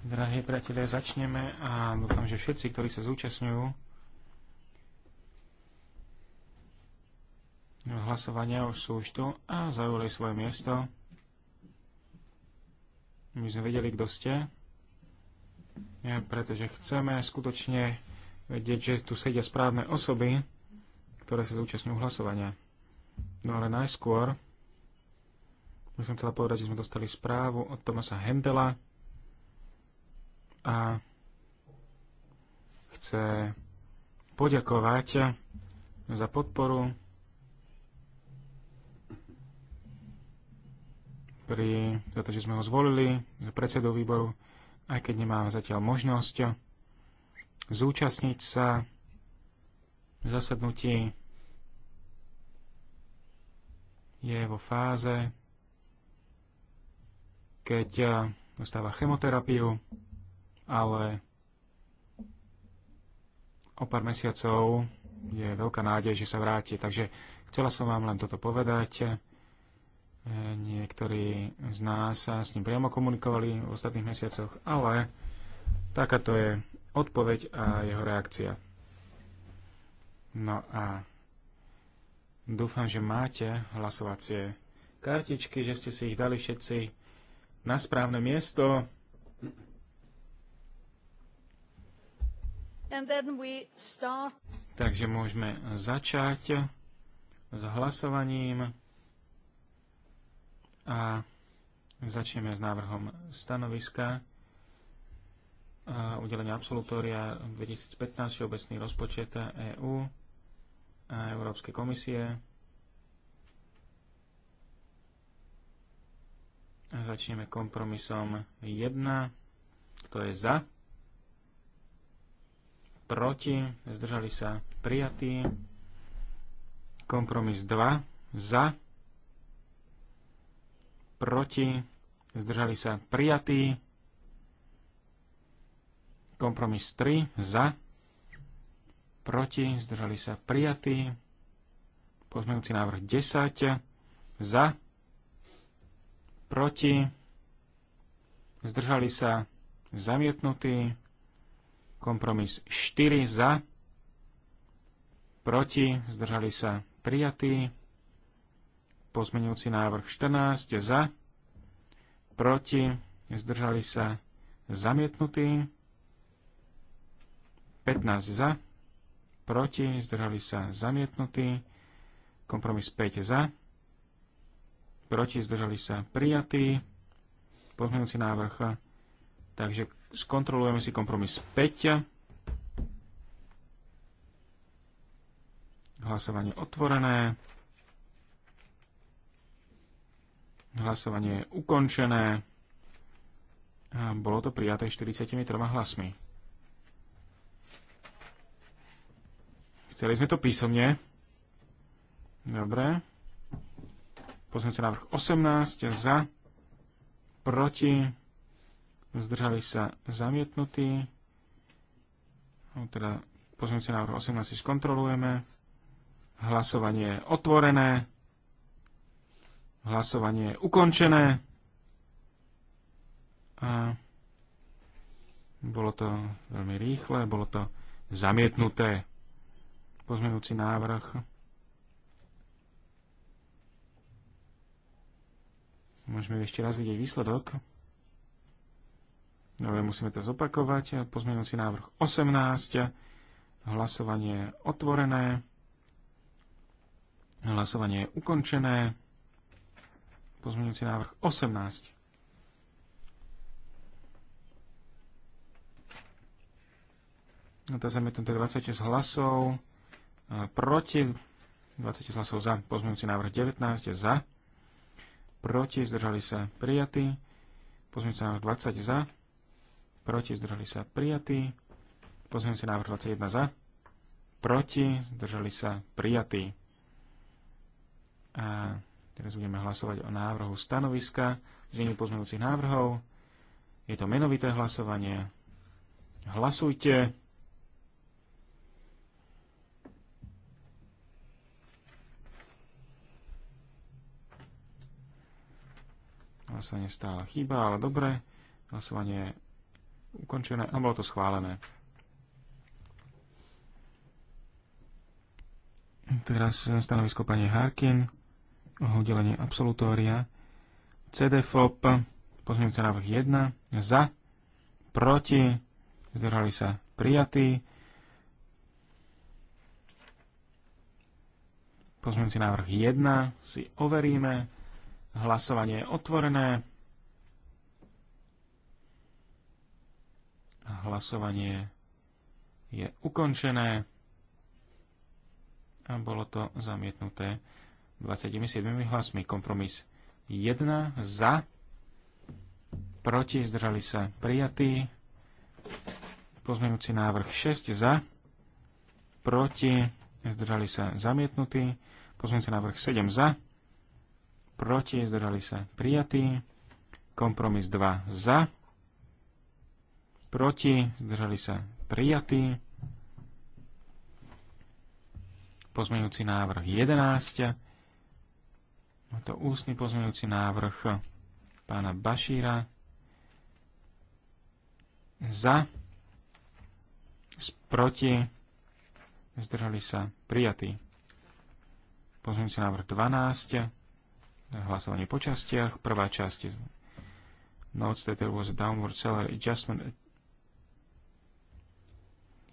Drahí priatelia, začneme a dúfam, že všetci, ktorí sa zúčastňujú hlasovania už sú už tu a zaujali svoje miesto. My sme vedeli, kto ste, ja, e, pretože chceme skutočne vedieť, že tu sedia správne osoby, ktoré sa zúčastňujú hlasovania. No ale najskôr ja som chcela povedať, že sme dostali správu od Tomasa Hendela a chce poďakovať za podporu pri, za to, že sme ho zvolili za predsedu výboru, aj keď nemá zatiaľ možnosť zúčastniť sa v zasadnutí je vo fáze keď e, dostáva chemoterapiu, ale o pár mesiacov je veľká nádej, že sa vráti. Takže chcela som vám len toto povedať. E, niektorí z nás sa s ním priamo komunikovali v ostatných mesiacoch, ale takáto je odpoveď a jeho reakcia. No a dúfam, že máte hlasovacie kartičky, že ste si ich dali všetci na správne miesto. Start... Takže môžeme začať s hlasovaním a začneme s návrhom stanoviska a udelenia absolutória 2015 obecný rozpočet EÚ a Európskej komisie. Začneme kompromisom 1. Kto je za? Proti? Zdržali sa prijatí. Kompromis 2. Za? Proti? Zdržali sa prijatí. Kompromis 3. Za? Proti? Zdržali sa prijatí. Pozmejúci návrh 10. Za? proti, zdržali sa zamietnutí, kompromis 4 za, proti, zdržali sa prijatí, pozmenujúci návrh 14 za, proti, zdržali sa zamietnutí, 15 za, proti, zdržali sa zamietnutí, kompromis 5 za, proti, zdržali sa prijatí. Pozmenujúci návrh. Takže skontrolujeme si kompromis 5. Hlasovanie otvorené. Hlasovanie je ukončené. A bolo to prijaté 43 hlasmi. Chceli sme to písomne. Dobre. Pozmeňujúci návrh 18 za, proti, zdržali sa zamietnutí. No, teda pozmeňujúci návrh 18 skontrolujeme. Hlasovanie je otvorené. Hlasovanie je ukončené. A bolo to veľmi rýchle, bolo to zamietnuté. pozmenúci návrh Môžeme ešte raz vidieť výsledok. Dobre, musíme to zopakovať. Pozmeňujúci návrh 18. Hlasovanie je otvorené. Hlasovanie je ukončené. Pozmeňujúci návrh 18. No tá zamietnuté 26 hlasov e, proti, 26 hlasov za, pozmeňujúci návrh 19 je za proti, zdržali sa prijatí. Pozmeňujúci návrh 20 za, proti, zdržali sa prijatí. Pozmeňujúci návrh 21 za, proti, zdržali sa prijatí. A teraz budeme hlasovať o návrhu stanoviska, znení pozmeňujúcich návrhov. Je to menovité hlasovanie. Hlasujte. Hlasovanie stále chýba, ale dobre. Hlasovanie je ukončené a bolo to schválené. Teraz stanovisko pani Harkin o udelenie absolutória. CDFOP, pozmeňujúci návrh 1, za, proti, zdržali sa prijatí. Pozmeňujúci návrh 1 si overíme. Hlasovanie je otvorené. Hlasovanie je ukončené. A bolo to zamietnuté 27 hlasmi. Kompromis 1 za, proti, zdržali sa prijatí. Pozmenujúci návrh 6 za, proti, zdržali sa zamietnutí. Pozmenujúci návrh 7 za, proti, zdržali sa prijatí. Kompromis 2 za, proti, zdržali sa prijatí. Pozmeňujúci návrh 11. Je to ústny pozmeňujúci návrh pána Bašíra. Za, proti, zdržali sa prijatí. Pozmeňujúci návrh 12 hlasovanie po častiach. Prvá časť notes that there was a downward salary adjustment.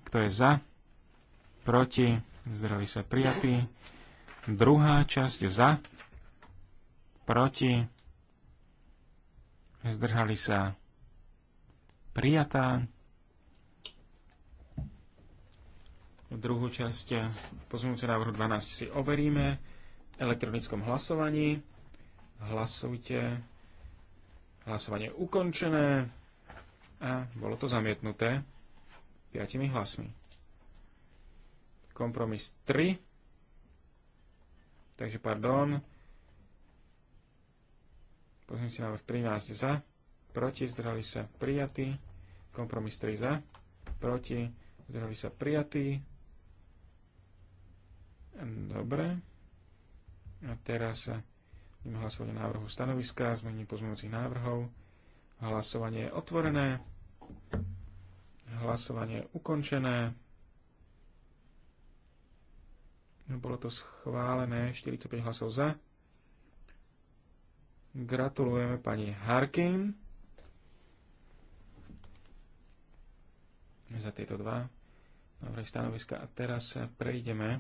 Kto je za? Proti? Zdrali sa prijatí. Druhá časť za? Proti? Zdržali sa prijatá. Druhú časť pozmúce návrhu 12 si overíme v elektronickom hlasovaní. Hlasujte. Hlasovanie ukončené. A bolo to zamietnuté 5 hlasmi. Kompromis 3. Takže pardon. Pozriem si návrh 13 za. Proti. Zdrali sa prijatí. Kompromis 3 za. Proti. Zdrali sa prijatí. Dobre. A teraz sa Ideme hlasovanie návrhu stanoviska, zmení pozmeňujúcich návrhov. Hlasovanie je otvorené. Hlasovanie je ukončené. No, bolo to schválené 45 hlasov za. Gratulujeme pani Harkin za tieto dva návrhy stanoviska. A teraz prejdeme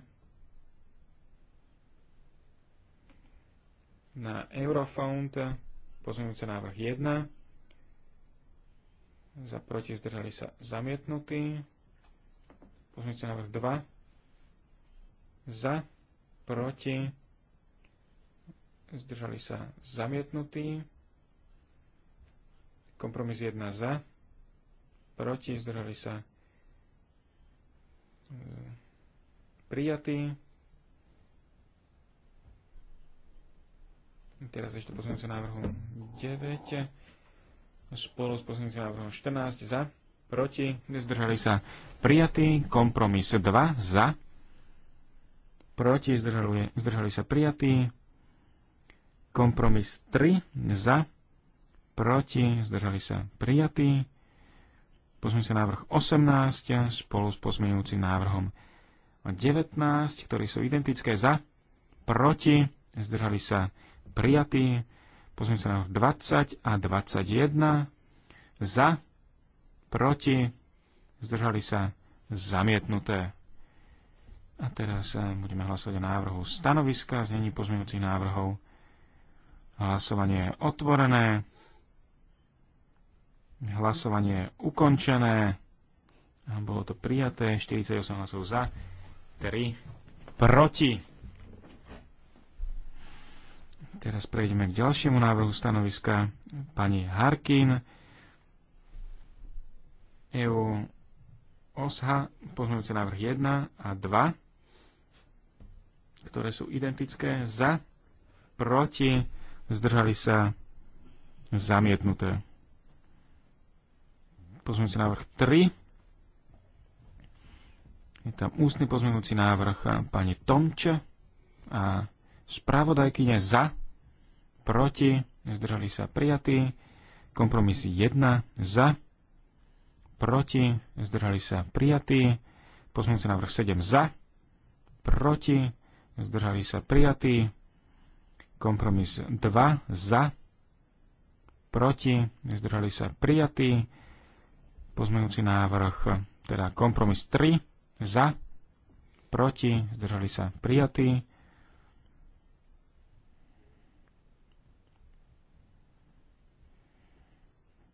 na Eurofound, pozmeňujúce návrh 1, za proti zdržali sa zamietnutí, pozmeňujúce návrh 2, za, proti, zdržali sa zamietnutí, kompromis 1 za, proti, zdržali sa e, prijatí, Teraz ešte sa návrhu 9 spolu s sa návrhom 14 za, proti, zdržali sa prijatý, kompromis 2 za, proti, zdržali, zdržali sa prijatý, kompromis 3 za, proti, zdržali sa prijatí. Pozmeňujúci návrh 18 spolu s pozmeňujúcim návrhom 19, ktorí sú identické za, proti, zdržali sa prijatý. sa na 20 a 21 za, proti, zdržali sa zamietnuté. A teraz eh, budeme hlasovať o návrhu stanoviska, znení pozmeňujúcich návrhov. Hlasovanie je otvorené. Hlasovanie je ukončené. Bolo to prijaté. 48 hlasov za, 3 proti. Teraz prejdeme k ďalšiemu návrhu stanoviska pani Harkin. EU OSHA, pozmeňujúce návrh 1 a 2, ktoré sú identické za, proti, zdržali sa zamietnuté. Pozmeňujúci návrh 3. Je tam ústny pozmeňujúci návrh pani Tomče a spravodajkyne za proti, zdržali sa prijatí. Kompromis 1 za, proti, zdržali sa prijatí. Pozmúci návrh 7 za, proti, zdržali sa prijatí. Kompromis 2 za, proti, zdržali sa prijatí. Pozmejúci návrh, teda kompromis 3 za, proti, zdržali sa prijatí.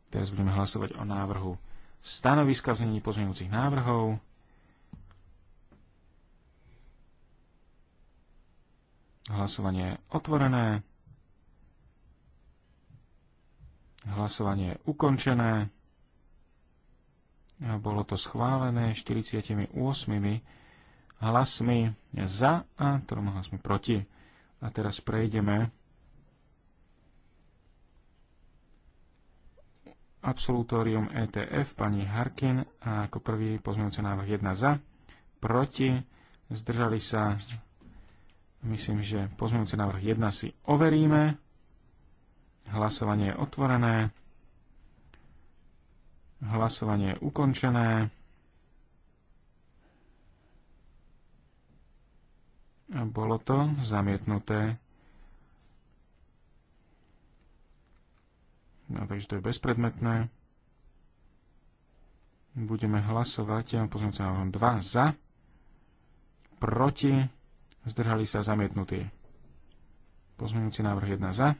Teraz budeme hlasovať o návrhu stanoviska v znení pozmeňujúcich návrhov. Hlasovanie je otvorené. Hlasovanie je ukončené. Bolo to schválené 48 hlasmi za a 3 hlasmi proti. A teraz prejdeme absolutórium ETF pani Harkin a ako prvý pozmeňujúci návrh 1 za, proti, zdržali sa, myslím, že pozmeňujúci návrh 1 si overíme, hlasovanie je otvorené, hlasovanie je ukončené a bolo to zamietnuté No, takže to je bezpredmetné. Budeme hlasovať. Pozrieme sa na 2 za, proti, zdržali sa zamietnutí. Pozmeňujúci návrh 1 za,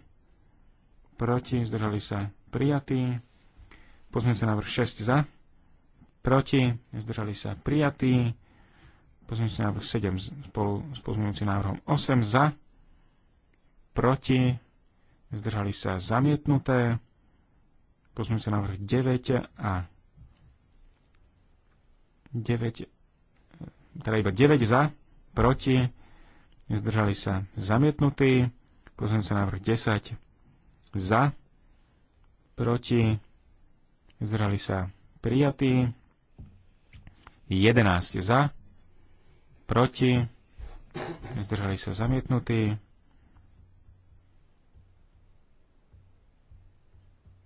proti, zdržali sa prijatí. Pozmeňujúci návrh 6 za, proti, zdržali sa prijatí. Pozmeňujúci návrh 7 spolu s pozmeňujúcim návrhom 8 za, proti, zdržali sa zamietnuté sa návrh 9 a 9, teda iba 9 za, proti, zdržali sa zamietnutí. sa návrh 10 za, proti, zdržali sa prijatí. 11 za, proti, zdržali sa zamietnutí.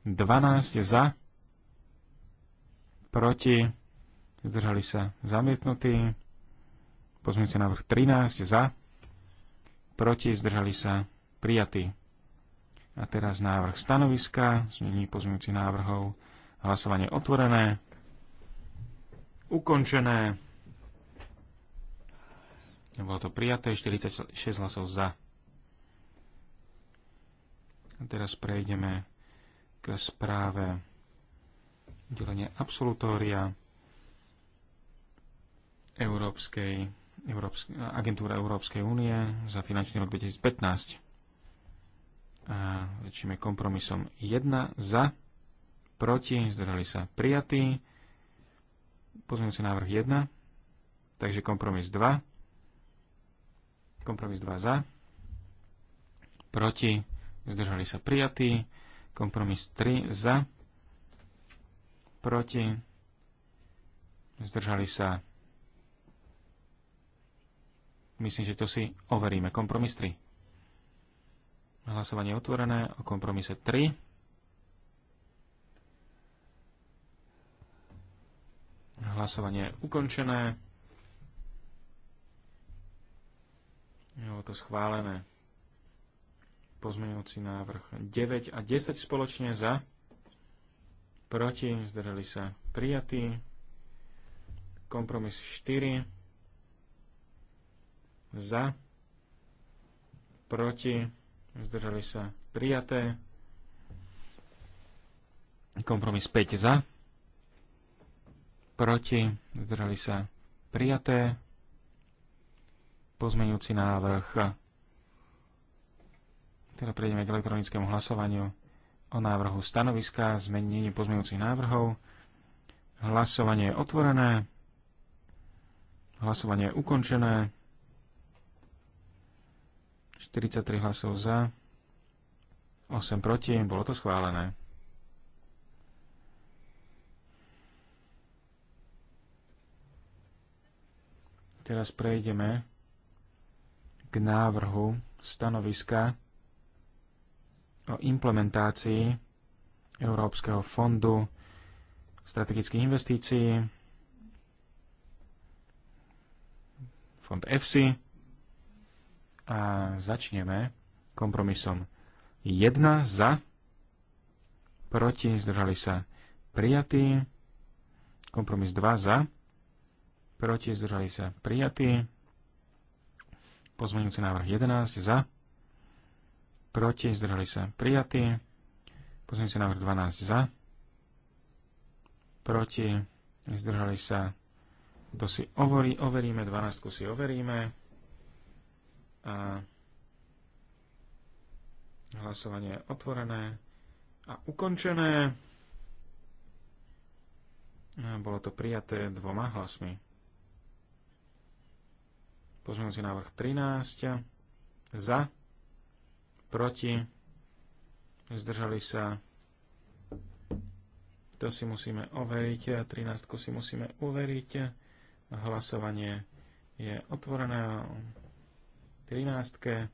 12 za, proti, zdržali sa zamietnutí. Pozmeňujúci návrh 13 za, proti, zdržali sa prijatí. A teraz návrh stanoviska, zmení pozmeňujúci návrhov, hlasovanie otvorené, ukončené. Bolo to prijaté, 46 hlasov za. A teraz prejdeme k správe udelenie absolutória Európskej, Európskej, agentúra Európskej únie za finančný rok 2015. A väčšíme kompromisom 1 za, proti, zdržali sa prijatí. si návrh 1, takže kompromis 2. Kompromis 2 za, proti, zdržali sa prijatí. Kompromis 3 za, proti, zdržali sa. Myslím, že to si overíme. Kompromis 3. Hlasovanie otvorené o kompromise 3. Hlasovanie je ukončené. Jo, to schválené pozmeňujúci návrh 9 a 10 spoločne za, proti, zdržali sa prijatí, kompromis 4, za, proti, zdržali sa prijaté, kompromis 5 za, proti, zdržali sa prijaté, pozmeňujúci návrh teda prejdeme k elektronickému hlasovaniu o návrhu stanoviska, zmenení pozmeňujúcich návrhov. Hlasovanie je otvorené. Hlasovanie je ukončené. 43 hlasov za, 8 proti, bolo to schválené. Teraz prejdeme k návrhu stanoviska o implementácii Európskeho fondu strategických investícií, fond EFSI a začneme kompromisom 1 za, proti, zdržali sa prijatí, kompromis 2 za, proti, zdržali sa prijatí, pozmeňujúci návrh 11 za, proti, zdržali sa prijatí. Pozmeňujúci návrh 12 za, proti, zdržali sa, kto si overí, overíme, 12 si overíme. A hlasovanie je otvorené a ukončené. A bolo to prijaté dvoma hlasmi. si návrh 13 za, proti, zdržali sa, to si musíme overiť, 13 si musíme overiť, hlasovanie je otvorené 13.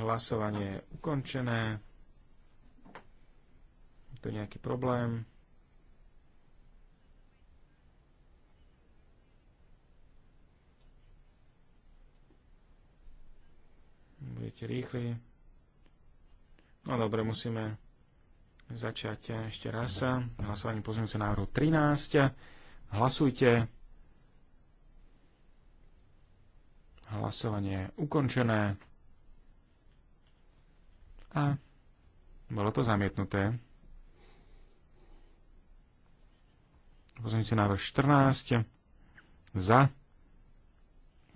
Hlasovanie je ukončené. Je tu nejaký problém. budete rýchli. No dobre, musíme začať ešte raz hlasovanie pozmeňujúce návrhu 13. Hlasujte. Hlasovanie je ukončené. A bolo to zamietnuté. Pozmeňujúce návrh 14. Za.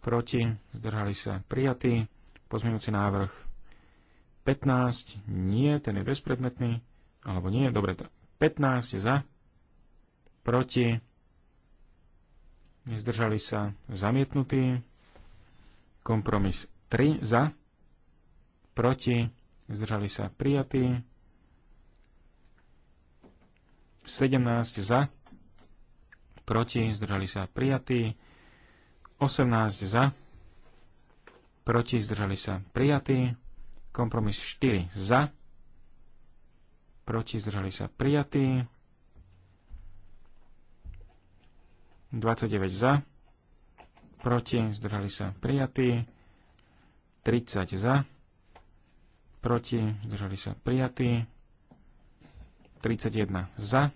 Proti. Zdržali sa prijatí. Pozmeňujúci návrh 15, nie, ten je bezpredmetný, alebo nie, dobre, 15 za, proti, zdržali sa zamietnutí, kompromis 3 za, proti, zdržali sa prijatí, 17 za, proti, zdržali sa prijatí, 18 za, proti, zdržali sa prijatí. Kompromis 4 za, proti, zdržali sa prijatí. 29 za, proti, zdržali sa prijatí. 30 za, proti, zdržali sa prijatí. 31 za,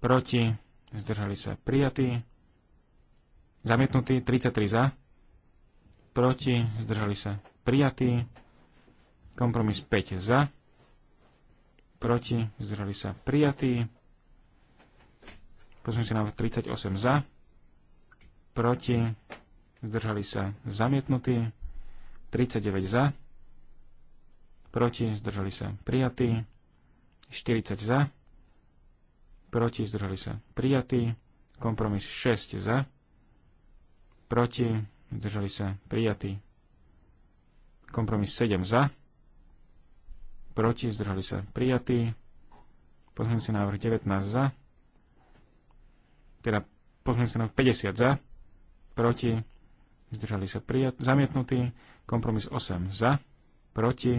proti, zdržali sa prijatí. Zamietnutí 33 za, proti, zdržali sa prijatí. Kompromis 5 za, proti, zdržali sa prijatí. Pozrieme sa na 38 za, proti, zdržali sa zamietnutí. 39 za, proti, zdržali sa prijatí. 40 za, proti, zdržali sa prijatí. Kompromis 6 za, proti, Zdržali sa prijatí. Kompromis 7 za. Proti. Zdržali sa prijatí. Pozmeňujúci návrh 19 za. Teda pozmeňujúci návrh 50 za. Proti. Zdržali sa prijat, zamietnutí. Kompromis 8 za. Proti.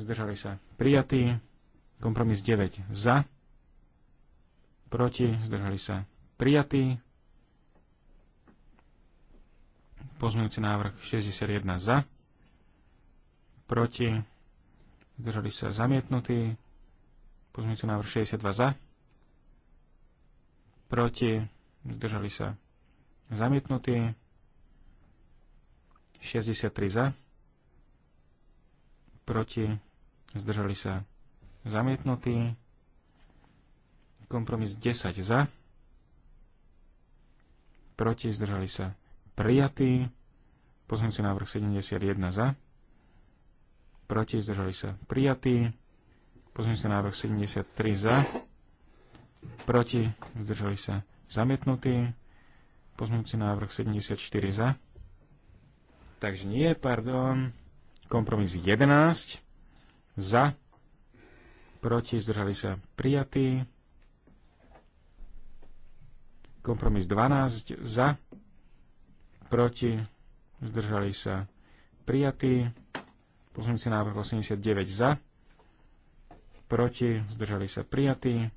Zdržali sa prijatí. Kompromis 9 za. Proti. Zdržali sa prijatí. Pozmeňujúci návrh 61 za. Proti. Zdržali sa zamietnutí. Pozmeňujúci návrh 62 za. Proti. Zdržali sa zamietnutí. 63 za. Proti. Zdržali sa zamietnutí. Kompromis 10 za. Proti. Zdržali sa prijatý. si návrh 71 za. Proti zdržali sa prijatý. si návrh 73 za. Proti zdržali sa zamietnutý. si návrh 74 za. Takže nie, pardon. Kompromis 11 za. Proti zdržali sa prijatý kompromis 12 za, proti, zdržali sa prijatí. Pozmeňujúci návrh 89 za, proti, zdržali sa prijatí.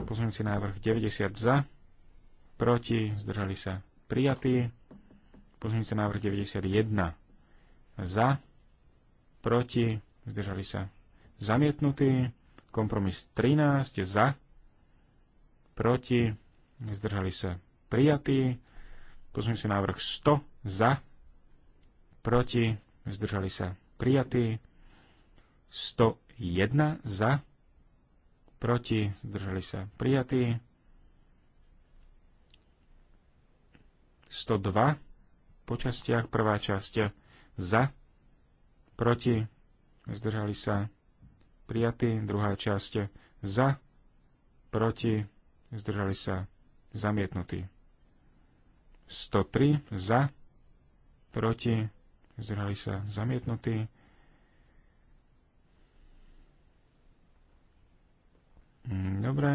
Pozmeňujúci návrh 90 za, proti, zdržali sa prijatí. Pozmeňujúci návrh 91 za, proti, zdržali sa zamietnutí. Kompromis 13 za, proti, zdržali sa prijatí si návrh 100 za, proti, zdržali sa prijatí. 101 za, proti, zdržali sa prijatí. 102 po častiach, prvá časť za, proti, zdržali sa prijatí, druhá časť za, proti, zdržali sa zamietnutí. 103 za, proti, zdržali sa zamietnutí. Mm, dobre.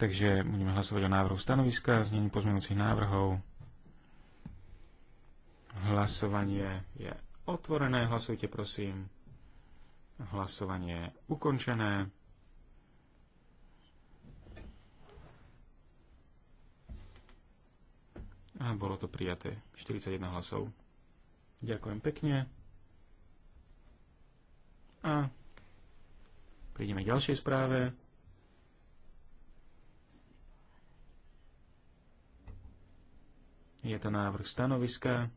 Takže budeme hlasovať o návrhu stanoviska, znení pozmenúcich návrhov. Hlasovanie je otvorené, hlasujte prosím. Hlasovanie je ukončené. A bolo to prijaté. 41 hlasov. Ďakujem pekne. A prejdeme k ďalšej správe. Je to návrh stanoviska,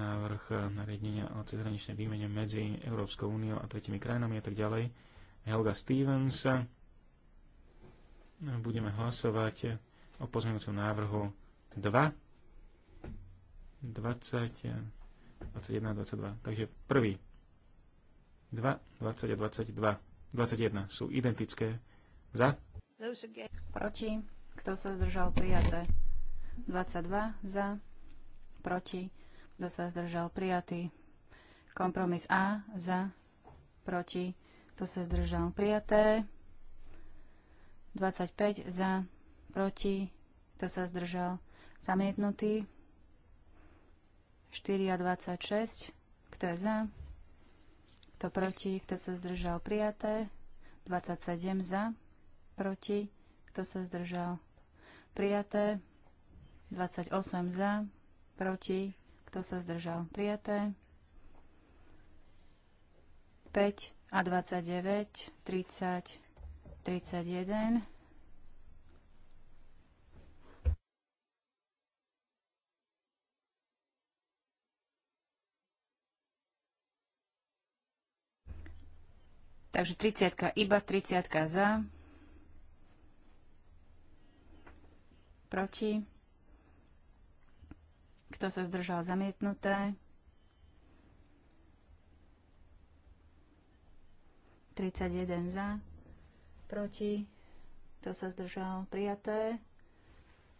návrh nariadenia o cezhraničnej výmene medzi Európskou úniou a tretimi krajinami a tak ďalej. Helga Stevens. Budeme hlasovať o pozmeňujúcom návrhu 2, 20, 21 22. Takže prvý 2, 20 a 22, 21 sú identické. Za? Proti. Kto sa zdržal prijaté? 22 za. Proti. Kto sa zdržal prijatý? Kompromis A za. Proti. Kto sa zdržal prijaté? 25 za. Proti. Kto sa zdržal zamietnutý. 4 a 26, kto je za, kto proti, kto sa zdržal prijaté, 27 za, proti, kto sa zdržal prijaté, 28 za, proti, kto sa zdržal prijaté, 5 a 29, 30, 31, Takže 30 iba, 30 za. Proti. Kto sa zdržal zamietnuté? 31 za. Proti. Kto sa zdržal prijaté?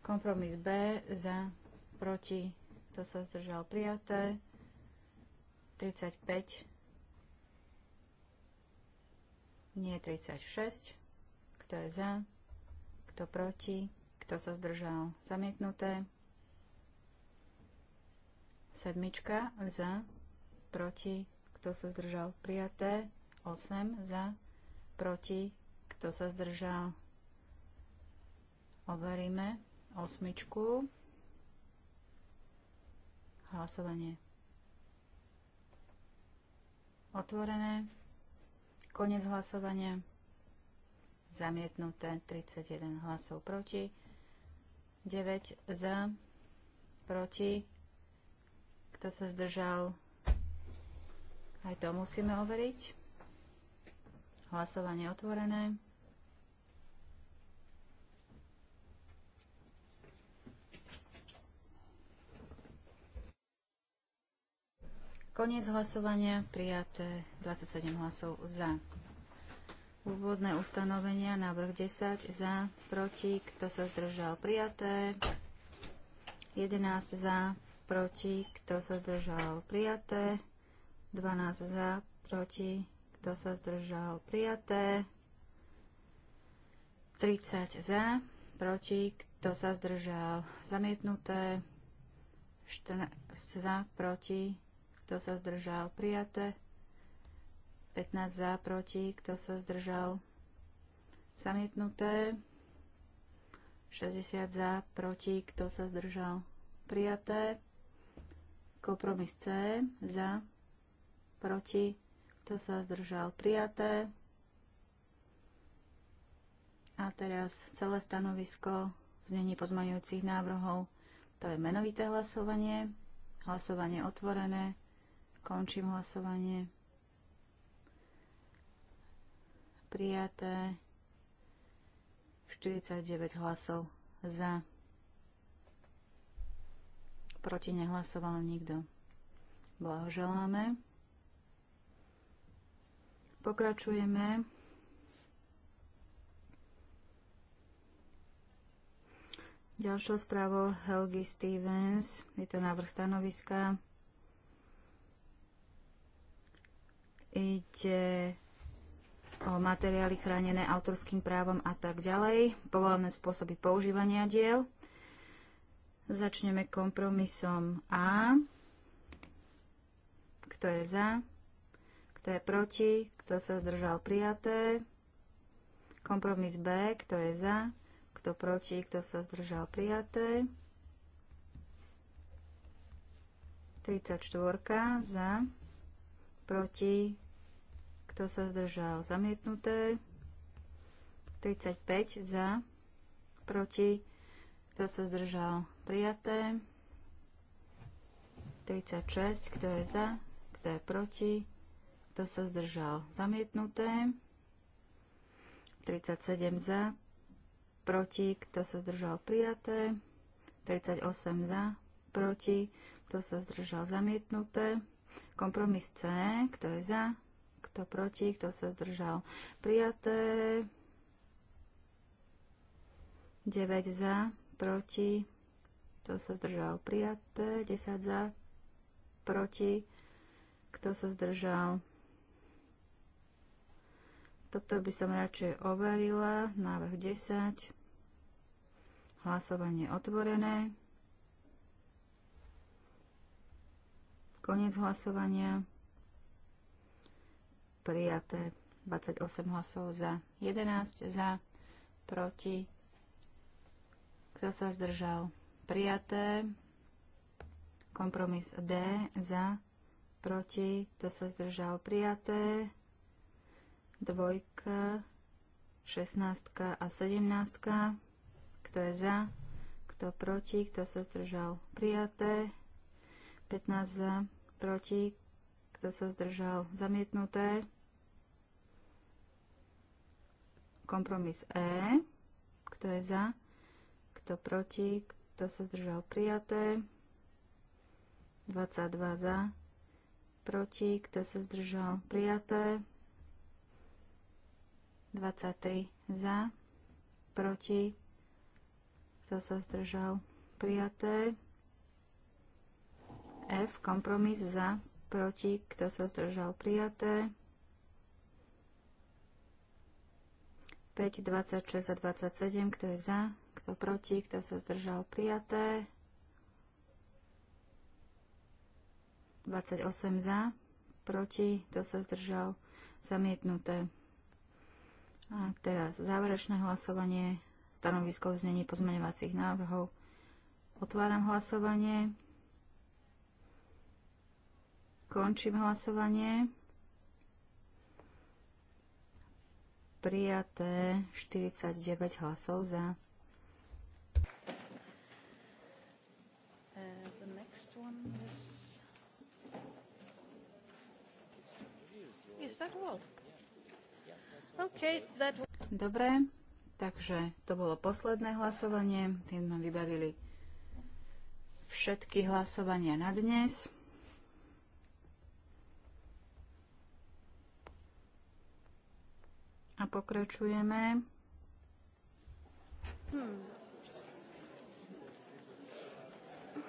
Kompromis B za. Proti. Kto sa zdržal prijaté? 35 nie 36. Kto je za? Kto proti? Kto sa zdržal? Zamietnuté. Sedmička za, proti, kto sa zdržal? Prijaté. 8 za, proti, kto sa zdržal? Overíme osmičku. Hlasovanie otvorené. Konec hlasovania. Zamietnuté 31 hlasov proti. 9 za. Proti. Kto sa zdržal? Aj to musíme overiť. Hlasovanie otvorené. Koniec hlasovania, prijaté 27 hlasov za. Úvodné ustanovenia, návrh 10 za, proti, kto sa zdržal, prijaté. 11 za, proti, kto sa zdržal, prijaté. 12 za, proti, kto sa zdržal, prijaté. 30 za, proti, kto sa zdržal, zamietnuté. 14 za, proti, kto sa zdržal, prijaté. 15 za, proti, kto sa zdržal, zamietnuté. 60 za, proti, kto sa zdržal, prijaté. Kompromis C, za, proti, kto sa zdržal, prijaté. A teraz celé stanovisko v znení pozmaňujúcich návrhov. To je menovité hlasovanie, hlasovanie otvorené, Končím hlasovanie. Prijaté 49 hlasov za. Proti nehlasoval nikto. Blahoželáme. Pokračujeme. Ďalšou správou Helgi Stevens je to návrh stanoviska ide o materiály chránené autorským právom a tak ďalej, povolené spôsoby používania diel. Začneme kompromisom A. Kto je za? Kto je proti? Kto sa zdržal prijaté? Kompromis B. Kto je za? Kto proti? Kto sa zdržal prijaté? 34 za, proti, kto sa zdržal? Zamietnuté. 35 za. Proti. Kto sa zdržal? Prijaté. 36. Kto je za? Kto je proti? Kto sa zdržal? Zamietnuté. 37 za. Proti. Kto sa zdržal? Prijaté. 38 za. Proti. Kto sa zdržal? Zamietnuté. Kompromis C. Kto je za? kto proti, kto sa zdržal. Prijaté 9 za, proti, kto sa zdržal. Prijaté 10 za, proti, kto sa zdržal. Toto by som radšej overila. Návrh 10. Hlasovanie otvorené. Koniec hlasovania prijaté. 28 hlasov za, 11 za, proti. Kto sa zdržal? Prijaté. Kompromis D za, proti. Kto sa zdržal? Prijaté. Dvojka, 16 a 17. Kto je za? Kto proti? Kto sa zdržal? Prijaté. 15 za, proti. Kto sa zdržal? Zamietnuté. kompromis E. Kto je za? Kto proti? Kto sa zdržal? Prijaté. 22 za. Proti? Kto sa zdržal? Prijaté. 23 za. Proti? Kto sa zdržal? Prijaté. F. Kompromis za. Proti? Kto sa zdržal? Prijaté. 5, 26 a 27, kto je za, kto proti, kto sa zdržal prijaté. 28 za, proti, kto sa zdržal zamietnuté. A teraz záverečné hlasovanie, stanovisko vznení pozmeňovacích návrhov. Otváram hlasovanie. Končím hlasovanie. prijaté 49 hlasov za. Dobre, takže to bolo posledné hlasovanie. Tým sme vybavili všetky hlasovania na dnes. A pokračujeme.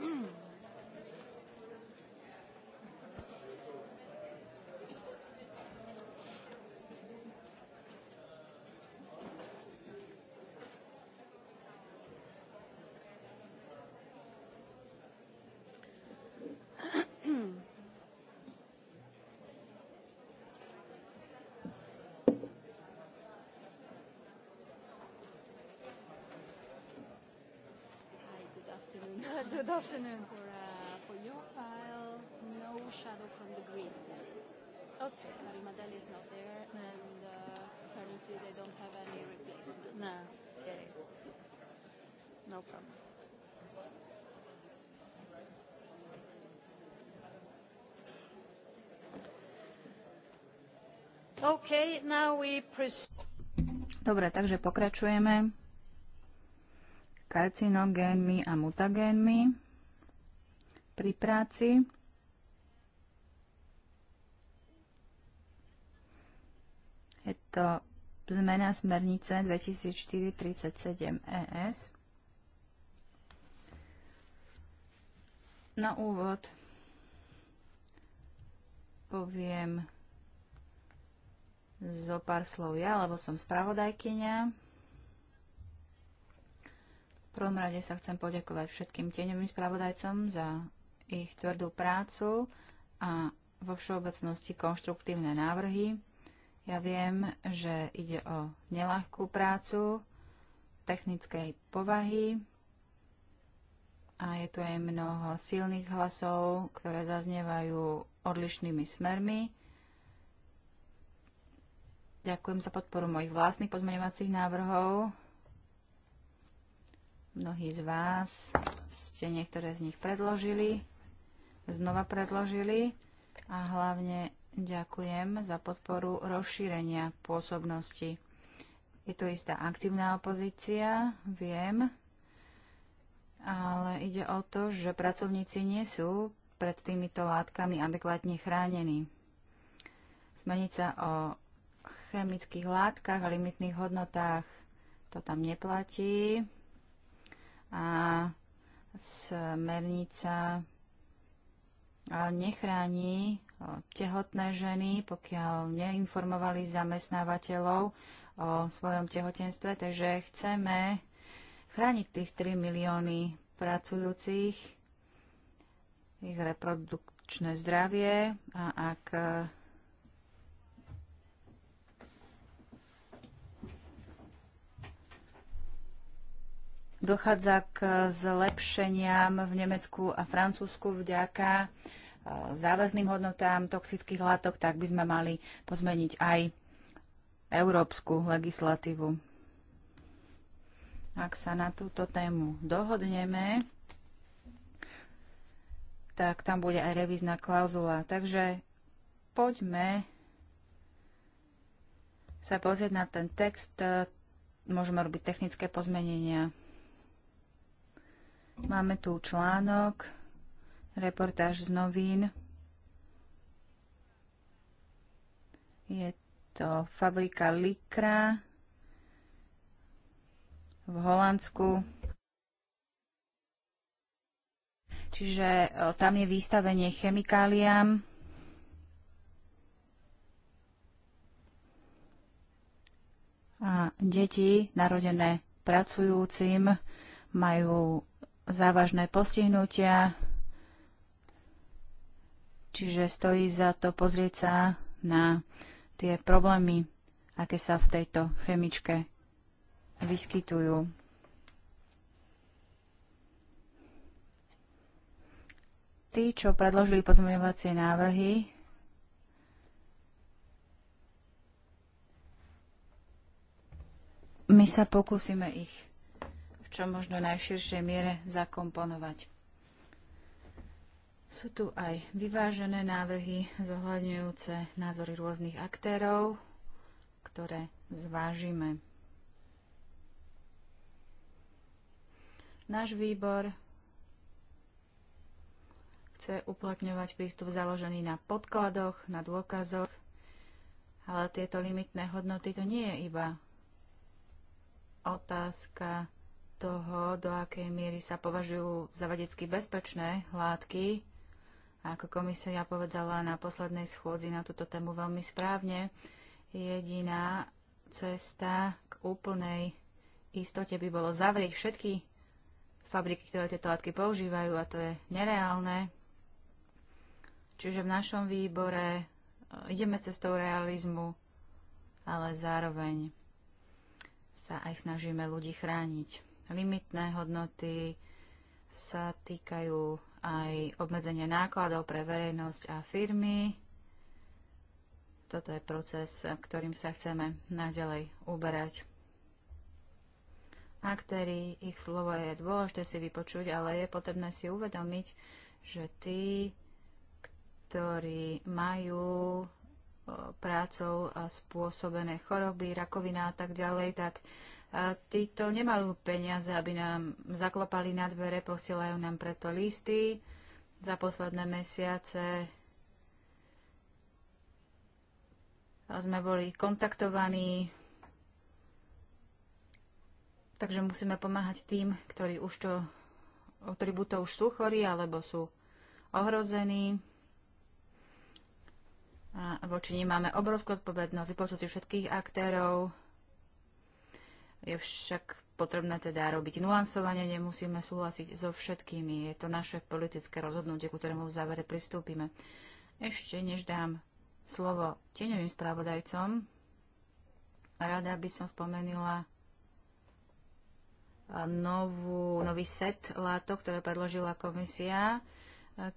Hmm. good afternoon for, uh, for your file. No shadow from the Greens. Okay. Karima Deli is not there, and uh, apparently they don't have any replacement. No. Okay. No problem. Okay, now we pres- Dobre, takže pokračujeme karcinogénmi a mutagénmi pri práci. Je to zmena smernice 2004-37 ES. Na úvod poviem zo pár slov ja, lebo som spravodajkyňa prvom rade sa chcem poďakovať všetkým tieňovým spravodajcom za ich tvrdú prácu a vo všeobecnosti konštruktívne návrhy. Ja viem, že ide o nelahkú prácu technickej povahy a je tu aj mnoho silných hlasov, ktoré zaznievajú odlišnými smermi. Ďakujem za podporu mojich vlastných pozmeňovacích návrhov. Mnohí z vás ste niektoré z nich predložili, znova predložili a hlavne ďakujem za podporu rozšírenia pôsobnosti. Je to istá aktívna opozícia, viem, ale ide o to, že pracovníci nie sú pred týmito látkami adekvátne chránení. sa o chemických látkach a limitných hodnotách to tam neplatí a smernica nechráni tehotné ženy, pokiaľ neinformovali zamestnávateľov o svojom tehotenstve. Takže chceme chrániť tých 3 milióny pracujúcich, ich reprodukčné zdravie a ak Dochádza k zlepšeniam v Nemecku a Francúzsku vďaka e, záväzným hodnotám toxických látok, tak by sme mali pozmeniť aj európsku legislatívu. Ak sa na túto tému dohodneme, tak tam bude aj revízna klauzula. Takže poďme sa pozrieť na ten text. E, môžeme robiť technické pozmenenia. Máme tu článok, reportáž z novín. Je to fabrika Likra v Holandsku. Čiže tam je výstavenie chemikáliám. A deti narodené pracujúcim majú závažné postihnutia, čiže stojí za to pozrieť sa na tie problémy, aké sa v tejto chemičke vyskytujú. Tí, čo predložili pozmeňovacie návrhy, my sa pokúsime ich čo možno najširšej miere zakomponovať. Sú tu aj vyvážené návrhy zohľadňujúce názory rôznych aktérov, ktoré zvážime. Náš výbor chce uplatňovať prístup založený na podkladoch, na dôkazoch, ale tieto limitné hodnoty to nie je iba otázka toho, do akej miery sa považujú za vedecky bezpečné látky. A ako komisia povedala na poslednej schôdzi na túto tému veľmi správne, jediná cesta k úplnej istote by bolo zavrieť všetky fabriky, ktoré tieto látky používajú a to je nereálne. Čiže v našom výbore e, ideme cestou realizmu, ale zároveň sa aj snažíme ľudí chrániť limitné hodnoty sa týkajú aj obmedzenia nákladov pre verejnosť a firmy. Toto je proces, ktorým sa chceme naďalej uberať. Aktéry, ich slovo je dôležité si vypočuť, ale je potrebné si uvedomiť, že tí, ktorí majú prácou a spôsobené choroby, rakovina a tak ďalej, tak a títo nemajú peniaze, aby nám zaklopali na dvere, posielajú nám preto listy. Za posledné mesiace sme boli kontaktovaní, takže musíme pomáhať tým, ktorí už to, ktorí buď to už sú chorí, alebo sú ohrození. A voči nim máme obrovskú odpovednosť vypočuť si všetkých aktérov, je však potrebné teda robiť nuansovanie, nemusíme súhlasiť so všetkými. Je to naše politické rozhodnutie, ku ktorému v závere pristúpime. Ešte než dám slovo tieňovým spravodajcom, rada by som spomenula novú, nový set látok, ktoré predložila komisia.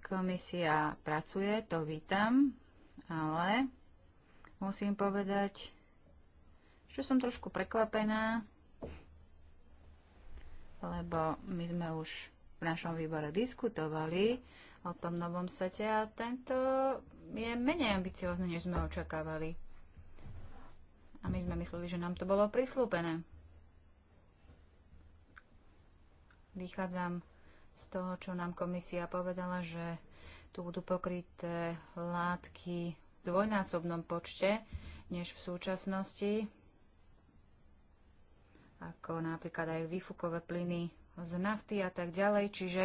Komisia pracuje, to vítam, ale musím povedať, že som trošku prekvapená, lebo my sme už v našom výbore diskutovali o tom novom sete a tento je menej ambiciózny, než sme očakávali. A my sme mysleli, že nám to bolo prislúbené. Vychádzam z toho, čo nám komisia povedala, že tu budú pokryté látky v dvojnásobnom počte, než v súčasnosti ako napríklad aj výfukové plyny z nafty a tak ďalej. Čiže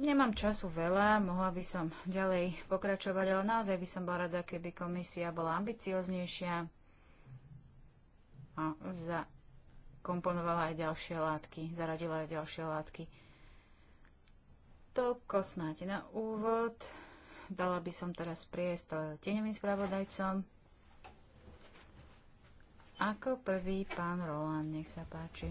nemám času veľa, mohla by som ďalej pokračovať, ale naozaj by som bola rada, keby komisia bola ambicioznejšia a zakomponovala aj ďalšie látky, zaradila aj ďalšie látky. Toľko snáď na úvod. Dala by som teraz priestor tenevým spravodajcom. Ako prvý pán Roland, nech sa páči.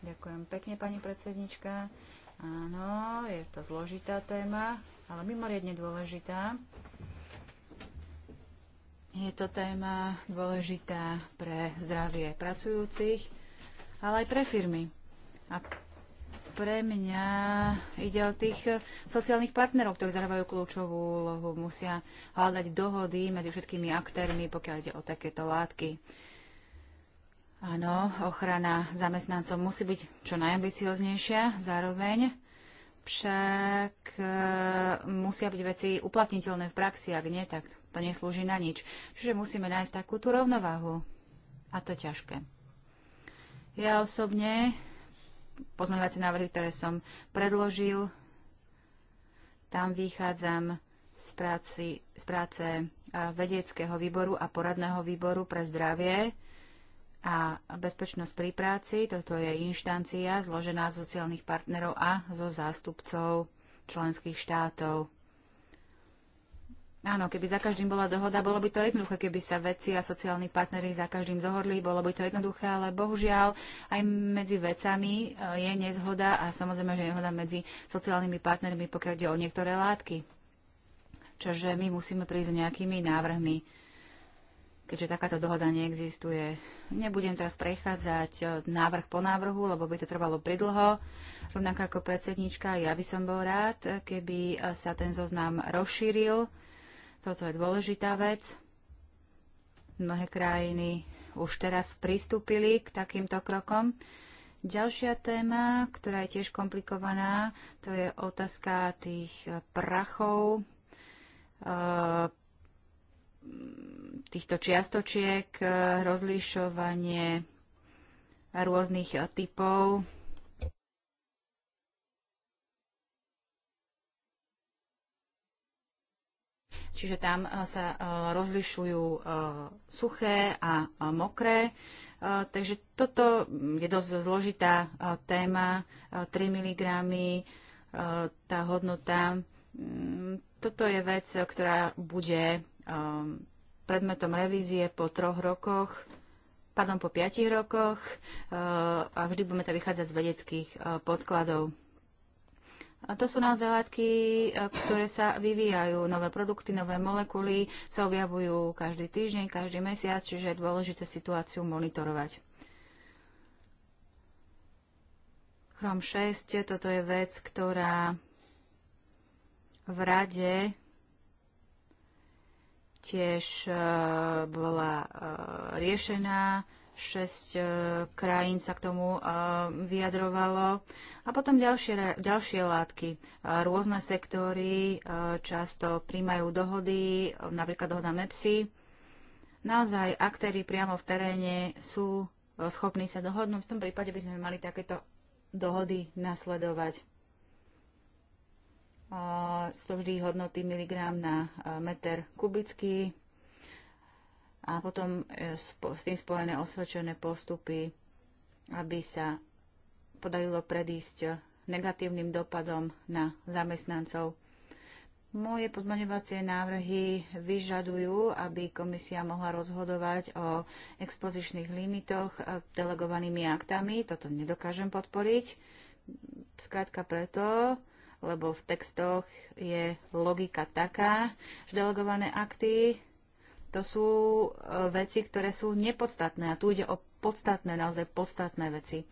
Ďakujem pekne, pani predsednička. Áno, je to zložitá téma, ale mimoriadne dôležitá. Je to téma dôležitá pre zdravie pracujúcich, ale aj pre firmy. A pre mňa ide o tých eh, sociálnych partnerov, ktorí zahrávajú kľúčovú úlohu. Musia hľadať dohody medzi všetkými aktérmi, pokiaľ ide o takéto látky. Áno, ochrana zamestnancov musí byť čo najambicioznejšia, zároveň však e, musia byť veci uplatniteľné v praxi, ak nie, tak to neslúži na nič. Čiže musíme nájsť takú tú rovnováhu. A to ťažké. Ja osobne pozmeňovacie návrhy, ktoré som predložil. Tam vychádzam z, práci, z práce vedeckého výboru a poradného výboru pre zdravie a bezpečnosť pri práci. Toto je inštancia zložená z sociálnych partnerov a zo zástupcov členských štátov. Áno, keby za každým bola dohoda, bolo by to jednoduché, keby sa vedci a sociálni partnery za každým zohodli, bolo by to jednoduché, ale bohužiaľ aj medzi vecami eh, je nezhoda a samozrejme, že nezhoda medzi sociálnymi partnermi, pokiaľ ide o niektoré látky. Čože my musíme prísť s nejakými návrhmi, keďže takáto dohoda neexistuje. Nebudem teraz prechádzať eh, návrh po návrhu, lebo by to trvalo pridlho. Rovnako ako predsednička, ja by som bol rád, eh, keby sa ten zoznam rozšíril toto je dôležitá vec. Mnohé krajiny už teraz pristúpili k takýmto krokom. Ďalšia téma, ktorá je tiež komplikovaná, to je otázka tých e, prachov, e, týchto čiastočiek, e, rozlišovanie rôznych typov Čiže tam eh, sa eh, rozlišujú eh, suché a mokré. Takže toto je dosť zložitá téma. 3 mg, tá hodnota. Mm, toto je vec, ktorá bude predmetom revízie po troch rokoch, pardon, po piatich rokoch a vždy budeme to vychádzať z vedeckých podkladov. A to sú naozaj látky, e, ktoré sa vyvíjajú. Nové produkty, nové molekuly sa objavujú každý týždeň, každý mesiac, čiže je dôležité situáciu monitorovať. Chrom 6, toto je vec, ktorá v rade tiež e, bola e, riešená Šesť e, krajín sa k tomu e, vyjadrovalo. A potom ďalšie, ďalšie látky. E, rôzne sektory často príjmajú dohody, napríklad dohoda MEPSI. Naozaj aktéry priamo v teréne sú schopní sa dohodnúť. V tom prípade by sme mali takéto dohody nasledovať. Sú to vždy hodnoty miligram na meter kubický a potom e, s tým spojené osvedčené postupy, aby sa podarilo predísť negatívnym dopadom na zamestnancov. Moje pozmaňovacie návrhy vyžadujú, aby komisia mohla rozhodovať o expozičných limitoch e, delegovanými aktami. Toto nedokážem podporiť. Skrátka preto, lebo v textoch je logika taká, že delegované akty to sú e, veci, ktoré sú nepodstatné a tu ide o podstatné, naozaj podstatné veci.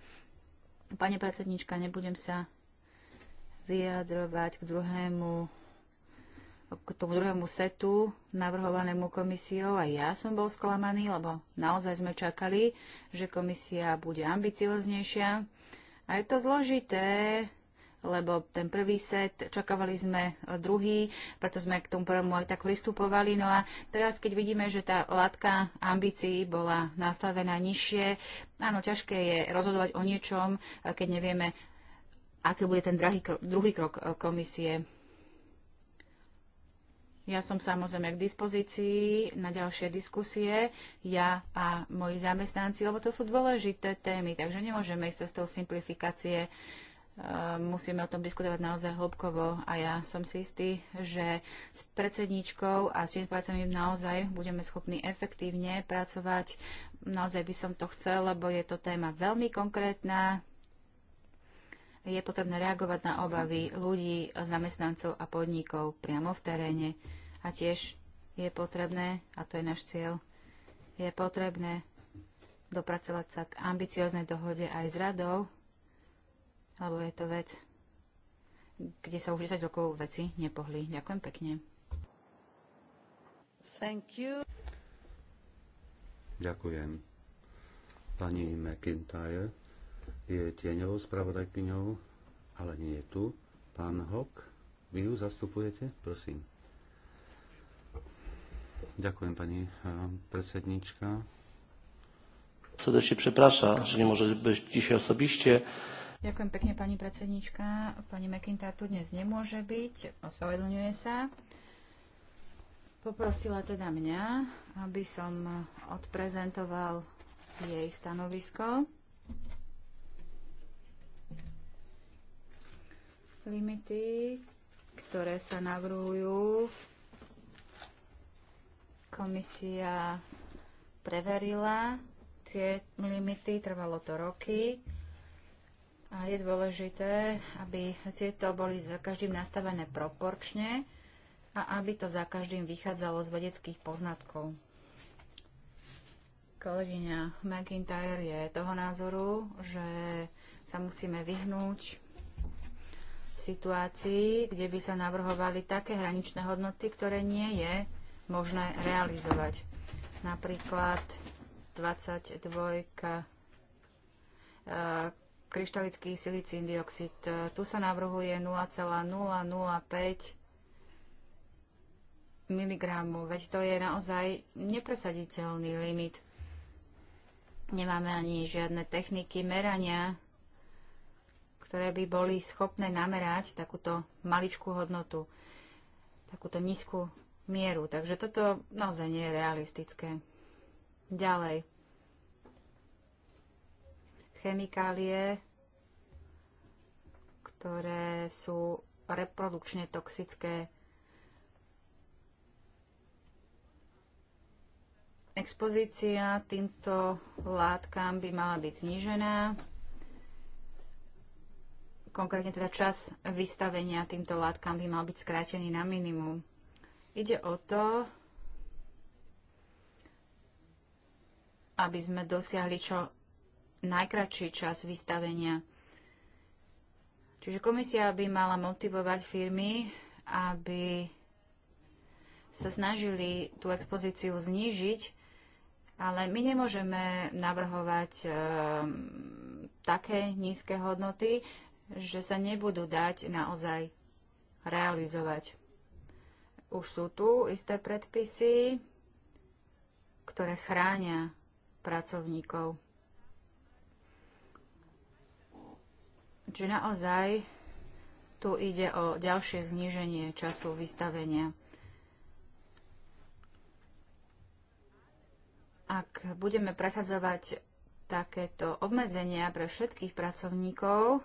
Pani predsednička, nebudem sa vyjadrovať k druhému k tomu druhému setu navrhovanému komisiou a ja som bol sklamaný, lebo naozaj sme čakali, že komisia bude ambicioznejšia. A je to zložité lebo ten prvý set, čakávali sme e, druhý, preto sme k tomu prvému aj tak pristupovali. No a teraz, keď vidíme, že tá látka ambícií bola nastavená nižšie, áno, ťažké je rozhodovať o niečom, e, keď nevieme, aký bude ten drahý, druhý krok e, komisie. Ja som samozrejme k dispozícii na ďalšie diskusie, ja a moji zamestnanci, lebo to sú dôležité témy, takže nemôžeme ísť toho simplifikácie. Uh, musíme o tom diskutovať naozaj hĺbkovo a ja som si istý, že s predsedníčkou a s tým prácami naozaj budeme schopní efektívne pracovať. Naozaj by som to chcel, lebo je to téma veľmi konkrétna. Je potrebné reagovať na obavy ľudí, zamestnancov a podnikov priamo v teréne. A tiež je potrebné, a to je náš cieľ, je potrebné dopracovať sa k ambicioznej dohode aj s radou, alebo je to vec, kde sa už 10 rokov veci nepohli. Ďakujem pekne. Thank you. Ďakujem. Pani McIntyre je tieňovou spravodajkyňou, ale nie je tu. Pán Hock, vy ju zastupujete? Prosím. Ďakujem, pani eh, predsednička. Srdečne prepraša, že nemôže byť być dzisiaj osobiście. Ďakujem pekne, pani predsednička. Pani Mekintá tu dnes nemôže byť, ospravedlňuje sa. Poprosila teda mňa, aby som odprezentoval jej stanovisko. Limity, ktoré sa navrhujú, komisia preverila tie limity, trvalo to roky a je dôležité, aby tieto boli za každým nastavené proporčne a aby to za každým vychádzalo z vedeckých poznatkov. Kolegyňa McIntyre je toho názoru, že sa musíme vyhnúť situácii, kde by sa navrhovali také hraničné hodnoty, ktoré nie je možné realizovať. Napríklad 22 kryštalický silicín dioxid. E, tu sa navrhuje 0,005 mg, veď to je naozaj nepresaditeľný limit. Nemáme ani žiadne techniky merania, ktoré by boli schopné namerať takúto maličkú hodnotu, takúto nízku mieru. Takže toto naozaj nie je realistické. Ďalej chemikálie, ktoré sú reprodukčne toxické. Expozícia týmto látkam by mala byť znížená konkrétne teda čas vystavenia týmto látkam by mal byť skrátený na minimum. Ide o to, aby sme dosiahli čo najkračší čas vystavenia. Čiže komisia by mala motivovať firmy, aby sa snažili tú expozíciu znížiť, ale my nemôžeme navrhovať e, také nízke hodnoty, že sa nebudú dať naozaj realizovať. Už sú tu isté predpisy, ktoré chránia pracovníkov. Čiže naozaj tu ide o ďalšie zníženie času vystavenia. Ak budeme presadzovať takéto obmedzenia pre všetkých pracovníkov,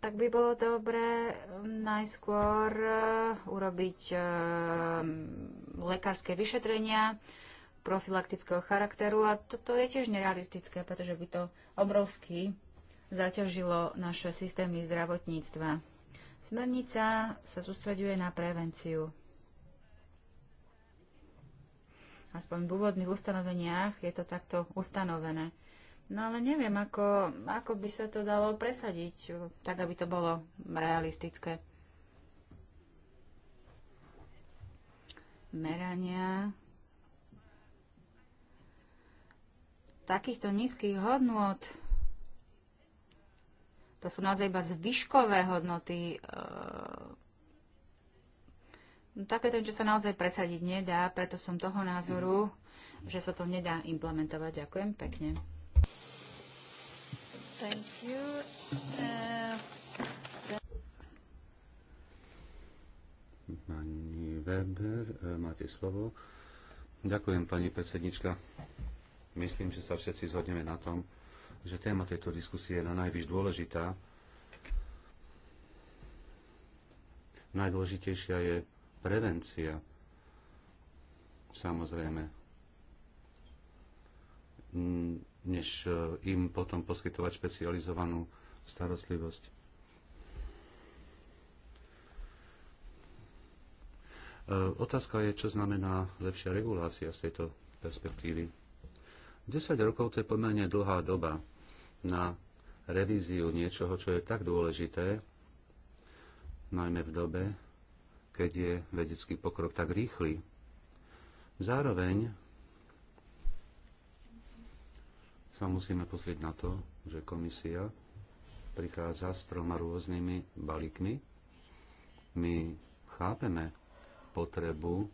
tak by bolo dobré najskôr e, urobiť e, lekárske vyšetrenia profilaktického charakteru a toto je tiež nerealistické, pretože by to obrovský zaťažilo naše systémy zdravotníctva. Smernica sa sústreďuje na prevenciu. Aspoň v úvodných ustanoveniach je to takto ustanovené. No ale neviem, ako, ako by sa to dalo presadiť, tak aby to bolo realistické. Merania takýchto nízkych hodnôt to sú naozaj iba zvyškové hodnoty. E, no, to, čo sa naozaj presadiť nedá, preto som toho názoru, že sa to nedá implementovať. Ďakujem pekne. Thank you. Uh... Pani Weber, e, máte slovo. Ďakujem, pani predsednička. Myslím, že sa všetci zhodneme na tom, že téma tejto diskusie je na najvyš dôležitá. Najdôležitejšia je prevencia. Samozrejme, než eh, im potom poskytovať špecializovanú starostlivosť. Eh, otázka je, čo znamená lepšia regulácia z tejto perspektívy. 10 rokov to je pomerne dlhá doba na revíziu niečoho, čo je tak dôležité, najmä v dobe, keď je vedecký pokrok tak rýchly. Zároveň sa musíme pozrieť na to, že komisia prichádza s troma rôznymi balíkmi. My chápeme potrebu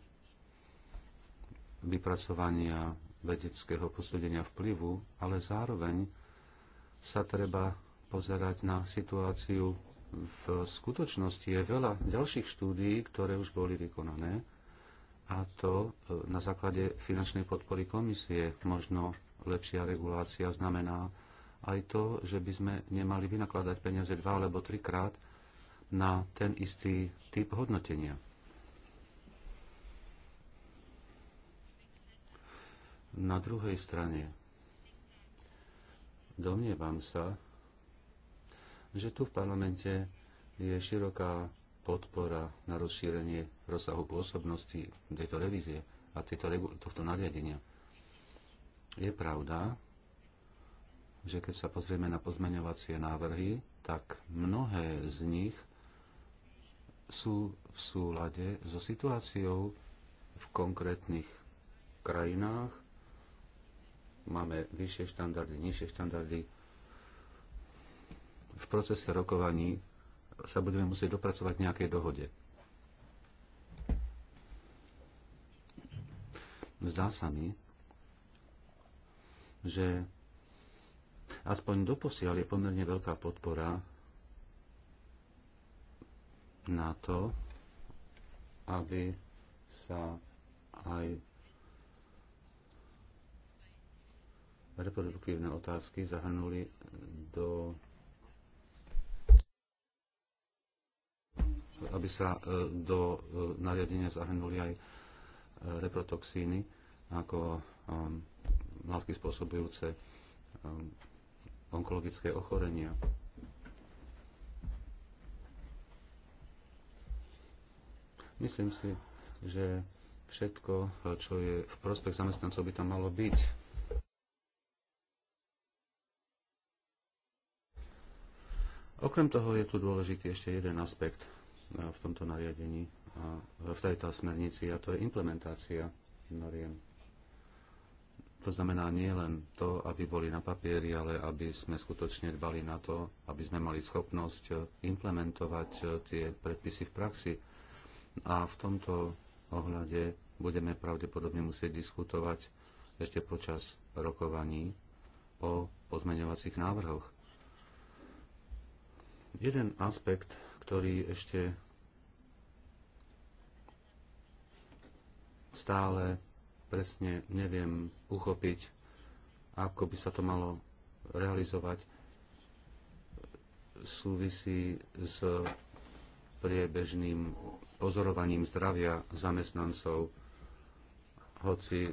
vypracovania vedeckého posúdenia vplyvu, ale zároveň sa treba pozerať na situáciu. V skutočnosti je veľa ďalších štúdií, ktoré už boli vykonané, a to e, na základe finančnej podpory komisie. Možno lepšia regulácia znamená aj to, že by sme nemali vynakladať peniaze dva alebo trikrát na ten istý typ hodnotenia. Na druhej strane Domnievam sa, že tu v parlamente je široká podpora na rozšírenie rozsahu pôsobnosti tejto revízie a tejto, tohto nariadenia. Je pravda, že keď sa pozrieme na pozmeňovacie návrhy, tak mnohé z nich sú v súlade so situáciou v konkrétnych krajinách máme vyššie štandardy, nižšie štandardy. V procese rokovaní sa budeme musieť dopracovať nejakej dohode. Zdá sa mi, že aspoň doposiaľ je pomerne veľká podpora na to, aby sa aj reproduktívne otázky zahrnuli do aby sa e, do e, nariadenia zahrnuli aj e, reprotoxíny ako látky spôsobujúce onkologické ochorenia. Myslím si, že všetko, čo je v prospech zamestnancov, by tam malo byť Okrem toho je tu dôležitý ešte jeden aspekt e, v tomto nariadení, v tejto smernici, a to je implementácia noriem. To znamená nie len to, aby boli na papieri, ale aby sme skutočne dbali na to, aby sme mali schopnosť e, implementovať e, tie predpisy v praxi. A v tomto ohľade budeme pravdepodobne musieť diskutovať ešte počas rokovaní o pozmeňovacích návrhoch Jeden aspekt, ktorý ešte stále presne neviem uchopiť, ako by sa to malo realizovať, súvisí s priebežným pozorovaním zdravia zamestnancov, hoci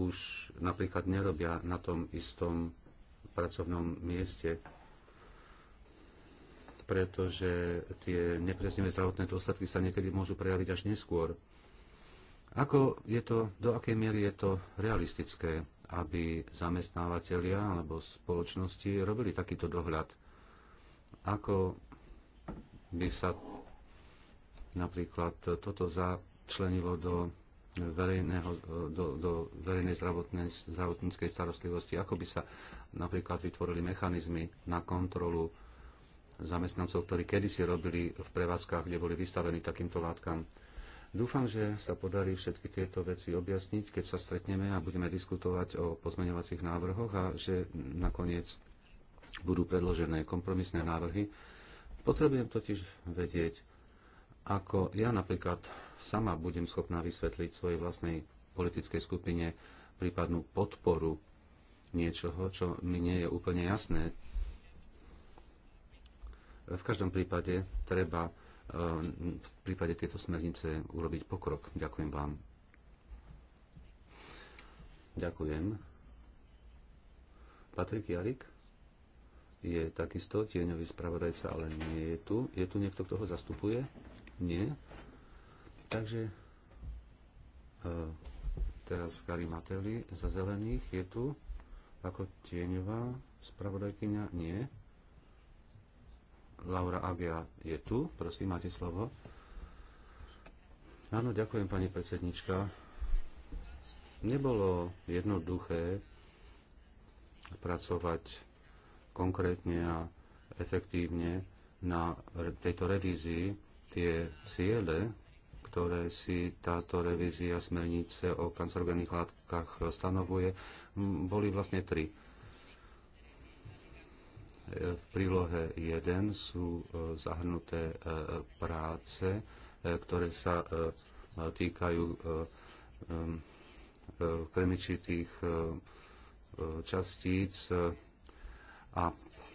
už napríklad nerobia na tom istom pracovnom mieste pretože tie nepresnivé zdravotné dôsledky sa niekedy môžu prejaviť až neskôr. Ako je to, do akej miery je to realistické, aby zamestnávateľia alebo spoločnosti robili takýto dohľad? Ako by sa napríklad toto začlenilo do, verejného, do, do verejnej zdravotnej, zdravotníckej starostlivosti? Ako by sa napríklad vytvorili mechanizmy na kontrolu zamestnancov, ktorí kedysi robili v prevádzkach, kde boli vystavení takýmto látkam. Dúfam, že sa podarí všetky tieto veci objasniť, keď sa stretneme a budeme diskutovať o pozmeňovacích návrhoch a že nakoniec budú predložené kompromisné návrhy. Potrebujem totiž vedieť, ako ja napríklad sama budem schopná vysvetliť svojej vlastnej politickej skupine prípadnú podporu niečoho, čo mi nie je úplne jasné, v každom prípade treba eh, v prípade tejto smernice urobiť pokrok. Ďakujem vám. Ďakujem. Patrik Jarik je takisto tieňový spravodajca, ale nie je tu. Je tu niekto, kto ho zastupuje? Nie. Takže eh, teraz Gary Mateli za zelených je tu ako tieňová spravodajkyňa? Nie. Laura Agia je tu. Prosím, máte slovo. Áno, ďakujem, pani predsednička. Nebolo jednoduché pracovať konkrétne a efektívne na tejto revízii tie ciele, ktoré si táto revízia smernice o kancerogénnych látkach stanovuje, boli vlastne tri v prílohe 1 sú e, zahrnuté e, práce, e, ktoré sa týkajú kremičitých častíc a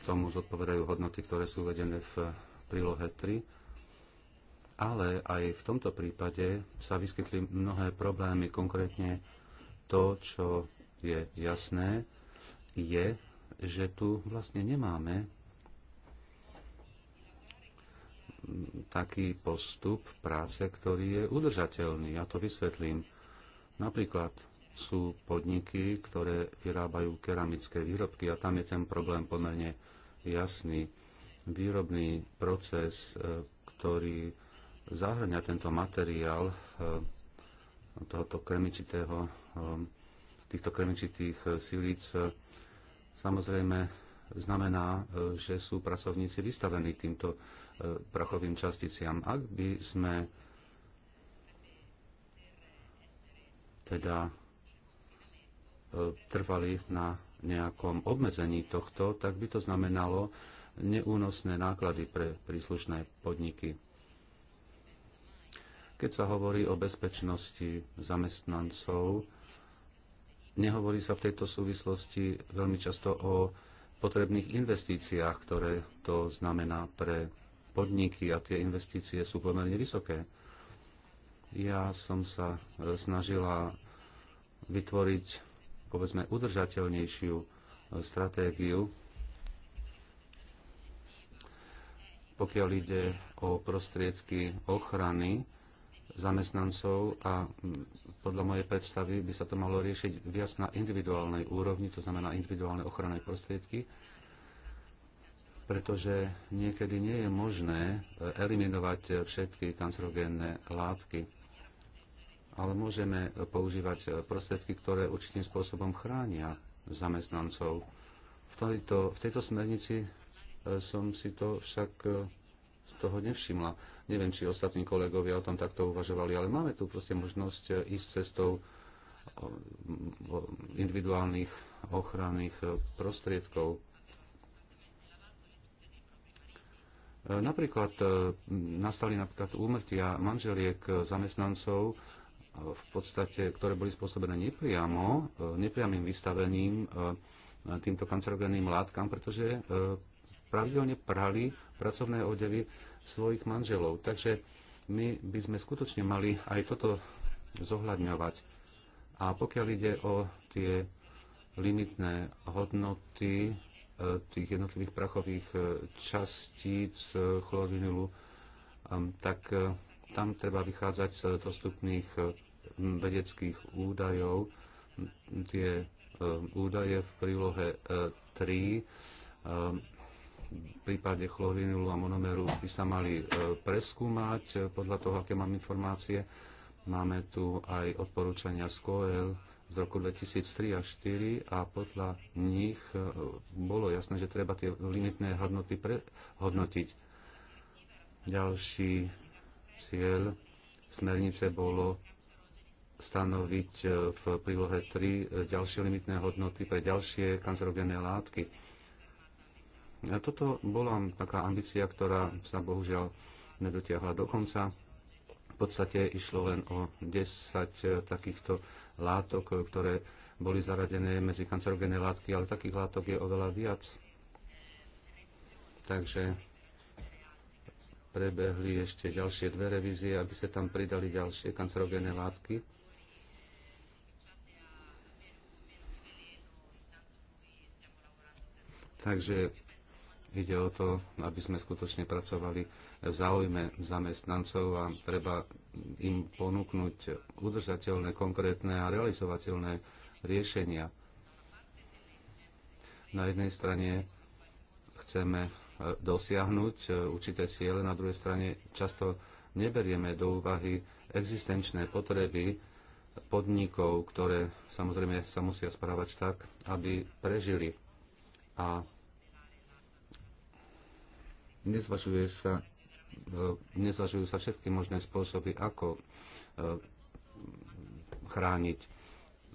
tomu zodpovedajú hodnoty, ktoré sú uvedené v prílohe 3 ale aj v tomto prípade sa vyskytli mnohé problémy, konkrétne to, čo je jasné, je, že tu vlastne nemáme taký postup práce, ktorý je udržateľný. Ja to vysvetlím. Napríklad sú podniky, ktoré vyrábajú keramické výrobky a tam je ten problém pomerne jasný. Výrobný proces, e, ktorý zahrňa tento materiál e, tohoto kremičitého, e, týchto kremičitých silíc samozrejme znamená, e, že sú pracovníci vystavení týmto e, prachovým časticiam. Ak by sme teda e, trvali na nejakom obmedzení tohto, tak by to znamenalo neúnosné náklady pre príslušné podniky. Keď sa hovorí o bezpečnosti zamestnancov, Nehovorí sa v tejto súvislosti veľmi často o potrebných investíciách, ktoré to znamená pre podniky a tie investície sú pomerne vysoké. Ja som sa snažila vytvoriť povedzme udržateľnejšiu e, stratégiu, pokiaľ ide o prostriedky ochrany zamestnancov a mm, podľa mojej predstavy by sa to malo riešiť viac na individuálnej úrovni, to znamená individuálne ochranné prostriedky, pretože niekedy nie je možné e, eliminovať všetky kancerogénne látky, ale môžeme používať e, prostriedky, ktoré určitým spôsobom chránia zamestnancov. V tejto, v tejto smernici e, som si to však toho nevšimla. Neviem, či ostatní kolegovia o tom takto uvažovali, ale máme tu proste možnosť eh, ísť cestou eh, individuálnych ochranných eh, prostriedkov. Napríklad nastali napríklad úmrtia manželiek zamestnancov, v podstate, ktoré boli spôsobené nepriamo, nepriamým vystavením týmto kancerogénnym látkam, pretože pravidelne prali pracovné odevy svojich manželov. Takže my by sme skutočne mali aj toto zohľadňovať. A pokiaľ ide o tie limitné hodnoty e, tých jednotlivých prachových e, častíc e, chlorinilu, tak tam treba vychádzať z dostupných vedeckých údajov. Tie údaje v prílohe 3 v prípade chlorinilu a monomeru by sa mali e, preskúmať. E, podľa toho, aké mám informácie, máme tu aj odporúčania z COEL z roku 2003 a 2004 a podľa nich e, bolo jasné, že treba tie limitné hodnoty prehodnotiť. Ďalší cieľ smernice bolo stanoviť v prílohe 3 ďalšie limitné hodnoty pre ďalšie kancerogénne látky a toto bola taká ambícia, ktorá sa bohužiaľ nedotiahla do konca. V podstate išlo len o 10 e, takýchto látok, e, ktoré boli zaradené medzi kancerogénne látky, ale takých látok je oveľa viac. Takže prebehli ešte ďalšie dve revízie, aby sa tam pridali ďalšie kancerogénne látky. Takže Ide o to, aby sme skutočne pracovali v záujme zamestnancov a treba im ponúknuť udržateľné, konkrétne a realizovateľné riešenia. Na jednej strane chceme e, dosiahnuť e, určité ciele, na druhej strane často neberieme do úvahy existenčné potreby podnikov, ktoré samozrejme sa musia správať tak, aby prežili. A Nezvažuje sa, e, nezvažujú sa všetky možné spôsoby, ako e, chrániť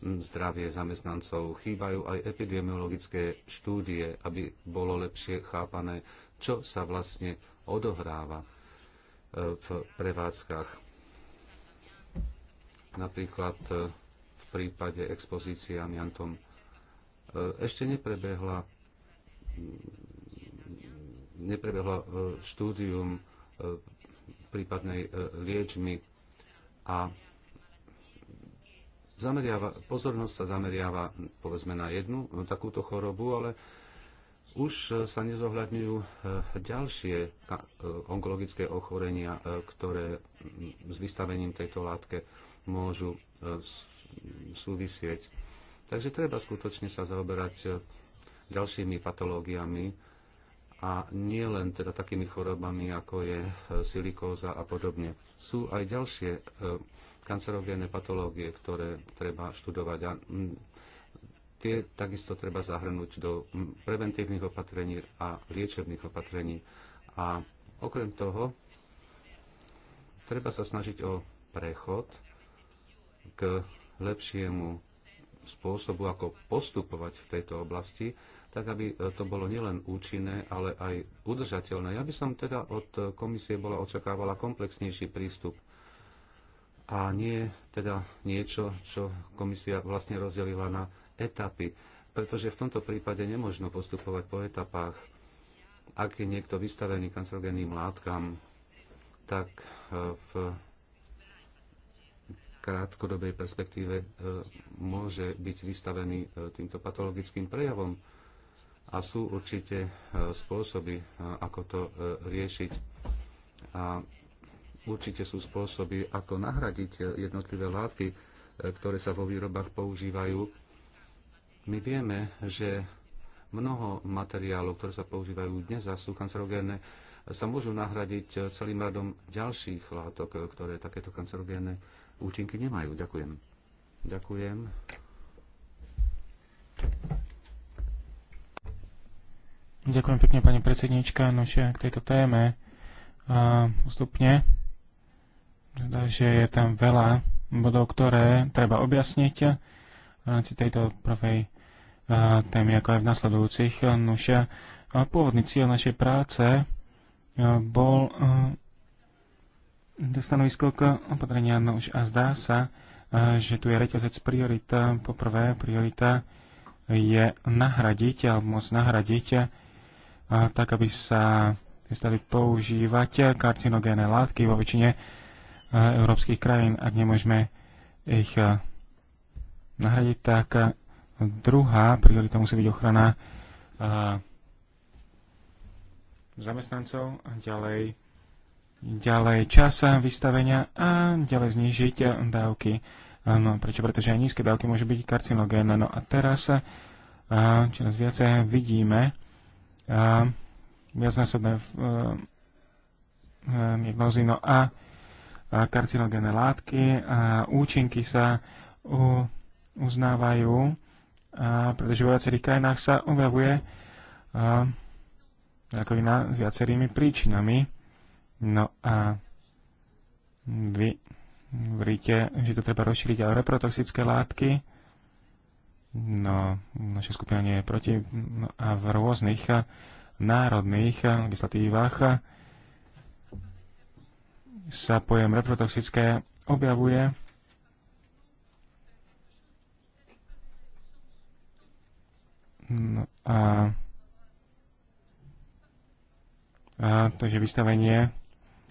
zdravie zamestnancov. Chýbajú aj epidemiologické štúdie, aby bolo lepšie chápané, čo sa vlastne odohráva e, v prevádzkach. Napríklad v prípade expozície amiantom ešte neprebehla neprebehlo e, štúdium e, prípadnej e, liečmy a zameriava, pozornosť sa zameriava povedzme na jednu takúto chorobu, ale už sa nezohľadňujú ďalšie onkologické ochorenia, ktoré s vystavením tejto látke môžu súvisieť. Takže treba skutočne sa zaoberať ďalšími patológiami, a nie len teda takými chorobami, ako je e, silikóza a podobne. Sú aj ďalšie e, kancerogénne patológie, ktoré treba študovať a tie takisto treba zahrnúť do preventívnych opatrení a liečebných opatrení. A okrem toho, treba sa snažiť o prechod k lepšiemu spôsobu, ako postupovať v tejto oblasti tak aby e, to bolo nielen účinné, ale aj udržateľné. Ja by som teda od komisie bola očakávala komplexnejší prístup a nie teda niečo, čo komisia vlastne rozdelila na etapy, pretože v tomto prípade nemožno postupovať po etapách. Ak je niekto vystavený kancerogénnym látkam, tak e, v krátkodobej perspektíve e, môže byť vystavený týmto patologickým prejavom a sú určite e, spôsoby, e, ako to e, riešiť. A určite sú spôsoby, ako nahradiť jednotlivé látky, ktoré sa vo výrobách používajú. My vieme, že mnoho materiálov, ktoré sa používajú dnes a sú kancerogénne, sa môžu nahradiť celým radom ďalších látok, ktoré takéto kancerogénne účinky nemajú. Ďakujem. Ďakujem. Ďakujem pekne, pani predsednička. No k tejto téme a postupne. Zdá, že je tam veľa bodov, ktoré treba objasniť v rámci tejto prvej témy, ako aj v nasledujúcich. Nož pôvodný cieľ našej práce bol a, stanovisko k opatrenia už a zdá sa, že tu je reťazec priorita. Poprvé, priorita je nahradiť alebo môcť nahradiť a tak, aby sa prestali používať karcinogénne látky vo väčšine e, európskych krajín. Ak nemôžeme ich e, nahradiť, tak e, druhá priorita musí byť ochrana zamestnancov a ďalej, ďalej časa vystavenia a ďalej znižiť dávky. No, prečo? Pretože aj nízke dávky môžu byť karcinogénne. No a teraz nás viacej vidíme, viacnásobné eh, eh, diagnózy, no a karcinogénne látky a účinky sa uznávajú, a pretože vo viacerých krajinách sa objavuje eh, rakovina s viacerými príčinami. No a vy hovoríte, že to treba rozšíriť aj reprotoxické látky. No, naša skupina nie je proti. No, a v rôznych eh, národných eh, legislatívach eh, sa pojem reprotoxické objavuje no a, a takže vystavenie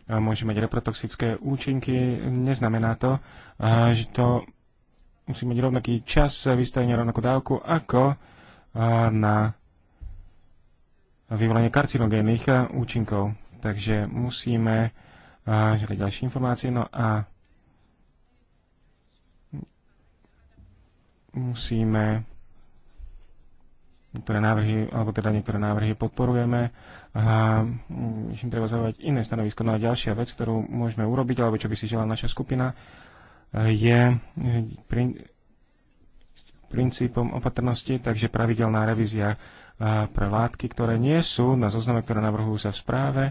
môže mať reprotoxické účinky. Neznamená to, že to musí mať rovnaký čas vystavenia rovnakú dávku ako na vyvolanie karcinogénnych účinkov. Takže musíme hľadať ďalšie informácie. No a musíme niektoré návrhy, alebo teda niektoré návrhy podporujeme. A ich treba zaujať iné stanovisko. No a ďalšia vec, ktorú môžeme urobiť, alebo čo by si želala naša skupina, je eh, princípom opatrnosti, takže pravidelná revízia eh, pre látky, ktoré nie sú na zozname, ktoré navrhujú sa v správe.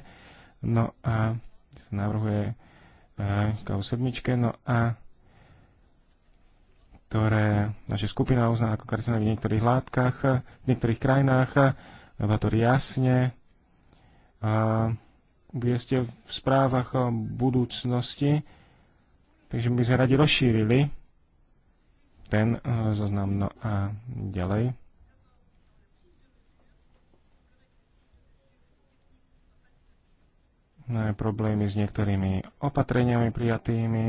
No a sa navrhuje v eh, sedmičke, no a ktoré naša skupina uzná ako karcinové v niektorých látkach, v niektorých krajinách, treba to jasne uvieste v správach o budúcnosti, Takže by sme radi rozšírili ten eh, zoznam. No a ďalej. No problémy s niektorými opatreniami prijatými.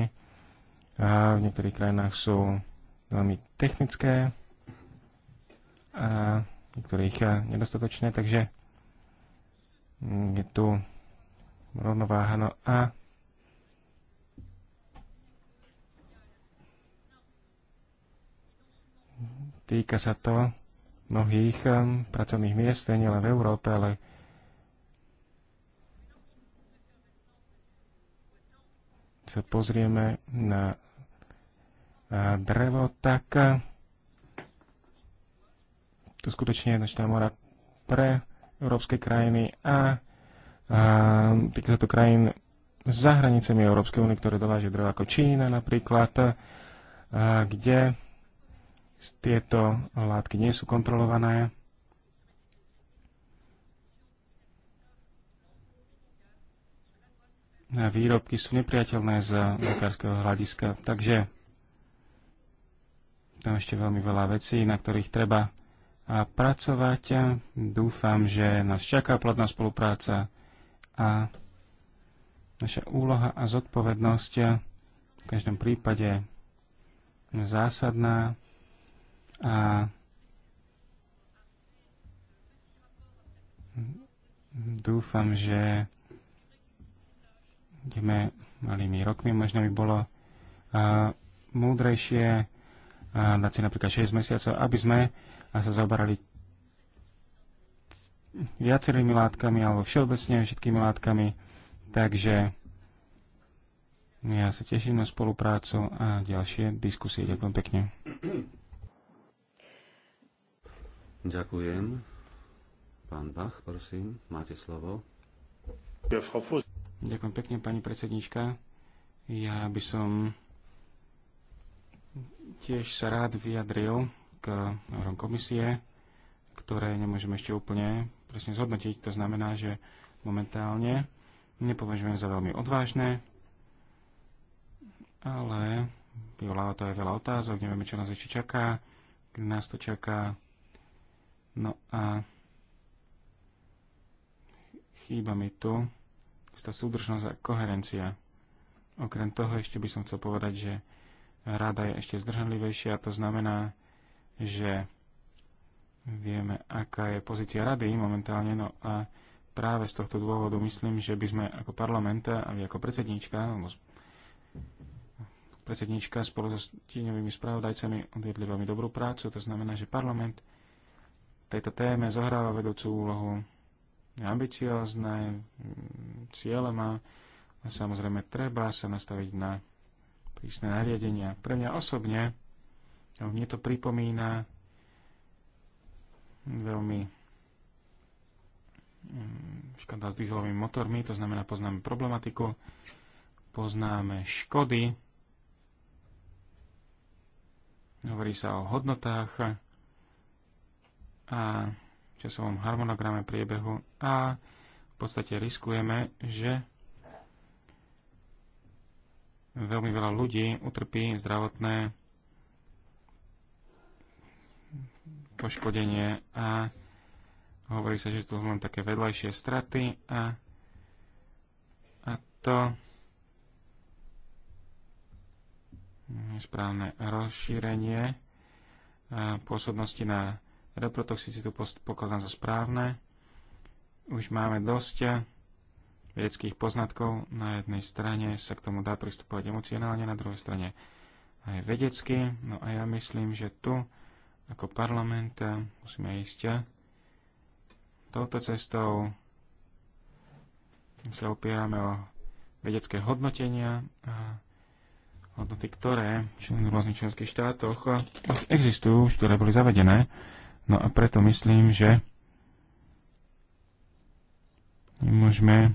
A v niektorých krajinách sú veľmi technické a niektorých eh, nedostatočné, takže je tu rovnováha. No a Týka sa to mnohých ehm, pracovných miest, nielen v Európe, ale sa pozrieme na drevo, tak ehm, to skutočne je značná mora pre európske krajiny a, a ehm, týka sa to krajín za hranicami Európskej únie, ktoré dovážia drevo ako Čína napríklad, a, kde tieto látky nie sú kontrolované. A výrobky sú nepriateľné z lekárskeho hľadiska. Takže tam ešte veľmi veľa vecí, na ktorých treba pracovať. Dúfam, že nás čaká plodná spolupráca a naša úloha a zodpovednosť v každom prípade zásadná a dúfam, že ideme malými rokmi. Možno by bolo uh, múdrejšie uh, dať si napríklad 6 mesiacov, aby sme sa zaoberali viacerými látkami alebo všeobecne všetkými látkami. Takže ja sa teším na spoluprácu a ďalšie diskusie. Ďakujem pekne. Ďakujem. Pán Bach, prosím, máte slovo. Ďakujem pekne, pani predsednička. Ja by som tiež sa rád vyjadril k návrhom komisie, ktoré nemôžeme ešte úplne presne zhodnotiť. To znamená, že momentálne nepovažujem za veľmi odvážne, ale vyvoláva to aj veľa otázok, nevieme, čo nás ešte čaká, kde nás to čaká, No a chýba mi tu tá súdržnosť a koherencia. Okrem toho ešte by som chcel povedať, že rada je ešte zdržanlivejšia, to znamená, že vieme, aká je pozícia rady momentálne, no a práve z tohto dôvodu myslím, že by sme ako parlament a vy ako predsednička, alebo predsednička spolu so tieňovými spravodajcami odvedli veľmi dobrú prácu, to znamená, že parlament tejto téme zohráva vedúcu úlohu. Ambiciózne mm, cieľe má a samozrejme treba sa nastaviť na prísne nariadenia. Pre mňa osobne no, mne to pripomína veľmi mm, škoda s dieselovými motormi, to znamená poznáme problematiku, poznáme škody, hovorí sa o hodnotách, a časovom harmonograme priebehu a v podstate riskujeme, že veľmi veľa ľudí utrpí zdravotné poškodenie a hovorí sa, že to sú len také vedľajšie straty a, a to nesprávne rozšírenie pôsobnosti na reprotoxicitu pokladám za správne. Už máme dosť vedeckých poznatkov. Na jednej strane sa k tomu dá pristupovať emocionálne, na druhej strane aj vedecky. No a ja myslím, že tu ako parlament musíme ísť touto cestou. Sa opierame o vedecké hodnotenia a hodnoty, ktoré v rôznych členských štátoch už existujú, už ktoré boli zavedené No a preto myslím, že nemôžeme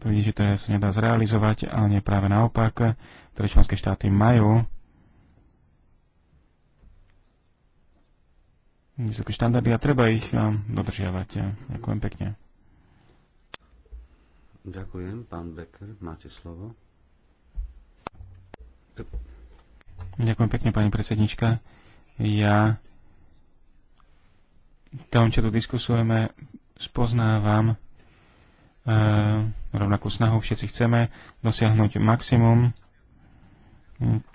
tvrdí, že to sa nedá zrealizovať, ale nie práve naopak, ktoré členské štáty majú vysoké štandardy a treba ich no, dodržiavať. Ďakujem pekne. Ďakujem, pán Becker, máte slovo. Ďakujem pekne, pani predsednička. Ja tom, čo tu diskusujeme, spoznávam e, rovnakú snahu. Všetci chceme dosiahnuť maximum.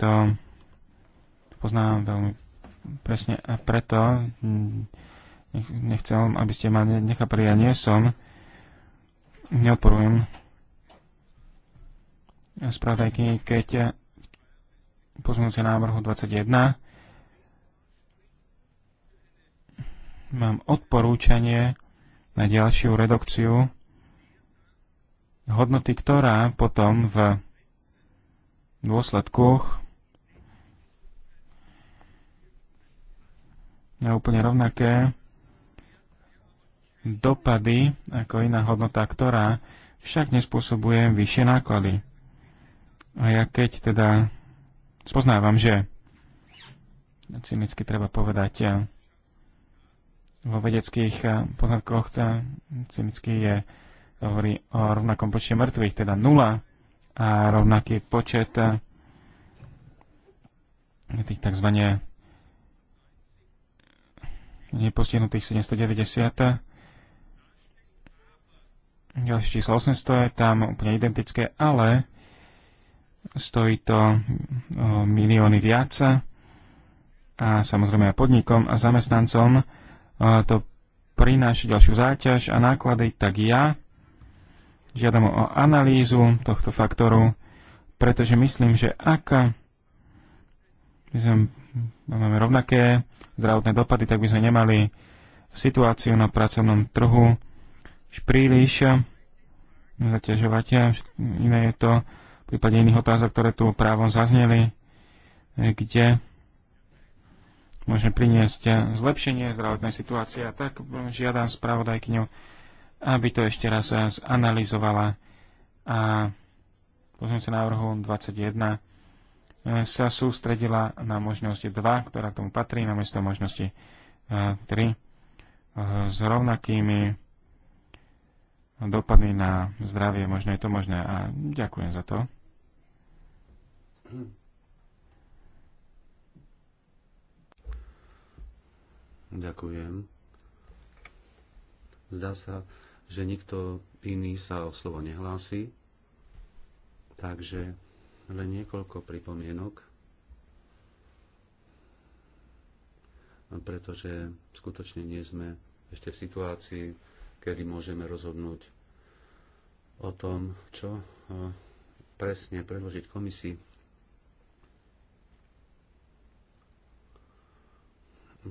To poznávam veľmi presne a preto nechcem, aby ste ma nechápali, ja nie som, neodporujem spravodajky, keď pozmúce návrhu 21 mám odporúčanie na ďalšiu redukciu hodnoty, ktorá potom v dôsledkoch je úplne rovnaké dopady ako iná hodnota, ktorá však nespôsobuje vyššie náklady. A ja keď teda spoznávam, že cynicky treba povedať, eh, vo vedeckých eh, poznatkoch eh, cynicky je, hovorí o rovnakom počte mŕtvych, teda nula a rovnaký počet tých tzv. nepostihnutých 790. Ďalšie číslo 800 je tam úplne identické, ale stojí to milióny viac a samozrejme aj podnikom a zamestnancom to prináša ďalšiu záťaž a náklady, tak ja žiadam o analýzu tohto faktoru, pretože myslím, že ak my sme, no, máme rovnaké zdravotné dopady, tak by sme nemali situáciu na pracovnom trhu príliš zaťažovať. Iné je to prípade iných otázok, ktoré tu právom zazneli, e, kde môžeme priniesť zlepšenie zdravotnej situácie. A tak žiadam spravodajkňu, aby to ešte raz zanalizovala a pozmeňujúce návrhu 21 e, sa sústredila na možnosť 2, ktorá k tomu patrí, namiesto možnosti 3 e, s rovnakými dopadmi na zdravie, možno je to možné a ďakujem za to. Ďakujem. Zdá sa, že nikto iný sa o slovo nehlási, takže len niekoľko pripomienok, pretože skutočne nie sme ešte v situácii, kedy môžeme rozhodnúť o tom, čo eh, presne predložiť komisii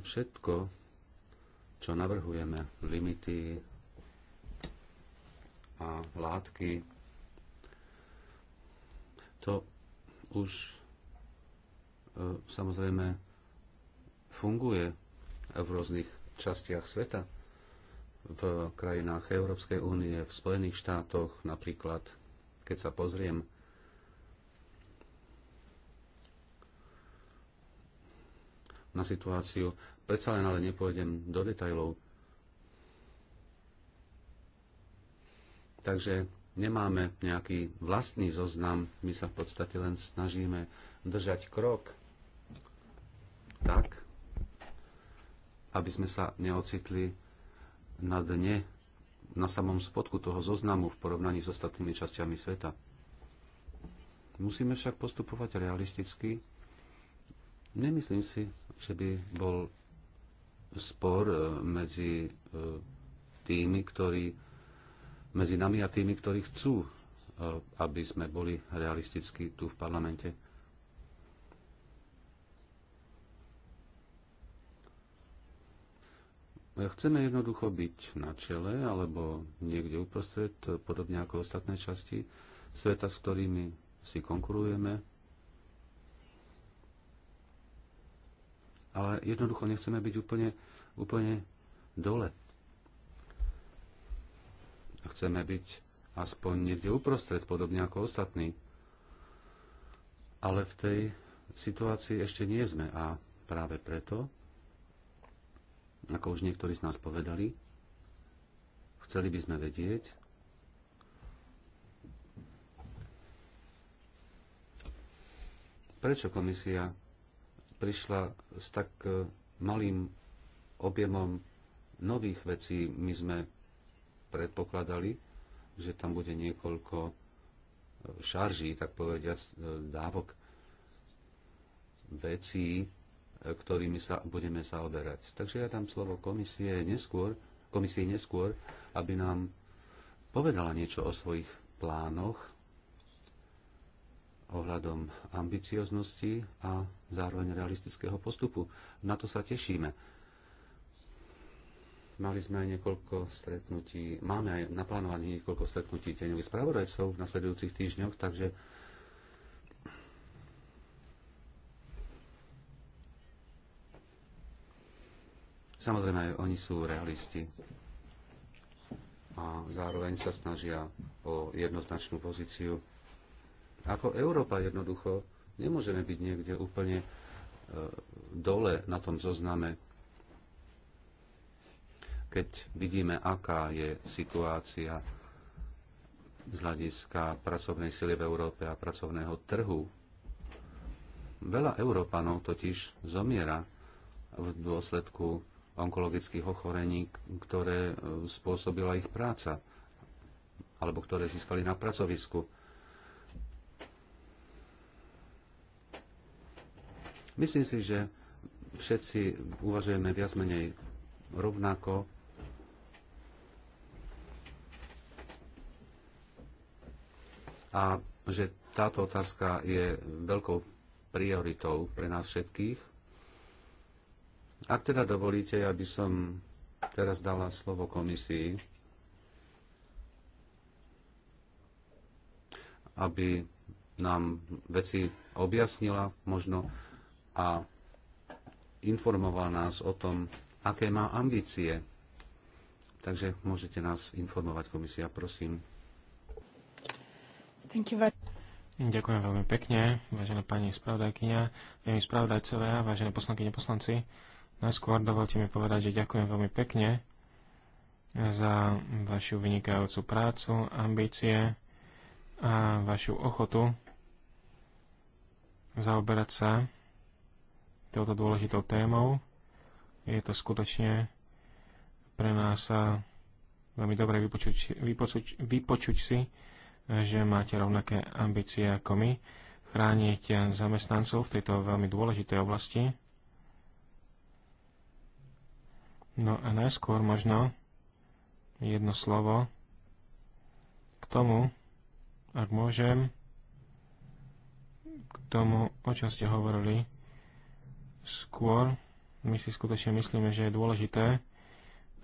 všetko, čo navrhujeme, limity a látky, to už e, samozrejme funguje v rôznych častiach sveta, v krajinách Európskej únie, v Spojených štátoch napríklad, keď sa pozriem na situáciu. Predsa len ale nepôjdem do detajlov. Takže nemáme nejaký vlastný zoznam, my sa v podstate len snažíme držať krok tak, aby sme sa neocitli na dne, na samom spodku toho zoznamu v porovnaní s ostatnými časťami sveta. Musíme však postupovať realisticky Nemyslím si, že by bol spor e, medzi e, tými, ktorí medzi nami a tými, ktorí chcú, e, aby sme boli realistickí tu v parlamente. Chceme jednoducho byť na čele alebo niekde uprostred, podobne ako ostatné časti sveta, s ktorými si konkurujeme, ale jednoducho nechceme byť úplne, úplne dole. Chceme byť aspoň niekde uprostred, podobne ako ostatní. Ale v tej situácii ešte nie sme a práve preto, ako už niektorí z nás povedali, chceli by sme vedieť, prečo komisia prišla s tak e, malým objemom nových vecí. My sme predpokladali, že tam bude niekoľko e, šarží, tak povediať, e, dávok vecí, ktorými sa budeme zaoberať. Takže ja dám slovo komisie neskôr, komisie neskôr, aby nám povedala niečo o svojich plánoch ohľadom ambicioznosti a zároveň realistického postupu. Na to sa tešíme. Mali sme aj niekoľko stretnutí, máme aj naplánovaných niekoľko stretnutí tieňových spravodajcov v nasledujúcich týždňoch, takže Samozrejme, aj oni sú realisti a zároveň sa snažia o jednoznačnú pozíciu ako Európa jednoducho nemôžeme byť niekde úplne e, dole na tom zozname, keď vidíme, aká je situácia z hľadiska pracovnej sily v Európe a pracovného trhu. Veľa Európanov totiž zomiera v dôsledku onkologických ochorení, ktoré e, spôsobila ich práca alebo ktoré získali na pracovisku. Myslím si, že všetci uvažujeme viac menej rovnako. A že táto otázka je veľkou prioritou pre nás všetkých. Ak teda dovolíte, aby som teraz dala slovo komisii, aby nám veci objasnila možno a informoval nás o tom, aké má ambície. Takže môžete nás informovať, komisia, prosím. Ďakujem veľmi pekne, vážená pani spravodajkyňa, vážení spravodajcovia, vážené poslankyne, poslanci. Najskôr dovolte mi povedať, že ďakujem veľmi pekne za vašu vynikajúcu prácu, ambície a vašu ochotu zaoberať sa touto dôležitou témou. Je to skutočne pre nás veľmi dobre vypočuť, vypočuť, vypočuť si, že máte rovnaké ambície ako my, chrániť zamestnancov v tejto veľmi dôležitej oblasti. No a najskôr možno jedno slovo k tomu, ak môžem, k tomu, o čom ste hovorili skôr my si skutočne myslíme, že je dôležité,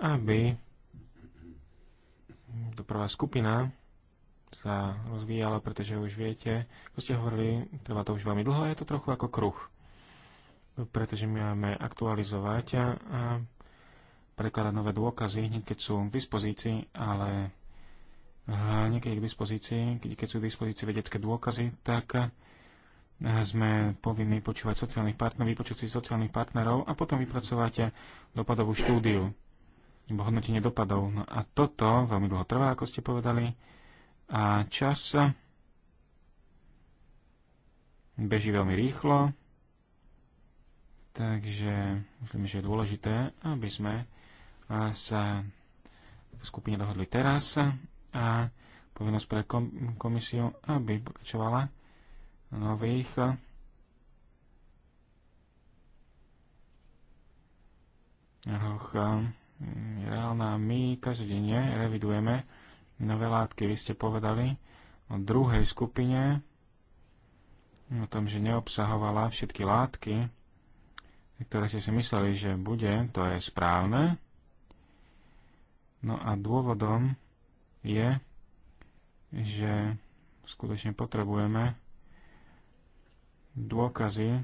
aby to prvá skupina sa rozvíjala, pretože už viete, ako ste hovorili, trvá to už veľmi dlho a je to trochu ako kruh. Pretože my máme aktualizovať a, a prekladať nové dôkazy, hneď keď sú k dispozícii, ale niekedy k dispozícii, keď, keď sú k dispozícii vedecké dôkazy, tak sme povinní počúvať sociálnych partnerov, vypočuť si sociálnych partnerov a potom vypracovať dopadovú štúdiu alebo hodnotenie dopadov. No a toto veľmi dlho trvá, ako ste povedali. A čas beží veľmi rýchlo. Takže myslím, že je dôležité, aby sme sa v skupine dohodli teraz a povinnosť pre komisiu, aby pokračovala nových roh mm, reálna. My deň revidujeme nové látky. Vy ste povedali o druhej skupine, o tom, že neobsahovala všetky látky, ktoré ste si mysleli, že bude, to je správne. No a dôvodom je, že skutočne potrebujeme dôkazy,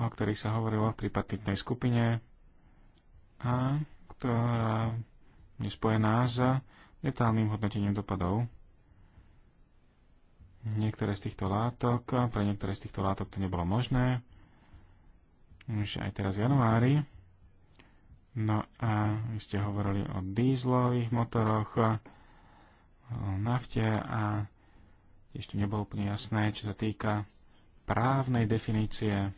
o ktorých sa hovorilo v tripartitnej skupine a ktorá je spojená s detálnym hodnotením dopadov. Niektoré z týchto látok, pre niektoré z týchto látok to nebolo možné, už aj teraz v januári. No a vy ste hovorili o dýzlových motoroch, o nafte a tiež tu nebolo úplne jasné, čo sa týka právnej definície,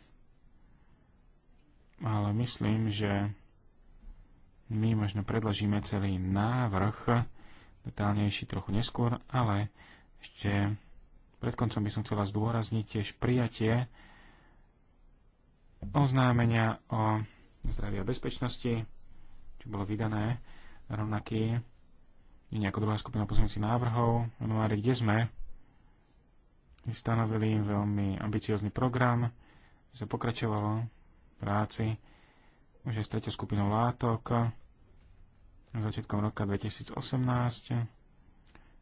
ale myslím, že my možno predložíme celý návrh, detálnejší trochu neskôr, ale ešte pred koncom by som chcela zdôrazniť tiež prijatie oznámenia o zdraví a bezpečnosti, čo bolo vydané rovnaký, je nejaká druhá skupina pozmeňujúcich návrhov v januári, kde sme stanovili veľmi ambiciózny program, sa pokračovalo v práci už aj s tretou skupinou látok začiatkom roka 2018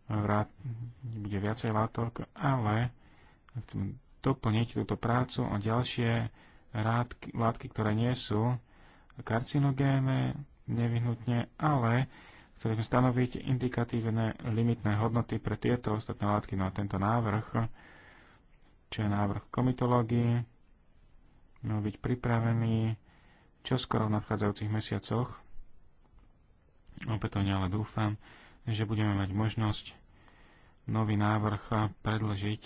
vrát, bude viacej látok, ale chcem doplniť túto prácu o ďalšie rádky, látky, ktoré nie sú karcinogéne nevyhnutne, ale chceli sme stanoviť indikatívne limitné hodnoty pre tieto ostatné látky na no tento návrh čo je návrh komitológie, mal byť pripravený čoskoro v nadchádzajúcich mesiacoch. Opätovne ale dúfam, že budeme mať možnosť nový návrh predložiť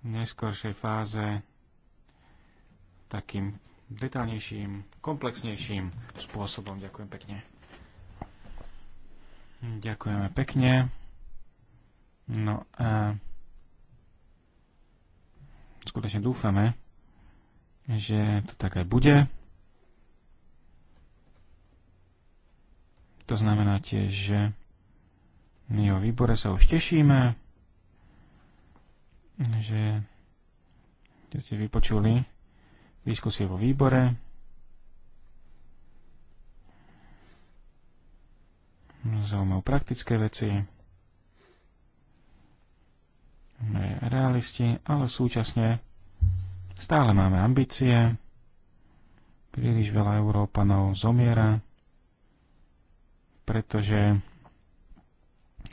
v neskoršej fáze takým detálnejším, komplexnejším spôsobom. Ďakujem pekne. Ďakujeme pekne. No a skutočne dúfame, že to tak aj bude. To znamená tiež, že my o výbore sa už tešíme, že ste vypočuli diskusie vo výbore. Zaujímavé praktické veci sme realisti, ale súčasne stále máme ambície, príliš veľa Európanov zomiera, pretože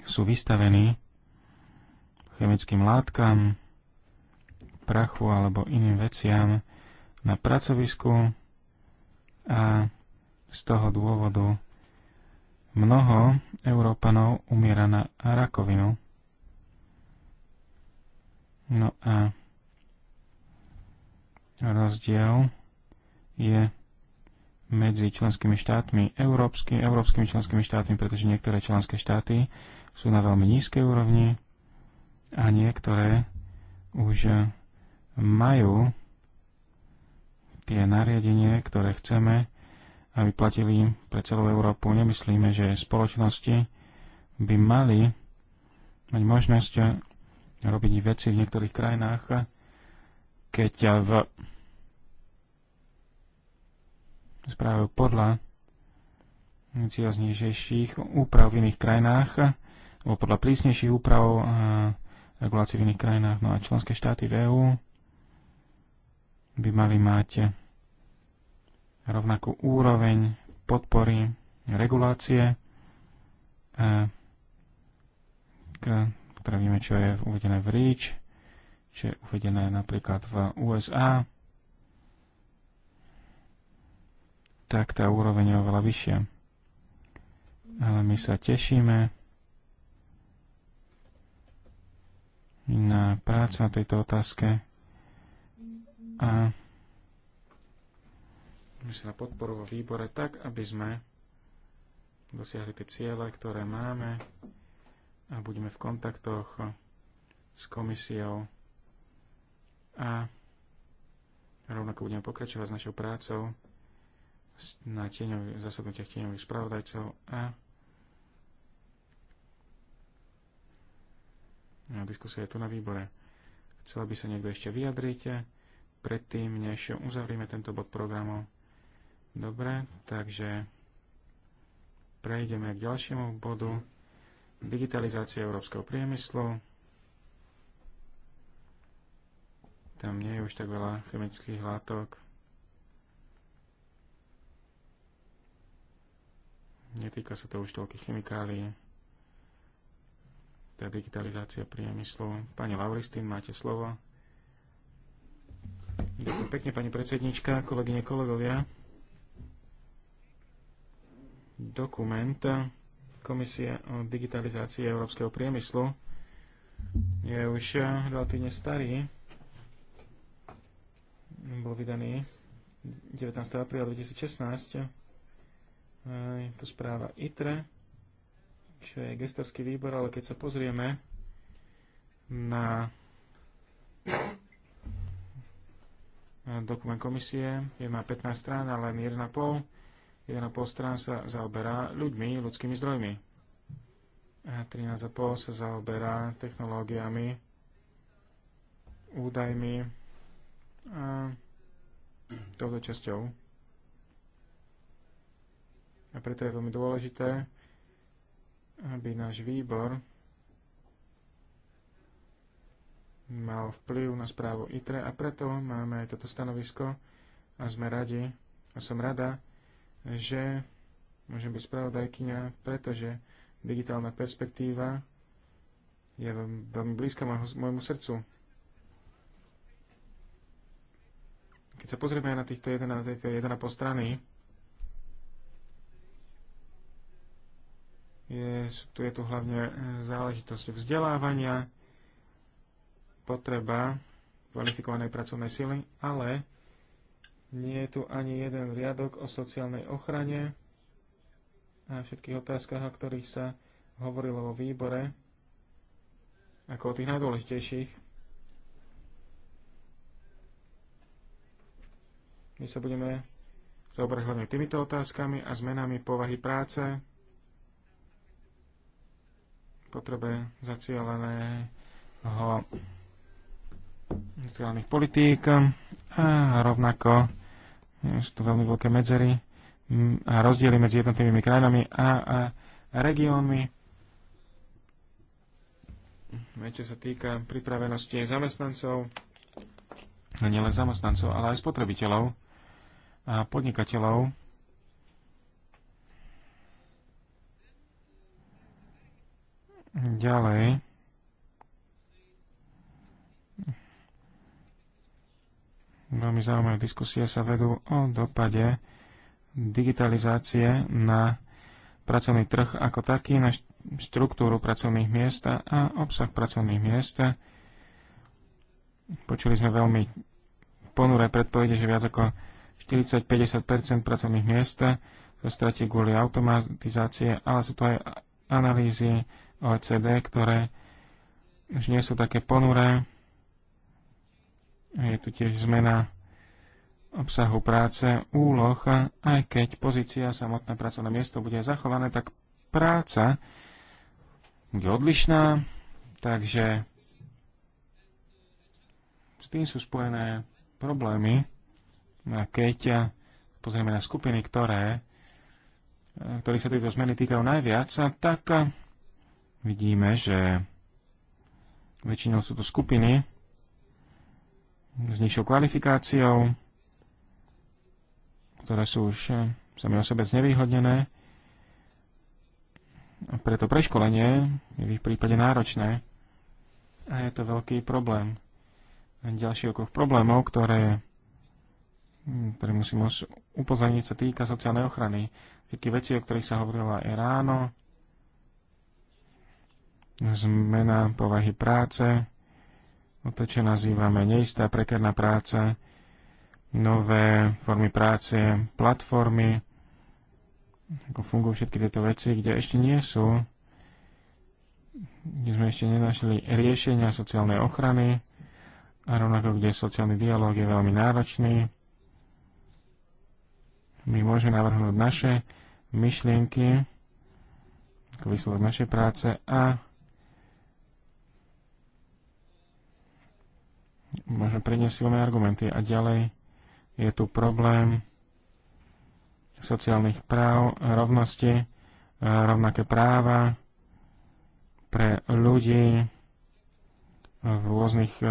sú vystavení chemickým látkam, prachu alebo iným veciam na pracovisku a z toho dôvodu mnoho Európanov umiera na rakovinu. No a rozdiel je medzi členskými štátmi európsky, európskymi členskými štátmi, pretože niektoré členské štáty sú na veľmi nízkej úrovni a niektoré už majú tie nariadenie, ktoré chceme, aby platili pre celú Európu. Nemyslíme, že spoločnosti by mali mať možnosť robiť veci v niektorých krajinách, keď v správajú podľa ambicioznejších úprav v iných krajinách, alebo podľa prísnejších úprav a regulácií v iných krajinách. No a členské štáty v EÚ by mali mať rovnakú úroveň podpory regulácie e, k teda vieme, čo je uvedené v REACH, čo je uvedené napríklad v USA, tak tá úroveň je oveľa vyššia. Ale my sa tešíme na prácu na tejto otázke a sa na podporu vo výbore tak, aby sme dosiahli tie ciele, ktoré máme a budeme v kontaktoch s komisiou a rovnako budeme pokračovať s našou prácou na tieňový, zasadnutiach tieňových spravodajcov a na diskusia je tu na výbore. Chcela by sa niekto ešte vyjadriť predtým, než uzavrieme tento bod programu. Dobre, takže prejdeme k ďalšiemu bodu digitalizácia európskeho priemyslu. Tam nie je už tak veľa chemických látok. Netýka sa to už toľkých chemikálií. Tá digitalizácia priemyslu. Pani Lauristin, máte slovo. Ďakujem pekne, pani predsednička, kolegyne, kolegovia. Dokumenta. Komisie o digitalizácii európskeho priemyslu je už relatívne starý. Bol vydaný 19. apríla 2016. Je to správa ITRE, čo je gestorský výbor, ale keď sa pozrieme na dokument komisie, je má 15 strán, ale len 1,5 Jedna Postrán sa zaoberá ľuďmi, ľudskými zdrojmi. A 13,5 sa zaoberá technológiami, údajmi a touto časťou. A preto je veľmi dôležité, aby náš výbor mal vplyv na správu ITRE a preto máme aj toto stanovisko a sme radi a som rada, že môžem byť spravodajkynia, pretože digitálna perspektíva je veľmi blízka môjmu srdcu. Keď sa pozrieme na týchto 1,5 na týchto po strany, je, tu je tu hlavne e, záležitosť vzdelávania, potreba kvalifikovanej pracovnej sily, ale nie je tu ani jeden riadok o sociálnej ochrane a všetkých otázkach, o ktorých sa hovorilo vo výbore, ako o tých najdôležitejších. My sa budeme zaoberať hlavne týmito otázkami a zmenami povahy práce, potrebe zacieleného zacielených politík a rovnako Hm, sú tu veľmi veľké medzery hm, a rozdiely medzi jednotlivými krajinami a, a regiónmi. Čo sa týka pripravenosti zamestnancov, nielen zamestnancov, ale aj spotrebiteľov a podnikateľov, ďalej Veľmi zaujímavé diskusie sa vedú o dopade digitalizácie na pracovný trh ako taký, na štruktúru pracovných miest a obsah pracovných miest. Počuli sme veľmi ponuré predpovede, že viac ako 40-50 pracovných miest sa stratí kvôli automatizácie, ale sú to aj analýzy OECD, ktoré už nie sú také ponuré. Je tu tiež zmena obsahu práce, úloh, aj keď pozícia, samotné pracovné miesto bude zachované, tak práca bude odlišná, takže s tým sú spojené problémy. A keď pozrieme na skupiny, ktoré, ktoré sa tieto zmeny týkajú najviac, tak vidíme, že väčšinou sú to skupiny, s nižšou kvalifikáciou, ktoré sú už eh, sami o sebe znevýhodnené. A preto preškolenie je v ich prípade náročné a je to veľký problém. A ďalší okruh problémov, ktoré, ktoré musím upozorniť, sa týka sociálnej ochrany. Všetky veci, o ktorých sa hovorila aj ráno, zmena povahy práce, No to, čo nazývame neistá prekerná práca, nové formy práce, platformy, ako fungujú všetky tieto veci, kde ešte nie sú, kde sme ešte nenašli riešenia sociálnej ochrany a rovnako, kde sociálny dialog je veľmi náročný. My môžeme navrhnúť naše myšlienky, ako výsledok našej práce a môžeme predniesť silné argumenty. A ďalej je tu problém sociálnych práv, rovnosti, e, rovnaké práva pre ľudí v rôznych e,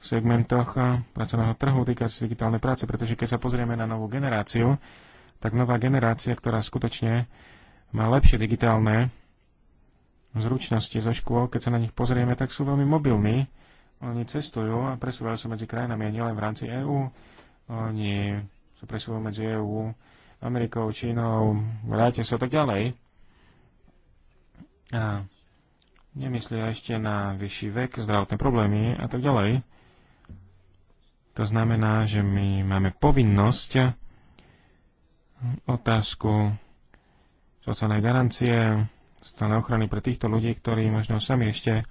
segmentoch e, pracovného trhu týka sa digitálnej práce, pretože keď sa pozrieme na novú generáciu, tak nová generácia, ktorá skutočne má lepšie digitálne zručnosti zo škôl, keď sa na nich pozrieme, tak sú veľmi mobilní oni cestujú a presúvajú sa medzi krajinami a nielen v rámci EÚ. Oni sa presúvajú medzi EÚ, Amerikou, Čínou, vráte sa tak ďalej. A nemyslia ešte na vyšší vek, zdravotné problémy a tak ďalej. To znamená, že my máme povinnosť otázku sociálnej garancie, sociálnej ochrany pre týchto ľudí, ktorí možno sami ešte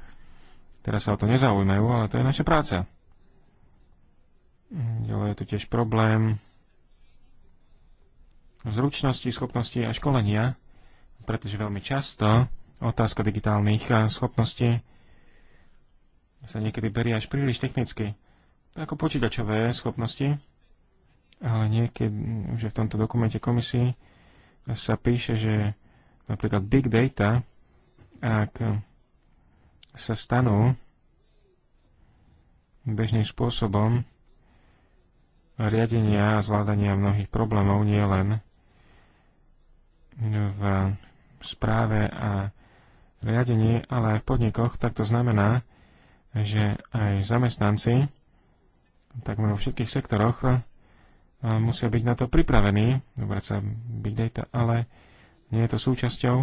Teraz sa o to nezaujímajú, ale to je naša práca. Ďalej je tu tiež problém zručnosti, schopnosti a školenia, pretože veľmi často otázka digitálnych eh, schopností sa niekedy berie až príliš technicky. Ako počítačové schopnosti, ale niekedy, že v tomto dokumente komisii sa píše, že napríklad big data, ak sa stanú bežným spôsobom riadenia a zvládania mnohých problémov, nie len v správe a riadení, ale aj v podnikoch, tak to znamená, že aj zamestnanci, takmer vo všetkých sektoroch, musia byť na to pripravení, dobrať sa big data, ale nie je to súčasťou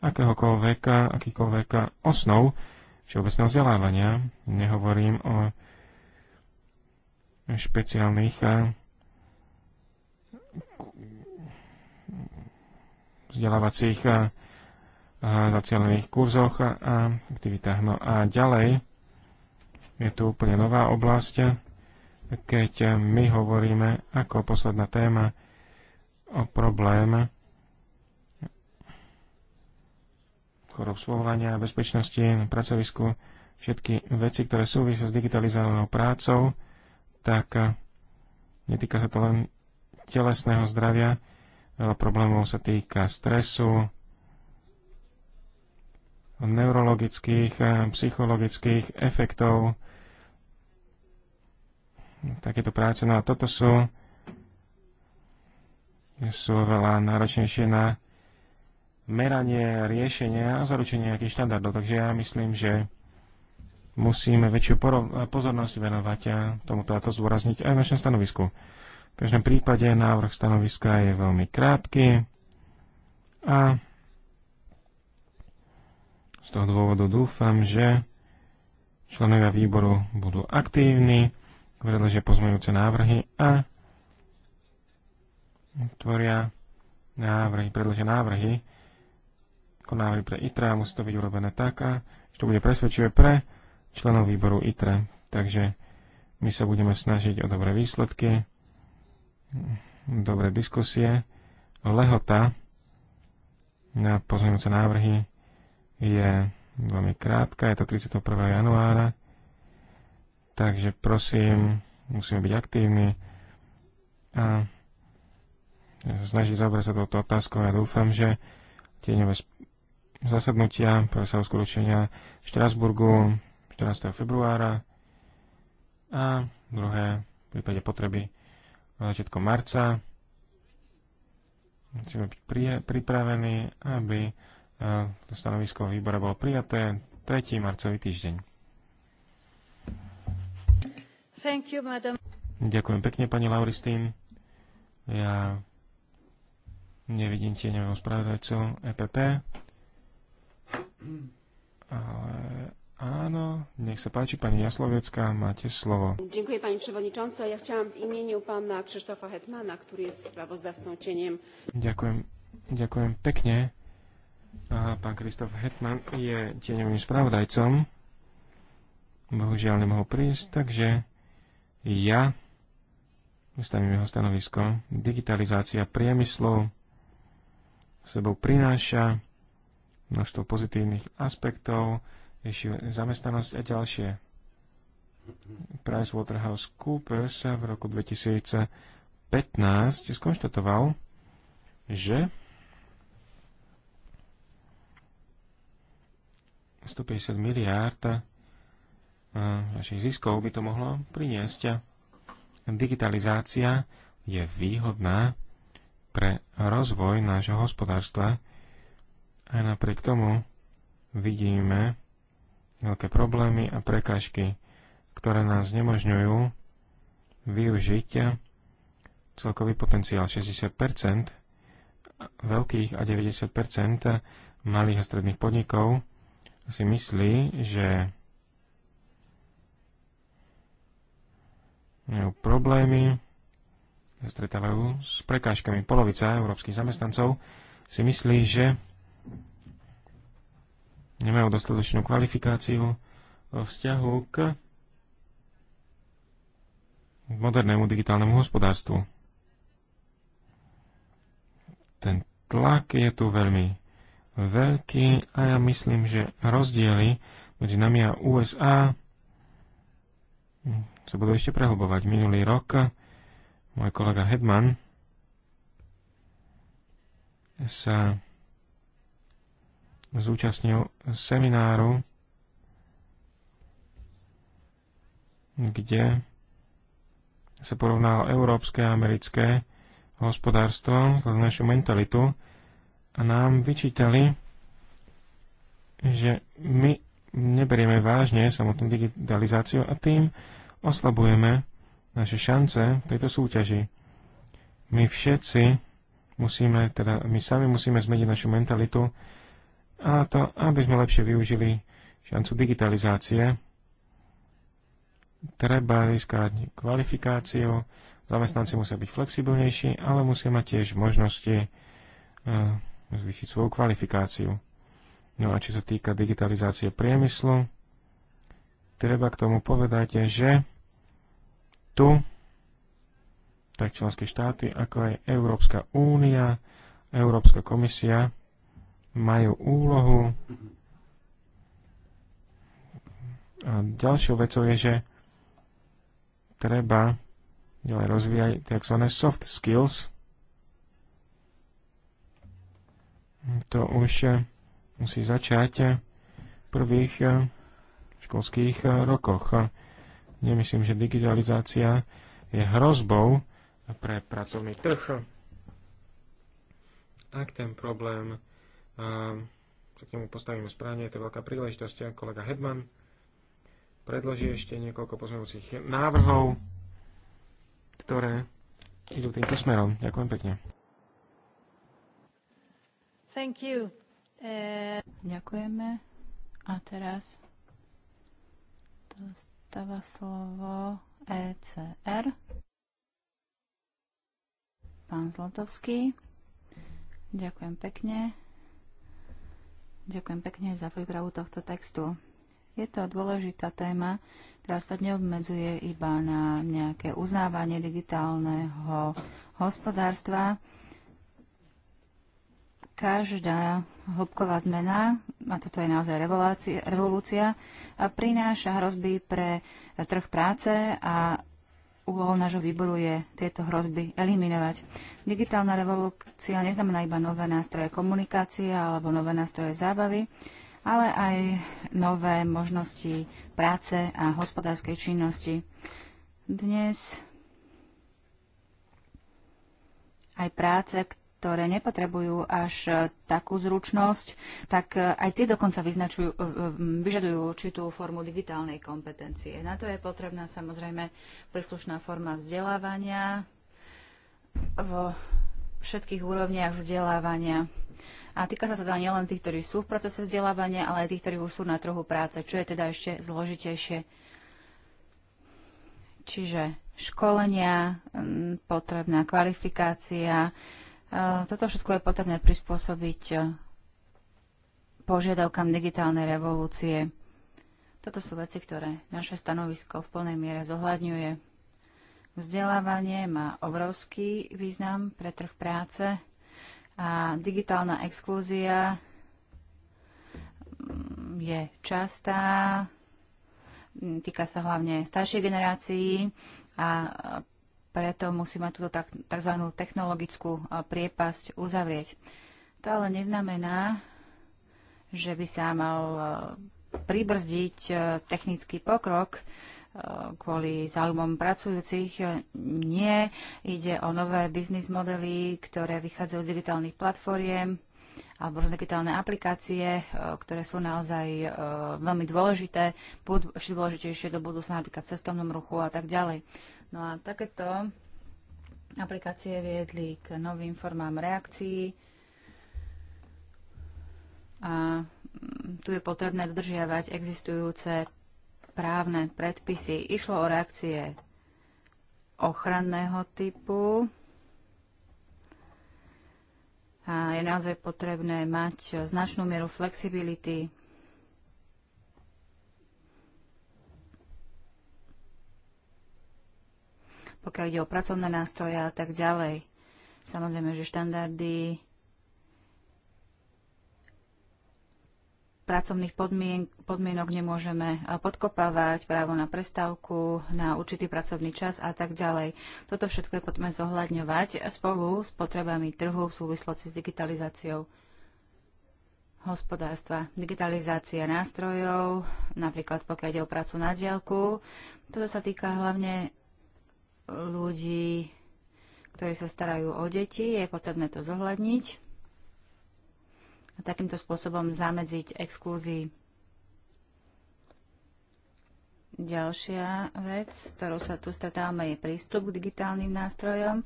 akéhokoľvek, akýkoľvek osnov všeobecného vzdelávania. Nehovorím o špeciálnych eh, vzdelávacích eh, eh, zacielených kurzoch a aktivitách. No a ďalej je tu úplne nová oblasť, keď my hovoríme ako posledná téma o probléme chorob z bezpečnosti na pracovisku, všetky veci, ktoré súvisia s digitalizovanou prácou, tak eh, netýka sa to len telesného zdravia, veľa problémov sa týka stresu, neurologických, eh, psychologických efektov, takéto práce. No a toto sú, sú veľa náročnejšie na meranie, riešenia a zaručenie nejakých štandardov. Takže ja myslím, že musíme väčšiu pozornosť venovať a tomuto a to zúrazniť aj v našom stanovisku. V každom prípade návrh stanoviska je veľmi krátky a z toho dôvodu dúfam, že členovia výboru budú aktívni, predložia pozmejúce návrhy a tvoria návrhy, predložia návrhy, konali pre ITRA, musí to byť urobené tak, a že to bude presvedčivé pre členov výboru ITRA. Takže my sa budeme snažiť o dobré výsledky, dobré diskusie. Lehota na pozmeňujúce návrhy je veľmi krátka, je to 31. januára, takže prosím, musíme byť aktívni a ja sa snažiť zabrať sa touto otázkou. Ja dúfam, že tieňové zasadnutia, ktoré sa uskutočnia v Štrasburgu 14. februára a druhé v prípade potreby začiatkom marca. Musíme byť pripravení, aby e, to stanovisko výbora bolo prijaté 3. marcový týždeň. Thank you, madam. Ďakujem pekne, pani Lauristín. Ja nevidím tieňového spravodajcu EPP. Ale áno, nech sa páči, pani Jaslovecká, máte slovo. Ďakujem pani przewodnicząca. Ja chciałam v imieniu pána Krzysztofa Hetmana, ktorý je sprawozdawcą cieniem. Ďakujem, ďakujem pekne. A pán Kristof Hetman je tieňovým spravodajcom. Bohužiaľ nemohol prísť, takže ja vystavím jeho stanovisko. Digitalizácia priemyslu sebou prináša množstvo pozitívnych aspektov, rieši zamestnanosť a ďalšie. PricewaterhouseCoopers v roku 2015 skonštatoval, že 150 miliárd eh, našich ziskov by to mohlo priniesť. Digitalizácia je výhodná pre rozvoj nášho hospodárstva aj napriek tomu vidíme veľké problémy a prekážky, ktoré nás znemožňujú využiť celkový potenciál 60 veľkých a 90 malých a stredných podnikov si myslí, že majú problémy, stretávajú s prekážkami. Polovica európskych zamestnancov si myslí, že nemajú dostatočnú kvalifikáciu vo vzťahu k modernému digitálnemu hospodárstvu. Ten tlak je tu veľmi veľký a ja myslím, že rozdiely medzi nami a USA sa budú ešte prehlbovať. Minulý rok môj kolega Hedman sa zúčastnil semináru, kde sa porovnalo európske a americké hospodárstvo, našu mentalitu a nám vyčítali, že my neberieme vážne samotnú digitalizáciu a tým oslabujeme naše šance v tejto súťaži. My všetci musíme, teda my sami musíme zmeniť našu mentalitu, a to, aby sme lepšie využili šancu digitalizácie, treba získať kvalifikáciu, zamestnanci musia byť flexibilnejší, ale musia mať tiež možnosti e, zvýšiť svoju kvalifikáciu. No a čo sa týka digitalizácie priemyslu, treba k tomu povedať, že tu tak členské štáty, ako aj Európska únia, Európska komisia majú úlohu. A ďalšou vecou je, že treba ďalej rozvíjať tzv. soft skills. To už eh, musí začať eh, v prvých eh, školských rokoch. Nemyslím, že digitalizácia je hrozbou pre pracovný trh. Ak ten problém sa k nemu postavíme správne, je to veľká príležitosť. Kolega Hedman predloží ešte niekoľko pozmeňujúcich návrhov, ktoré idú týmto smerom. Ďakujem pekne. Thank you. E... Ďakujeme. A teraz dostáva slovo ECR. Pán Zlotovský. Ďakujem pekne. Ďakujem pekne za prípravu tohto textu. Je to dôležitá téma, ktorá sa neobmedzuje iba na nejaké uznávanie digitálneho hospodárstva. Každá hĺbková zmena, a toto je naozaj revolúcia, prináša hrozby pre trh práce a úlohou nášho výboru je tieto hrozby eliminovať. Digitálna revolúcia neznamená iba nové nástroje komunikácie alebo nové nástroje zábavy, ale aj nové možnosti práce a hospodárskej činnosti. Dnes aj práce, ktoré nepotrebujú až e, takú zručnosť, tak e, aj tie dokonca vyznačujú, e, vyžadujú určitú formu digitálnej kompetencie. Na to je potrebná samozrejme príslušná forma vzdelávania vo všetkých úrovniach vzdelávania. A týka sa teda nielen tých, ktorí sú v procese vzdelávania, ale aj tých, ktorí už sú na trhu práce, čo je teda ešte zložitejšie. Čiže školenia, potrebná kvalifikácia, toto všetko je potrebné prispôsobiť e, požiadavkám digitálnej revolúcie. Toto sú veci, ktoré naše stanovisko v plnej miere zohľadňuje. Vzdelávanie má obrovský význam pre trh práce a digitálna exklúzia mm, je častá, mm, týka sa hlavne staršej generácií a preto musíme túto tzv. technologickú e, priepasť uzavrieť. To ale neznamená, že by sa mal e, pribrzdiť e, technický pokrok kvôli záujmom pracujúcich. Nie, ide o nové biznis modely, ktoré vychádzajú z digitálnych platformiem alebo rôzne digitálne aplikácie, ktoré sú naozaj veľmi dôležité, budú ešte dôležitejšie do budúcna napríklad v cestovnom ruchu a tak ďalej. No a takéto aplikácie viedli k novým formám reakcií a mm, tu je potrebné dodržiavať existujúce právne predpisy. Išlo o reakcie ochranného typu, a je naozaj potrebné mať značnú mieru flexibility pokiaľ ide o pracovné nástroje a tak ďalej. Samozrejme, že štandardy pracovných podmien- podmienok nemôžeme eh, podkopávať, právo na prestávku, na určitý pracovný čas a tak ďalej. Toto všetko je potrebné zohľadňovať spolu s potrebami trhu v súvislosti s digitalizáciou hospodárstva. Digitalizácia nástrojov, napríklad pokiaľ ide o prácu na diálku. Toto sa týka hlavne ľudí, ktorí sa starajú o deti, je potrebné to zohľadniť a takýmto spôsobom zamedziť exkluzii. Ďalšia vec, ktorou sa tu stretávame, je prístup k digitálnym nástrojom.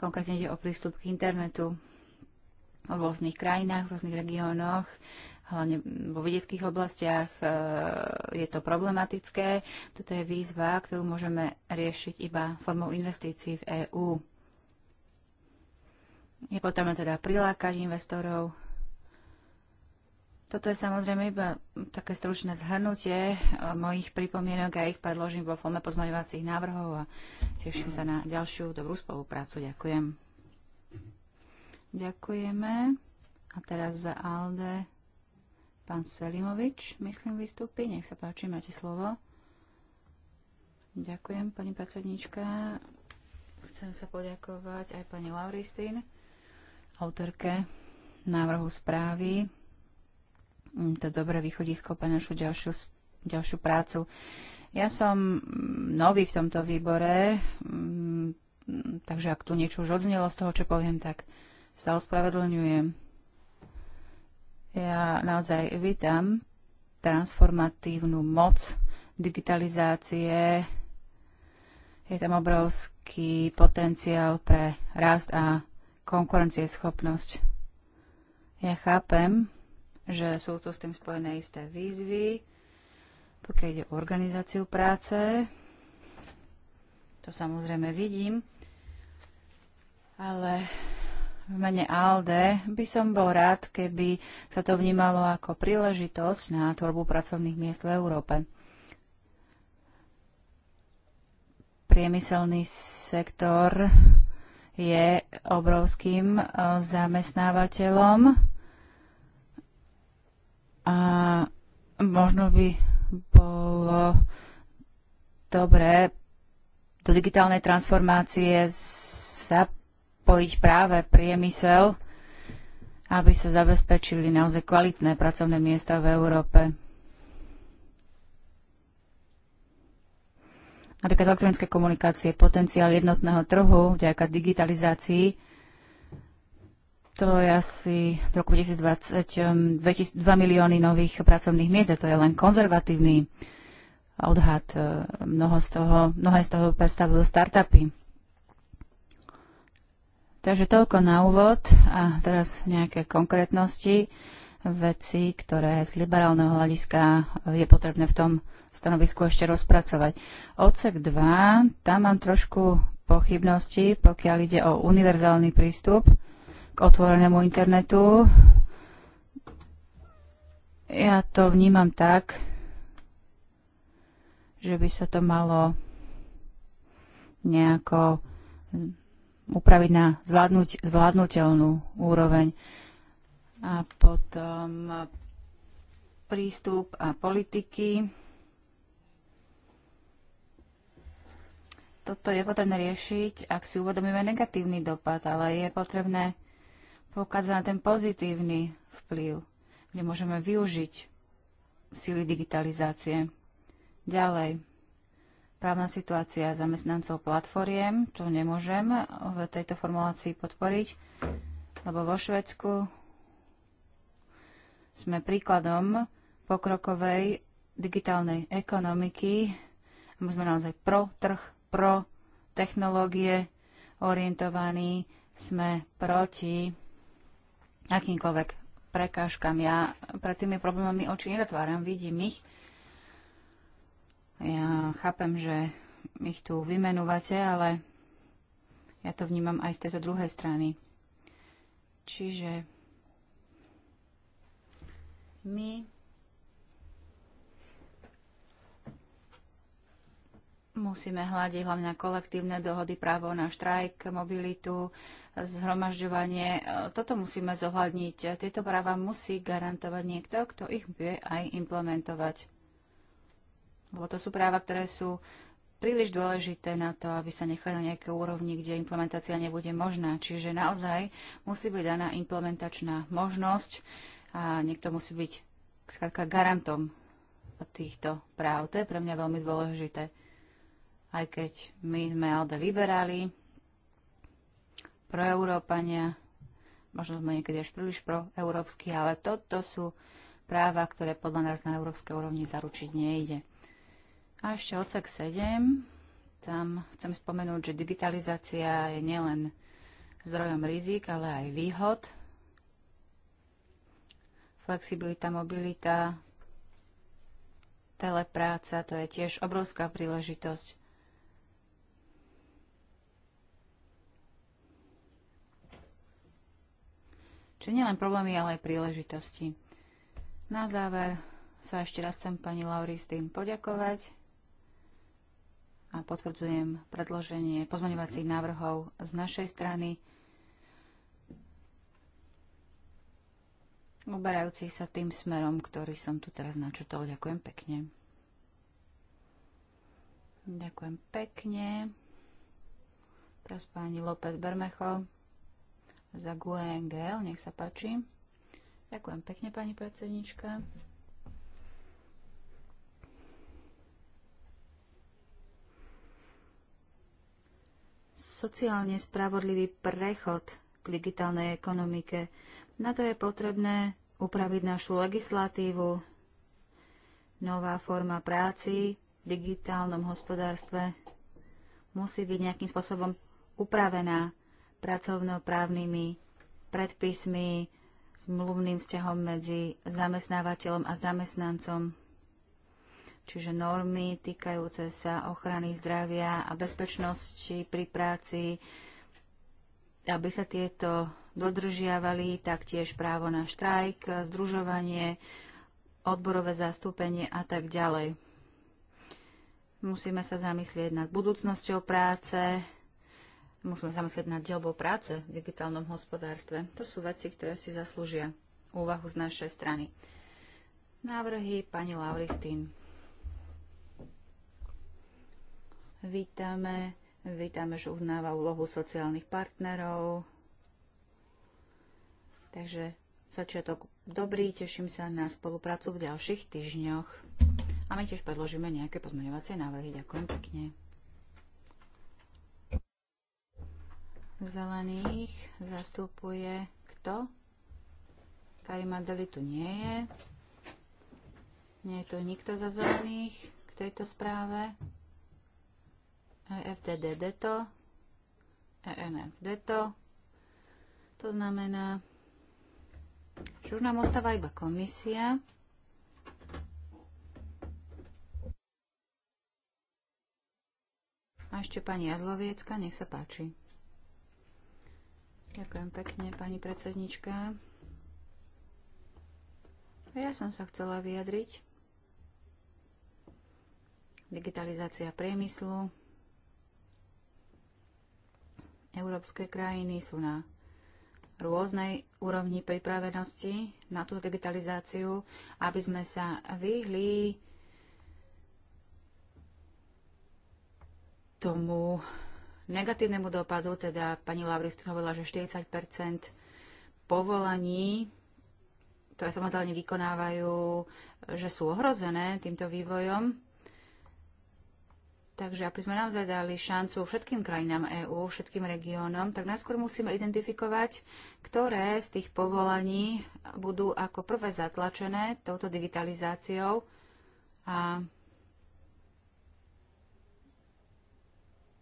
Konkrétne ide o prístup k internetu v rôznych krajinách, v rôznych regiónoch hlavne vo vidieckých oblastiach e, je to problematické. Toto je výzva, ktorú môžeme riešiť iba formou investícií v EÚ. Je potrebné teda prilákať investorov. Toto je samozrejme iba také stručné zhrnutie e, mojich pripomienok a ich predložím vo forme pozmaňovacích návrhov a teším sa na ďalšiu dobrú spoluprácu. Ďakujem. Ďakujeme. A teraz za Alde Pán Selimovič, myslím, vystúpi. Nech sa páči, máte slovo. Ďakujem, pani predsednička. Chcem sa poďakovať aj pani Lauristín, autorke návrhu správy. Mm, to je dobré východisko pre našu ďalšiu, ďalšiu prácu. Ja som nový v tomto výbore, mm, takže ak tu niečo už odznelo z toho, čo poviem, tak sa ospravedlňujem. Ja naozaj vítam transformatívnu moc digitalizácie. Je tam obrovský potenciál pre rast a konkurencieschopnosť. Ja chápem, že sú tu s tým spojené isté výzvy, pokiaľ ide o organizáciu práce. To samozrejme vidím, ale v mene ALDE by som bol rád, keby sa to vnímalo ako príležitosť na tvorbu pracovných miest v Európe. Priemyselný sektor je obrovským e, zamestnávateľom a možno by bolo dobré do digitálnej transformácie sa zapojiť práve priemysel, aby sa zabezpečili naozaj kvalitné pracovné miesta v Európe. Napríklad elektronické komunikácie, potenciál jednotného trhu vďaka digitalizácii, to je asi v roku 2020 2 milióny nových pracovných miest a to je len konzervatívny odhad. Mnoho z toho, mnohé z toho predstavujú startupy. Takže toľko na úvod a teraz nejaké konkrétnosti veci, ktoré z liberálneho hľadiska je potrebné v tom stanovisku ešte rozpracovať. Odsek 2, tam mám trošku pochybnosti, pokiaľ ide o univerzálny prístup k otvorenému internetu. Ja to vnímam tak, že by sa to malo nejako upraviť na zvládnuť, zvládnutelnú úroveň. A potom e, prístup a politiky. Toto je potrebné riešiť, ak si uvedomíme negatívny dopad, ale je potrebné poukázať na ten pozitívny vplyv, kde môžeme využiť síly digitalizácie. Ďalej právna situácia zamestnancov platformiem, to nemôžem v tejto formulácii podporiť, lebo vo Švedsku sme príkladom pokrokovej digitálnej ekonomiky. My sme naozaj pro trh, pro technológie orientovaní, sme proti akýmkoľvek prekážkam. Ja pred tými problémami oči nezatváram, vidím ich ja chápem, že ich tu vymenúvate, ale ja to vnímam aj z tejto druhej strany. Čiže my musíme hľadiť hlavne na kolektívne dohody, právo na štrajk, mobilitu, zhromažďovanie. Toto musíme zohľadniť. Tieto práva musí garantovať niekto, kto ich vie aj implementovať. Lebo to sú práva, ktoré sú príliš dôležité na to, aby sa nechali na nejaké úrovni, kde implementácia nebude možná. Čiže naozaj musí byť daná implementačná možnosť a niekto musí byť skrátka garantom týchto práv. To je pre mňa veľmi dôležité. Aj keď my sme ALDE liberáli, proeurópania, možno sme niekedy až príliš proeurópsky, ale toto sú práva, ktoré podľa nás na európskej úrovni zaručiť nejde. A ešte odsek 7. Tam chcem spomenúť, že digitalizácia je nielen zdrojom rizik, ale aj výhod. Flexibilita, mobilita, telepráca, to je tiež obrovská príležitosť. Čiže nielen problémy, ale aj príležitosti. Na záver sa ešte raz chcem pani Lauristým poďakovať a potvrdzujem predloženie pozmeňovacích návrhov z našej strany, uberajúcich sa tým smerom, ktorý som tu teraz načutol. Ďakujem pekne. Ďakujem pekne. Teraz pani López Bermecho za GUNGL, nech sa páči. Ďakujem pekne, pani predsednička. sociálne spravodlivý prechod k digitálnej ekonomike. Na to je potrebné upraviť našu legislatívu, nová forma práci v digitálnom hospodárstve musí byť nejakým spôsobom upravená pracovnoprávnymi predpismi, zmluvným vzťahom medzi zamestnávateľom a zamestnancom čiže normy týkajúce sa ochrany zdravia a bezpečnosti pri práci, aby sa tieto dodržiavali, taktiež právo na štrajk, združovanie, odborové zastúpenie a tak ďalej. Musíme sa zamyslieť nad budúcnosťou práce, musíme sa zamyslieť nad dielbou práce v digitálnom hospodárstve. To sú veci, ktoré si zaslúžia úvahu z našej strany. Návrhy pani Lauristín. vítame. Vítame, že uznáva úlohu sociálnych partnerov. Takže začiatok dobrý, teším sa na spoluprácu v ďalších týždňoch. A my tiež predložíme nejaké pozmeňovacie návrhy. Ďakujem pekne. Zelených zastupuje kto? Karima Deli tu nie je. Nie je tu nikto za zelených k tejto správe. EFDD DETO, ENF DETO. To znamená, že už nám ostáva iba komisia. A ešte pani Jazloviecka, nech sa páči. Ďakujem pekne, pani predsednička. Ja som sa chcela vyjadriť. Digitalizácia priemyslu. Európske krajiny sú na rôznej úrovni pripravenosti na tú digitalizáciu, aby sme sa vyhli tomu negatívnemu dopadu, teda pani Lavristin hovorila, že 40 povolaní, ktoré sa vykonávajú, že sú ohrozené týmto vývojom. Takže aby sme naozaj dali šancu všetkým krajinám EÚ, všetkým regiónom, tak najskôr musíme identifikovať, ktoré z tých povolaní budú ako prvé zatlačené touto digitalizáciou a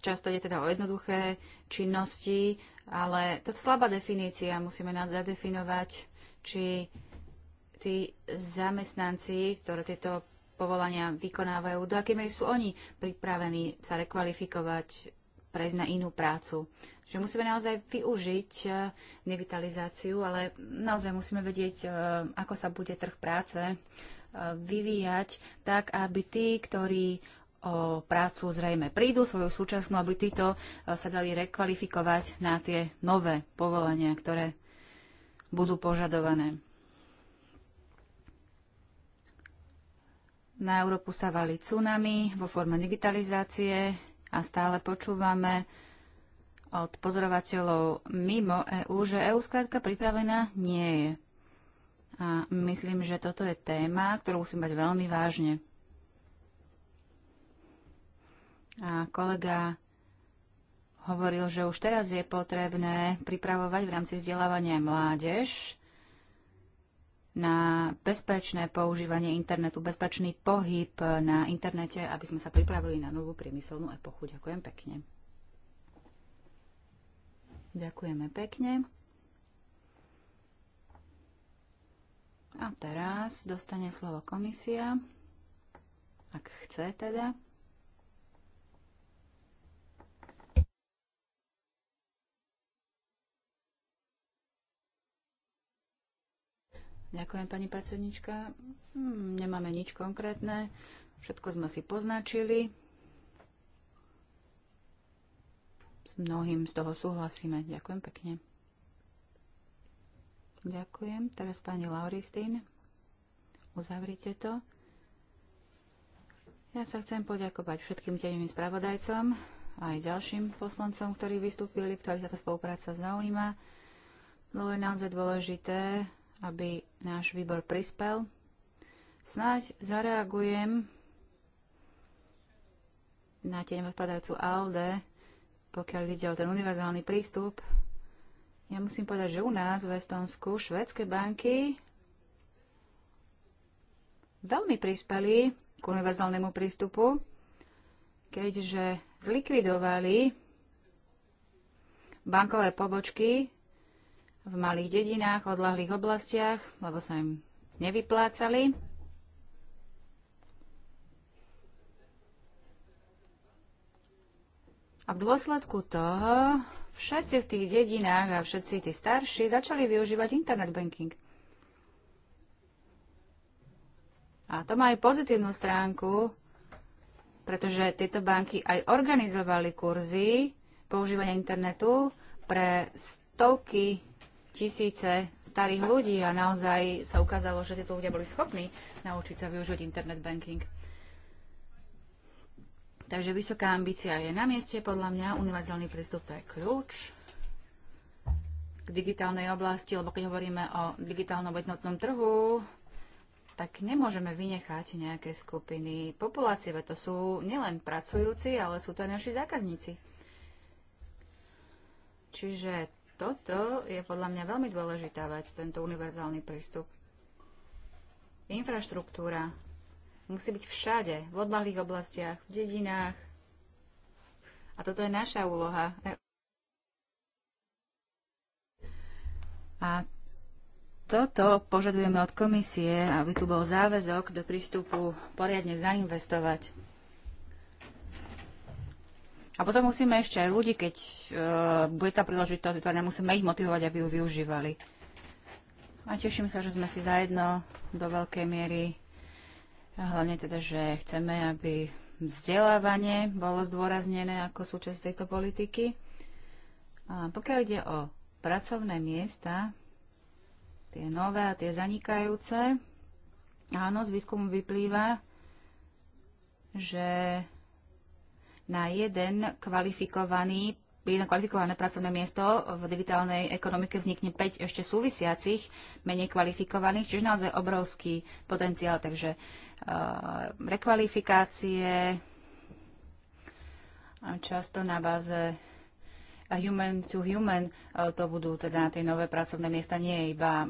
Často je teda o jednoduché činnosti, ale to je slabá definícia. Musíme nás zadefinovať, či tí zamestnanci, ktoré tieto povolania vykonávajú, do akej miery sú oni pripravení sa rekvalifikovať, prejsť na inú prácu. Že musíme naozaj využiť e, digitalizáciu, ale naozaj musíme vedieť, e, ako sa bude trh práce e, vyvíjať, tak aby tí, ktorí o prácu zrejme prídu, svoju súčasnú, aby títo sa dali rekvalifikovať na tie nové povolania, ktoré budú požadované. Na Európu sa valí tsunami vo forme digitalizácie a stále počúvame od pozorovateľov mimo EÚ, EU, že EÚ skrátka pripravená nie je. A myslím, že toto je téma, ktorú musím mať veľmi vážne. A kolega hovoril, že už teraz je potrebné pripravovať v rámci vzdelávania mládež na bezpečné používanie internetu, bezpečný pohyb na internete, aby sme sa pripravili na novú priemyselnú epochu. Ďakujem pekne. Ďakujeme pekne. A teraz dostane slovo komisia, ak chce teda. Ďakujem, pani predsednička. Hm, nemáme nič konkrétne. Všetko sme si poznačili. S mnohým z toho súhlasíme. Ďakujem pekne. Ďakujem. Teraz pani Lauristín. Uzavrite to. Ja sa chcem poďakovať všetkým tieňovým spravodajcom aj ďalším poslancom, ktorí vystúpili, ktorých táto spolupráca zaujíma. Bolo je naozaj dôležité aby náš výbor prispel. Snáď zareagujem na tie odpadajúcu ALDE, pokiaľ ide o ten univerzálny prístup. Ja musím povedať, že u nás v Estonsku švedské banky veľmi prispeli k univerzálnemu prístupu, keďže zlikvidovali bankové pobočky v malých dedinách, odlahlých oblastiach, lebo sa im nevyplácali. A v dôsledku toho všetci v tých dedinách a všetci tí starší začali využívať internet banking. A to má aj pozitívnu stránku, pretože tieto banky aj organizovali kurzy používania internetu pre stovky tisíce starých ľudí a naozaj sa ukázalo, že tieto ľudia boli schopní naučiť sa využiť internet banking. Takže vysoká ambícia je na mieste, podľa mňa univerzálny prístup to je kľúč k digitálnej oblasti, lebo keď hovoríme o digitálnom jednotnom trhu, tak nemôžeme vynechať nejaké skupiny populácie, veď to sú nielen pracujúci, ale sú to aj naši zákazníci. Čiže toto je podľa mňa veľmi dôležitá vec, tento univerzálny prístup. Infraštruktúra musí byť všade, v odlahlých oblastiach, v dedinách. A toto je naša úloha. A toto požadujeme od komisie, aby tu bol záväzok do prístupu poriadne zainvestovať a potom musíme ešte aj ľudí, keď e, bude tá príležitosť vytvorená, musíme ich motivovať, aby ju využívali. A teším sa, že sme si zajedno do veľkej miery. A hlavne teda, že chceme, aby vzdelávanie bolo zdôraznené ako súčasť tejto politiky. A pokiaľ ide o pracovné miesta, tie nové a tie zanikajúce, áno, z výskumu vyplýva, že na jeden kvalifikovaný jedno kvalifikované pracovné miesto v digitálnej ekonomike vznikne 5 ešte súvisiacich, menej kvalifikovaných, čiže naozaj obrovský potenciál. Takže uh, rekvalifikácie často na báze human to human, uh, to budú teda tie nové pracovné miesta, nie iba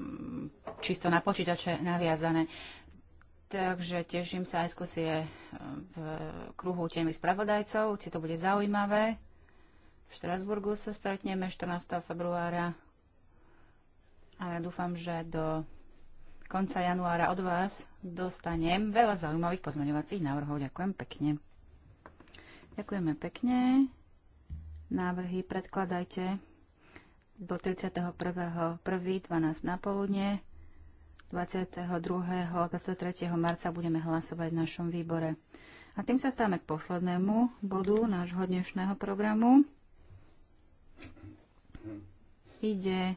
čisto na počítače naviazané. Takže teším sa aj skúsie eh, v kruhu témy spravodajcov, či to bude zaujímavé. V Štrasburgu sa stretneme 14. februára a ja dúfam, že do konca januára od vás dostanem veľa zaujímavých pozmeňovacích návrhov. Ďakujem pekne. Ďakujeme pekne. Návrhy predkladajte do 31.1.12 na poludne 22. a 23. marca budeme hlasovať v našom výbore. A tým sa stáme k poslednému bodu nášho dnešného programu. Ide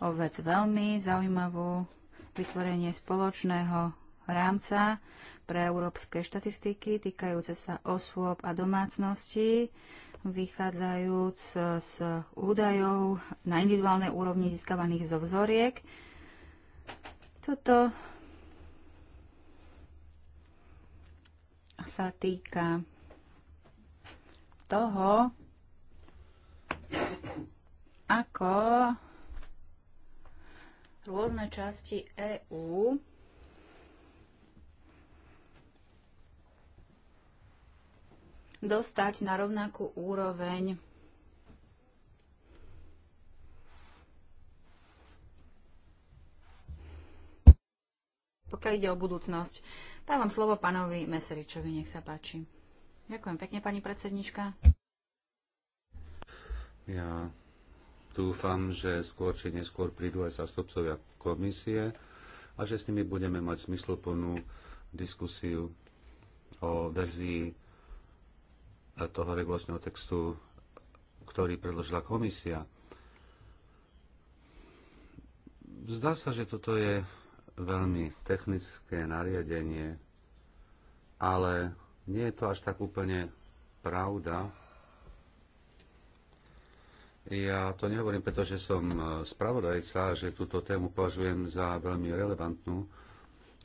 o vec veľmi zaujímavú vytvorenie spoločného rámca pre európske štatistiky týkajúce sa osôb a domácností, vychádzajúc z údajov na individuálnej úrovni získavaných zo vzoriek toto sa týka toho, ako rôzne časti EÚ dostať na rovnakú úroveň pokiaľ ide o budúcnosť. Dávam slovo pánovi Meseričovi, nech sa páči. Ďakujem pekne, pani predsednička. Ja dúfam, že skôr či neskôr prídu aj zastupcovia komisie a že s nimi budeme mať smysluplnú diskusiu o verzii toho regulačného textu, ktorý predložila komisia. Zdá sa, že toto je veľmi technické nariadenie, ale nie je to až tak úplne pravda. Ja to nehovorím, pretože som e, spravodajca, že túto tému považujem za veľmi relevantnú,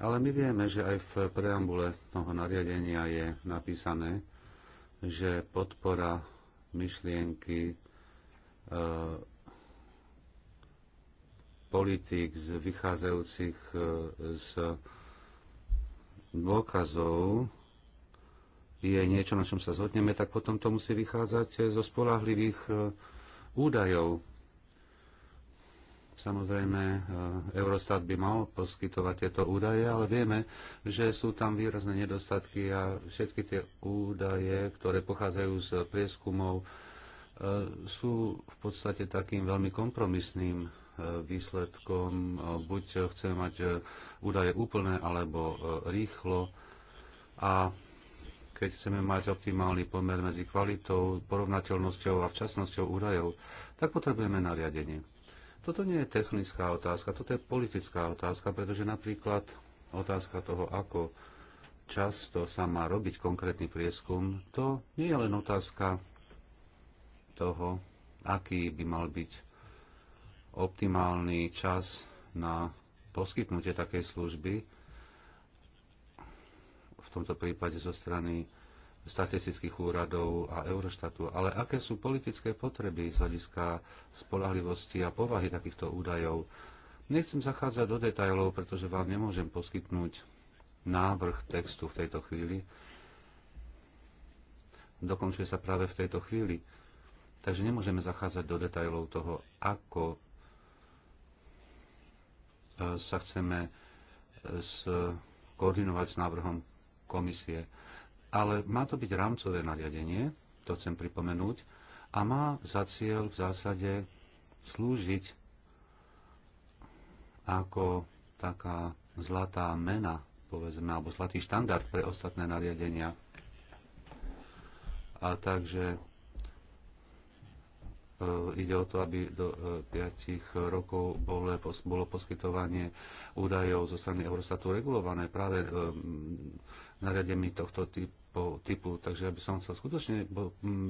ale my vieme, že aj v preambule toho nariadenia je napísané, že podpora myšlienky e, politik z vychádzajúcich e, z dôkazov je niečo, na čom sa zhodneme, tak potom to musí vychádzať e, zo spolahlivých e, údajov. Samozrejme, Eurostat by mal poskytovať tieto údaje, ale vieme, že sú tam výrazné nedostatky a všetky tie údaje, ktoré pochádzajú z prieskumov, sú v podstate takým veľmi kompromisným výsledkom. Buď chceme mať e, údaje úplné alebo e, rýchlo a keď chceme mať optimálny pomer medzi kvalitou, porovnateľnosťou a včasnosťou údajov, tak potrebujeme nariadenie. Toto nie je technická otázka, toto je politická otázka, pretože napríklad otázka toho, ako často sa má robiť konkrétny prieskum, to nie je len otázka toho, aký by mal byť optimálny čas na poskytnutie takej služby, v tomto prípade zo strany statistických úradov a Eurostatu, ale aké sú politické potreby z hľadiska spolahlivosti a povahy takýchto údajov. Nechcem zachádzať do detajlov, pretože vám nemôžem poskytnúť návrh textu v tejto chvíli. Dokončuje sa práve v tejto chvíli. Takže nemôžeme zachádzať do detajlov toho, ako sa chceme e, koordinovať s návrhom komisie. Ale má to byť rámcové nariadenie, to chcem pripomenúť, a má za cieľ v zásade slúžiť ako taká zlatá mena, povedzme, alebo zlatý štandard pre ostatné nariadenia. A takže E, ide o to, aby do 5 e, rokov bolo, poskytovanie údajov zo strany Eurostatu regulované práve e, nariademi tohto typu, typu. Takže ja by som chcel skutočne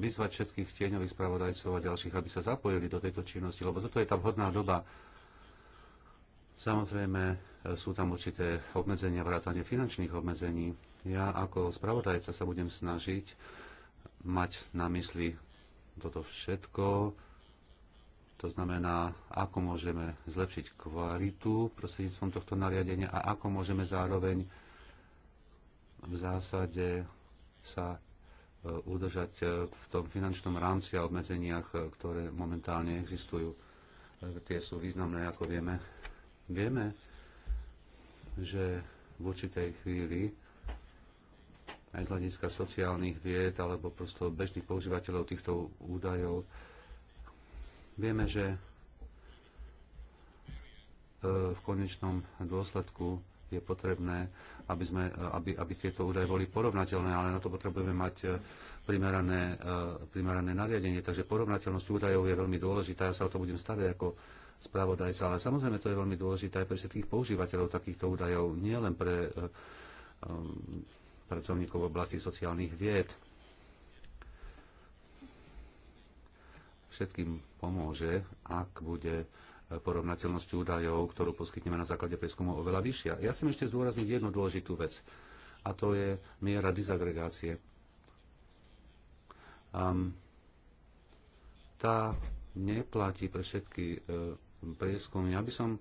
vyzvať všetkých tieňových spravodajcov a ďalších, aby sa zapojili do tejto činnosti, lebo toto je tá vhodná doba. Samozrejme, sú tam určité obmedzenia, vrátanie finančných obmedzení. Ja ako spravodajca sa budem snažiť mať na mysli toto všetko. To znamená, ako môžeme zlepšiť kvalitu prostredníctvom tohto nariadenia a ako môžeme zároveň v zásade sa e, udržať e, v tom finančnom rámci a obmedzeniach, e, ktoré momentálne existujú. Tie sú významné, ako vieme. Vieme, že v určitej chvíli aj z hľadiska sociálnych vied alebo prosto bežných používateľov týchto údajov. Vieme, že e, v konečnom dôsledku je potrebné, aby, sme, e, aby, aby tieto údaje boli porovnateľné, ale na to potrebujeme mať e, primerané, primerané nariadenie. Takže porovnateľnosť údajov je veľmi dôležitá. Ja sa o to budem starať ako spravodajca, ale samozrejme to je veľmi dôležité aj pre všetkých používateľov takýchto údajov, nielen pre pracovníkov v oblasti sociálnych vied. Všetkým pomôže, ak bude porovnateľnosť údajov, ktorú poskytneme na základe prieskumu, oveľa vyššia. Ja chcem ešte zdôrazniť jednu dôležitú vec, a to je miera dizagregácie. Um, tá neplatí pre všetky e, prieskumy. Ja by som e,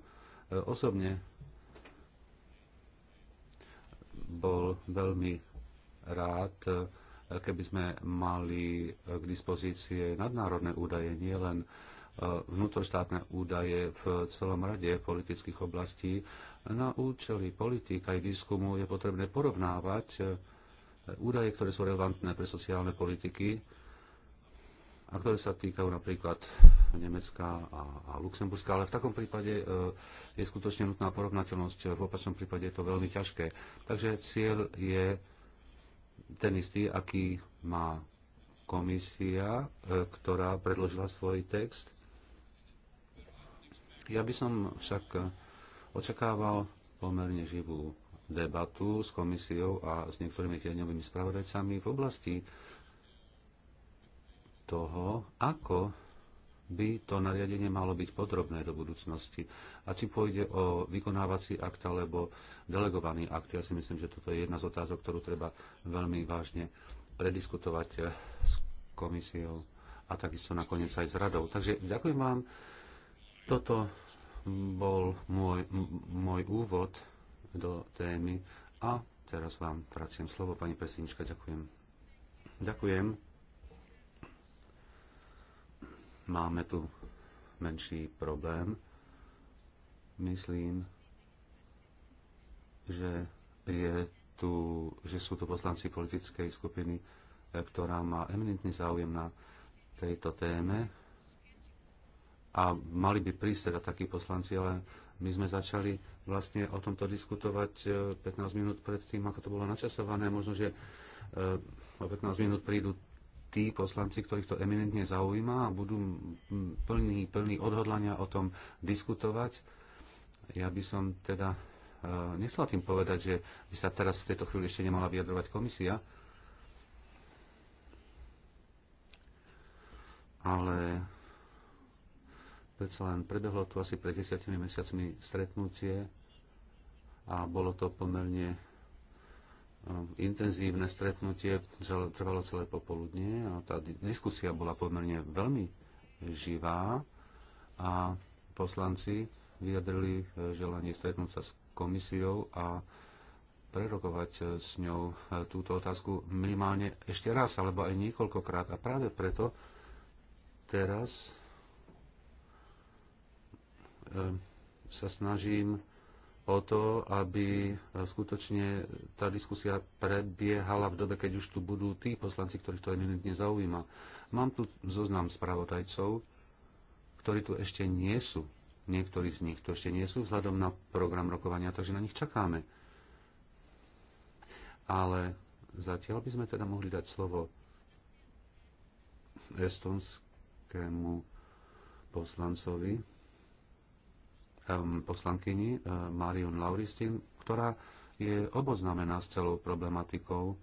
osobne bol veľmi rád, keby sme mali k dispozície nadnárodné údaje, nielen e, vnútroštátne údaje v celom rade politických oblastí. Na účely politik aj výskumu je potrebné porovnávať e, údaje, ktoré sú relevantné pre sociálne politiky, a ktoré sa týkajú napríklad Nemecka a, a Luxemburska, ale v takom prípade e, je skutočne nutná porovnateľnosť, v opačnom prípade je to veľmi ťažké. Takže cieľ je ten istý, aký má komisia, e, ktorá predložila svoj text. Ja by som však e, očakával pomerne živú debatu s komisiou a s niektorými tieňovými spravodajcami v oblasti toho, ako by to nariadenie malo byť podrobné do budúcnosti a či pôjde o vykonávací akt alebo delegovaný akt. Ja si myslím, že toto je jedna z otázok, ktorú treba veľmi vážne prediskutovať eh, s komisiou a takisto nakoniec aj s radou. Takže ďakujem vám. Toto bol môj, môj úvod do témy a teraz vám vraciam slovo, pani predsednička. Ďakujem. Ďakujem máme tu menší problém. Myslím, že, je tu, že sú tu poslanci politickej skupiny, e, ktorá má eminentný záujem na tejto téme a mali by prísť teda takí poslanci, ale my sme začali vlastne o tomto diskutovať 15 e, minút pred tým, ako to bolo načasované. Možno, že e, o 15 minút prídu tí poslanci, ktorých to eminentne zaujíma a budú plní, plní odhodlania o tom diskutovať. Ja by som teda e, nechcela tým povedať, že by sa teraz v tejto chvíli ešte nemala vyjadrovať komisia, ale predsa len prebehlo tu asi pred desiatimi mesiacmi stretnutie a bolo to pomerne Ehm, intenzívne stretnutie, trvalo celé popoludne a tá diskusia bola pomerne veľmi živá a poslanci vyjadrili eh, želanie stretnúť sa s komisiou a prerokovať eh, s ňou eh, túto otázku minimálne ešte raz alebo aj niekoľkokrát. A práve preto teraz ehm, sa snažím o to, aby skutočne tá diskusia prebiehala v dobe, keď už tu budú tí poslanci, ktorých to eminentne zaujíma. Mám tu zoznam spravodajcov, ktorí tu ešte nie sú. Niektorí z nich tu ešte nie sú vzhľadom na program rokovania, takže na nich čakáme. Ale zatiaľ by sme teda mohli dať slovo estonskému poslancovi, poslankyni Marion Lauristin, ktorá je oboznámená s celou problematikou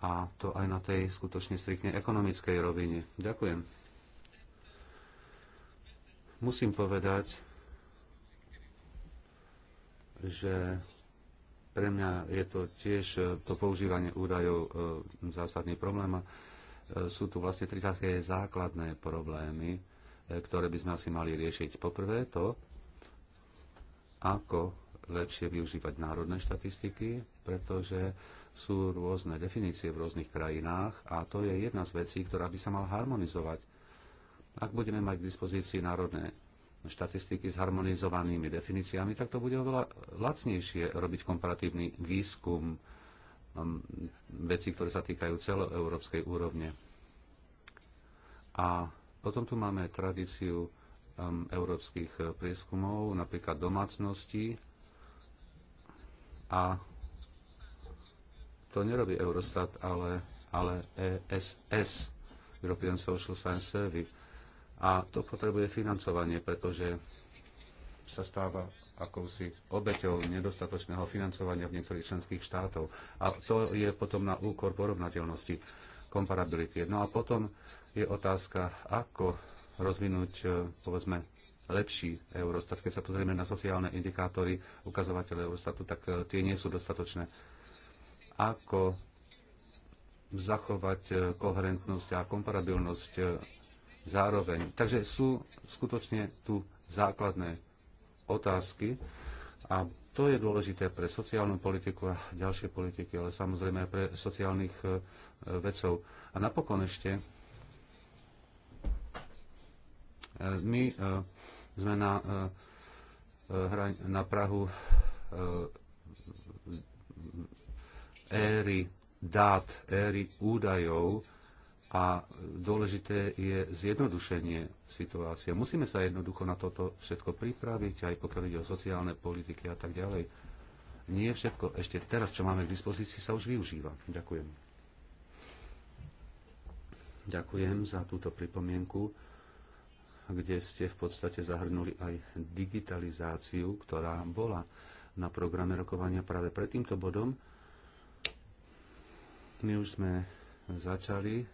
a to aj na tej skutočne striktne ekonomickej rovine. Ďakujem. Musím povedať, že pre mňa je to tiež e, to používanie údajov e, zásadný problém. E, sú tu vlastne tri také základné problémy E, ktoré by sme asi mali riešiť. Poprvé to, ako lepšie využívať národné štatistiky, pretože sú rôzne definície v rôznych krajinách a to je jedna z vecí, ktorá by sa mala harmonizovať. Ak budeme mať k dispozícii národné štatistiky s harmonizovanými definíciami, tak to bude oveľa lacnejšie robiť komparatívny výskum um, vecí, ktoré sa týkajú celoeurópskej úrovne. A potom tu máme tradíciu um, európskych eh, prieskumov, napríklad domácnosti. A to nerobí Eurostat, ale, ale ESS, European Social Science Survey. A to potrebuje financovanie, pretože sa stáva akousi obeťou nedostatočného financovania v niektorých členských štátov. A to je potom na úkor porovnateľnosti, komparability. No a potom je otázka, ako rozvinúť, e, povedzme, lepší Eurostat. Keď sa pozrieme na sociálne indikátory, ukazovateľe Eurostatu, tak e, tie nie sú dostatočné. Ako zachovať e, koherentnosť a komparabilnosť zároveň. Takže sú skutočne tu základné otázky a to je dôležité pre sociálnu politiku a ďalšie politiky, ale samozrejme aj pre sociálnych vecov. A napokon ešte my e, sme na, e, e, na Prahu éry dát, éry údajov a dôležité je zjednodušenie situácie. Musíme sa jednoducho na toto všetko pripraviť, aj pokiaľ ide o sociálne politiky a tak ďalej. Nie všetko ešte teraz, čo máme k dispozícii, sa už využíva. Ďakujem. Ďakujem za túto pripomienku kde ste v podstate zahrnuli aj digitalizáciu, ktorá bola na programe rokovania práve pred týmto bodom. My už sme začali,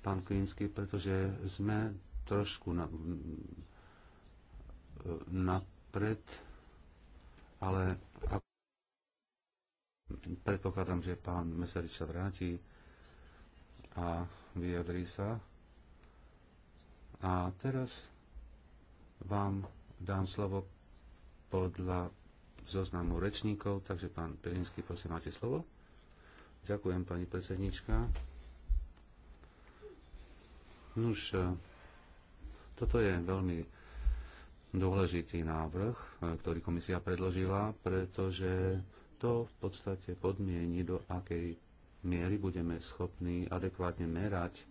pán Klinsky, pretože sme trošku na, napred, ale predpokladám, že pán Mesarič sa vráti a vyjadrí sa a teraz vám dám slovo podľa zoznamu rečníkov, takže pán Pirinsky, prosím, máte slovo. Ďakujem, pani predsednička. Nuž, e, toto je veľmi dôležitý návrh, e, ktorý komisia predložila, pretože to v podstate podmieni, do akej miery budeme schopní adekvátne merať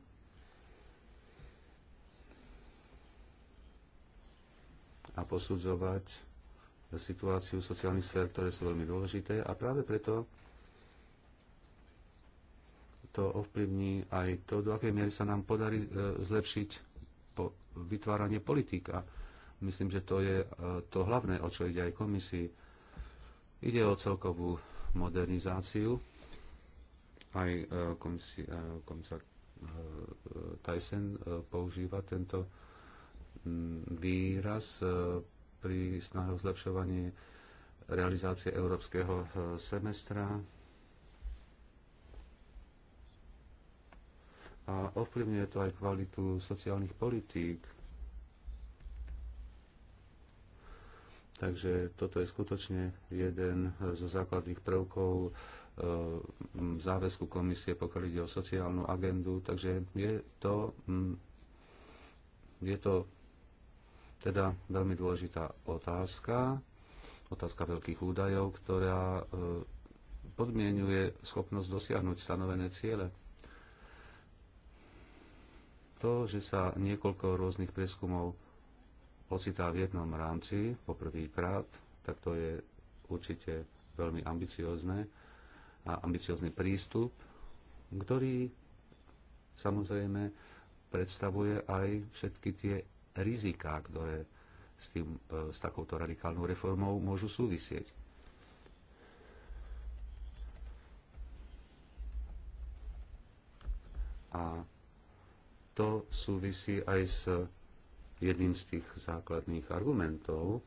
a posudzovať situáciu sociálnych sfér, ktoré sú veľmi dôležité a práve preto to ovplyvní aj to, do akej miery sa nám podarí e, zlepšiť po vytváranie politík. A myslím, že to je e, to hlavné, o čo ide aj komisii. Ide o celkovú modernizáciu. Aj e, komisár Tyson používa tento výraz e, pri snahe o zlepšovanie realizácie európskeho e, semestra a ovplyvňuje to aj kvalitu sociálnych politík. Takže toto je skutočne jeden e, zo základných prvkov záväzku komisie, pokiaľ ide o sociálnu agendu. Takže je to, je to teda veľmi dôležitá otázka, otázka veľkých údajov, ktorá e, podmienuje schopnosť dosiahnuť stanovené ciele. To, že sa niekoľko rôznych prieskumov ocitá v jednom rámci poprvýkrát, tak to je určite veľmi ambiciozne a ambiciózny prístup, ktorý samozrejme predstavuje aj všetky tie riziká, ktoré s, tým, e, s takouto radikálnou reformou môžu súvisieť. A to súvisí aj s jedným z tých základných argumentov,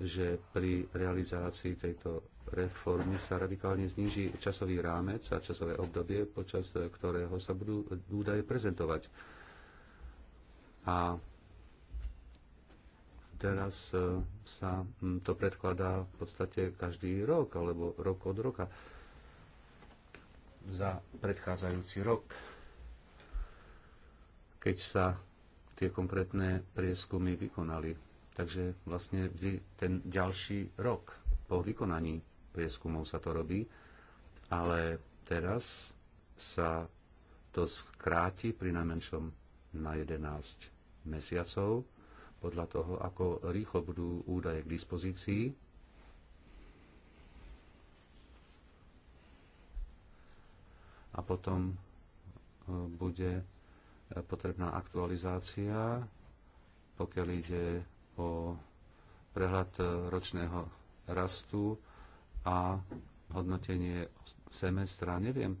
že pri realizácii tejto reformy sa radikálne zniží časový rámec a časové obdobie, počas e, ktorého sa budú údaje prezentovať. A teraz e, sa to predkladá v podstate každý rok alebo rok od roka za predchádzajúci rok, keď sa tie konkrétne prieskumy vykonali. Takže vlastne vždy ten ďalší rok po vykonaní prieskumov sa to robí, ale teraz sa to skráti pri najmenšom na 11 mesiacov podľa toho, ako rýchlo budú údaje k dispozícii. A potom e, bude potrebná aktualizácia, pokiaľ ide o prehľad e, ročného rastu a hodnotenie semestra. Neviem, e,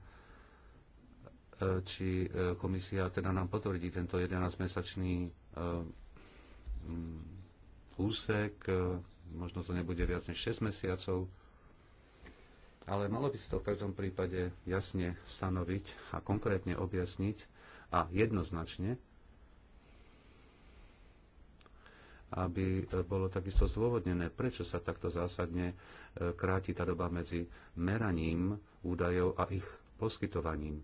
či komisia teda nám potvrdí tento 11-mesačný Mm, úsek, e, možno to nebude viac než 6 mesiacov, ale malo by sa to v každom prípade jasne stanoviť a konkrétne objasniť a jednoznačne, aby e, bolo takisto zdôvodnené, prečo sa takto zásadne e, kráti tá doba medzi meraním údajov a ich poskytovaním.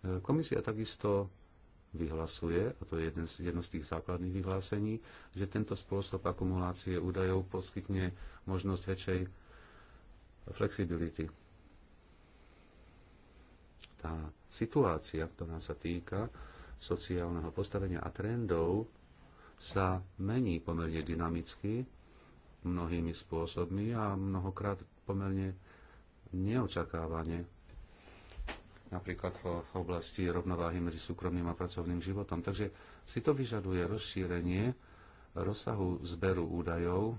Komisia takisto vyhlasuje, a to je jedno z, jedno z tých základných vyhlásení, že tento spôsob akumulácie údajov poskytne možnosť väčšej flexibility. Tá situácia, ktorá sa týka sociálneho postavenia a trendov, sa mení pomerne dynamicky mnohými spôsobmi a mnohokrát pomerne neočakávane napríklad v oblasti rovnováhy medzi súkromným a pracovným životom. Takže si to vyžaduje rozšírenie rozsahu zberu údajov,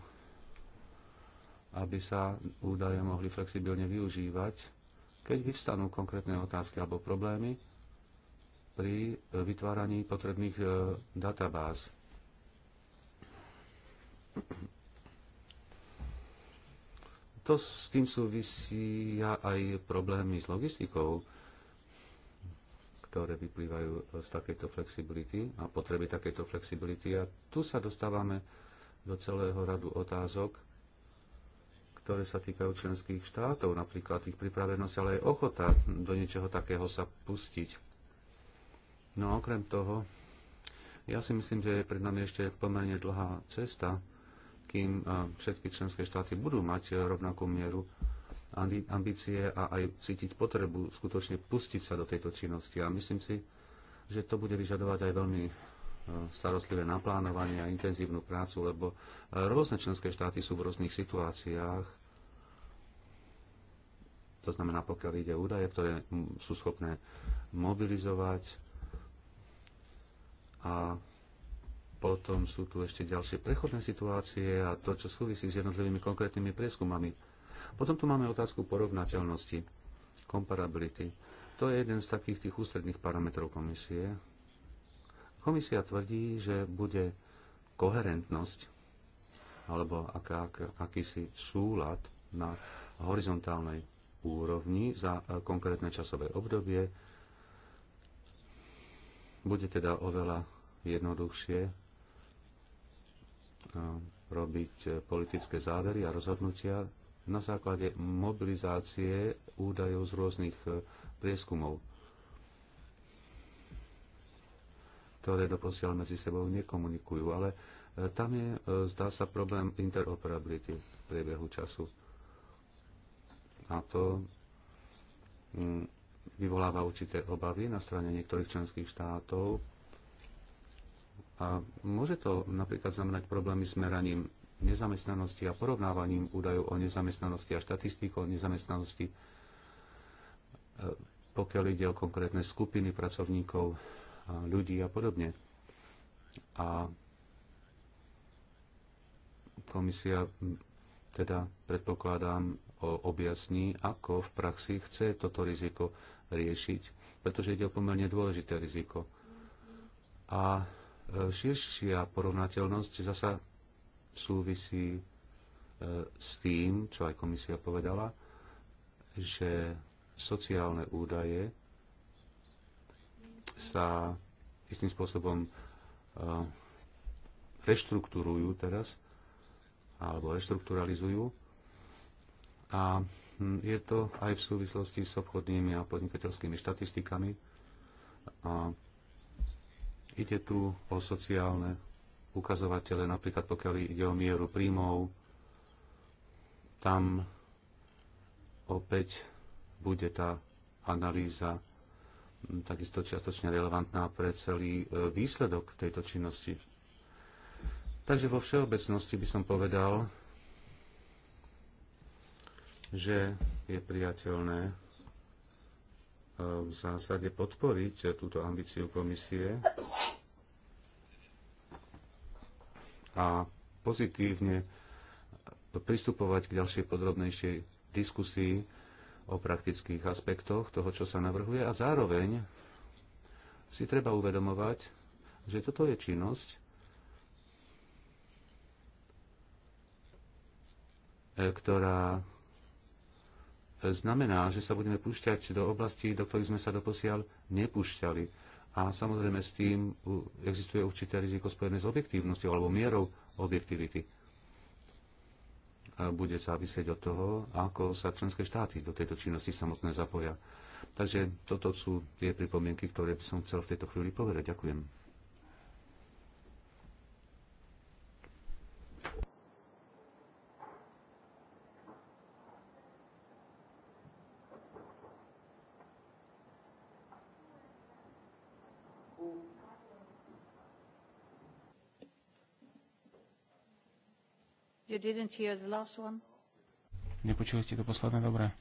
aby sa údaje mohli flexibilne využívať, keď vyvstanú konkrétne otázky alebo problémy pri vytváraní potrebných e, databáz. To s tým súvisia aj problémy s logistikou ktoré vyplývajú z takejto flexibility a potreby takejto flexibility. A tu sa dostávame do celého radu otázok, ktoré sa týkajú členských štátov, napríklad ich pripravenosť, ale aj ochota do niečoho takého sa pustiť. No a okrem toho, ja si myslím, že je pred nami ešte pomerne dlhá cesta, kým všetky členské štáty budú mať e, rovnakú mieru ambície a aj cítiť potrebu skutočne pustiť sa do tejto činnosti. A myslím si, že to bude vyžadovať aj veľmi e, starostlivé naplánovanie a intenzívnu prácu, lebo e, rôzne členské štáty sú v rôznych situáciách. To znamená, pokiaľ ide údaje, ktoré sú schopné mobilizovať. A potom sú tu ešte ďalšie prechodné situácie a to, čo súvisí s jednotlivými konkrétnymi prieskumami potom tu máme otázku porovnateľnosti, komparability. To je jeden z takých tých ústredných parametrov komisie. Komisia tvrdí, že bude koherentnosť alebo ak, akýsi súlad na horizontálnej úrovni za e, konkrétne časové obdobie. Bude teda oveľa jednoduchšie e, robiť e, politické závery a rozhodnutia na základe mobilizácie údajov z rôznych e, prieskumov, ktoré doposiaľ medzi sebou nekomunikujú. Ale e, tam je, e, zdá sa, problém interoperability v priebehu času. A to mm, vyvoláva určité obavy na strane niektorých členských štátov. A môže to napríklad znamenať problémy s meraním nezamestnanosti a porovnávaním údajov o nezamestnanosti a štatistikou o nezamestnanosti, e, pokiaľ ide o konkrétne skupiny pracovníkov, ľudí a podobne. A komisia teda predpokladám objasní, ako v praxi chce toto riziko riešiť, pretože ide o pomerne dôležité riziko. A e, širšia porovnateľnosť zasa súvisí e, s tým, čo aj komisia povedala, že sociálne údaje sa istým spôsobom e, reštruktúrujú teraz alebo reštrukturalizujú a hm, je to aj v súvislosti s obchodnými a podnikateľskými štatistikami. A ide tu o sociálne ukazovatele, napríklad pokiaľ ide o mieru príjmov, tam opäť bude tá analýza hm, takisto čiastočne relevantná pre celý e, výsledok tejto činnosti. Takže vo všeobecnosti by som povedal, že je priateľné e, v zásade podporiť e, túto ambíciu komisie a pozitívne pristupovať k ďalšej podrobnejšej diskusii o praktických aspektoch toho, čo sa navrhuje a zároveň si treba uvedomovať, že toto je činnosť, e, ktorá znamená, že sa budeme púšťať do oblastí, do ktorých sme sa doposiaľ nepúšťali a samozrejme s tým existuje určité riziko spojené s objektívnosťou alebo mierou objektivity. A bude závisieť od toho, ako sa členské štáty do tejto činnosti samotné zapoja. Takže toto sú tie pripomienky, ktoré by som chcel v tejto chvíli povedať. Ďakujem. Nepočuli ste to posledné? Dobre.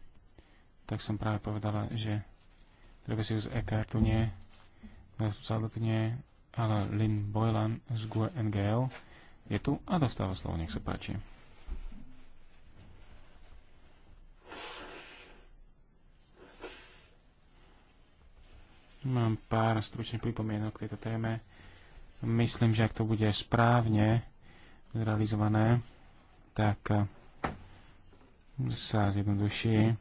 Tak som práve povedala, že treba si ju z EKR nie, nás tu nie, ale Lynn Boylan z GUE NGL je tu a dostáva slovo, nech sa páči. Mám pár stručných pripomienok k tejto téme. Myslím, že ak to bude správne realizované, tak eh, sa zjednoduší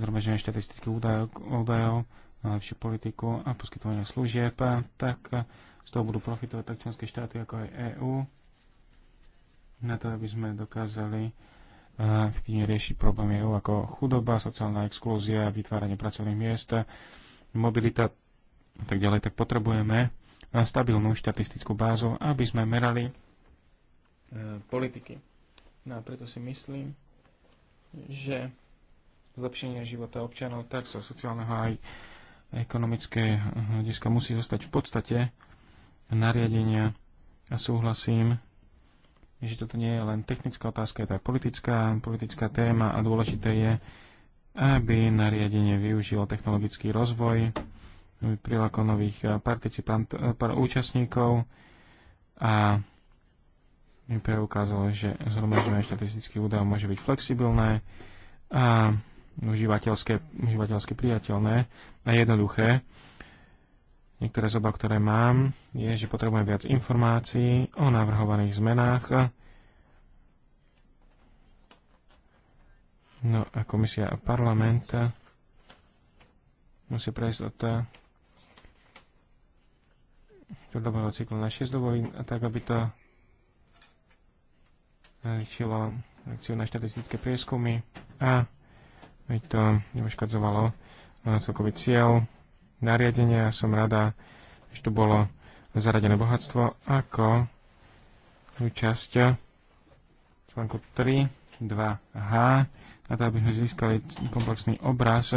zhromaždenie štatistiky údajov, na lepšiu politiku a poskytovanie služieb, eh, tak eh, z toho budú profitovať tak členské štáty ako aj EÚ na to, aby sme dokázali v tým riešiť problémy EÚ ako chudoba, sociálna exklúzia, vytváranie pracovných miest, mobilita a tak ďalej, tak potrebujeme stabilnú štatistickú bázu, aby sme merali politiky No a preto si myslím, že zlepšenie života občanov tak sa sociálneho aj ekonomické hľadiska musí zostať v podstate nariadenia a súhlasím, že toto nie je len technická otázka, je to aj politická, politická téma a dôležité je, aby nariadenie využilo technologický rozvoj, priláko nových participant, účastníkov a preukázalo, že zhromažďovanie štatistických údajov môže byť flexibilné a užívateľské, užívateľské priateľné a jednoduché. Niektoré z obav, ktoré mám, je, že potrebujem viac informácií o navrhovaných zmenách. No a komisia a parlament musí prejsť od dobového eh, cyklu na 6 dovolín, tak aby to zriešilo akciu na štatistické prieskumy a to neuškadzovalo celkový cieľ nariadenia. Som rada, že tu bolo zaradené bohatstvo ako časť článku 3, 2H, na to, aby sme získali komplexný obraz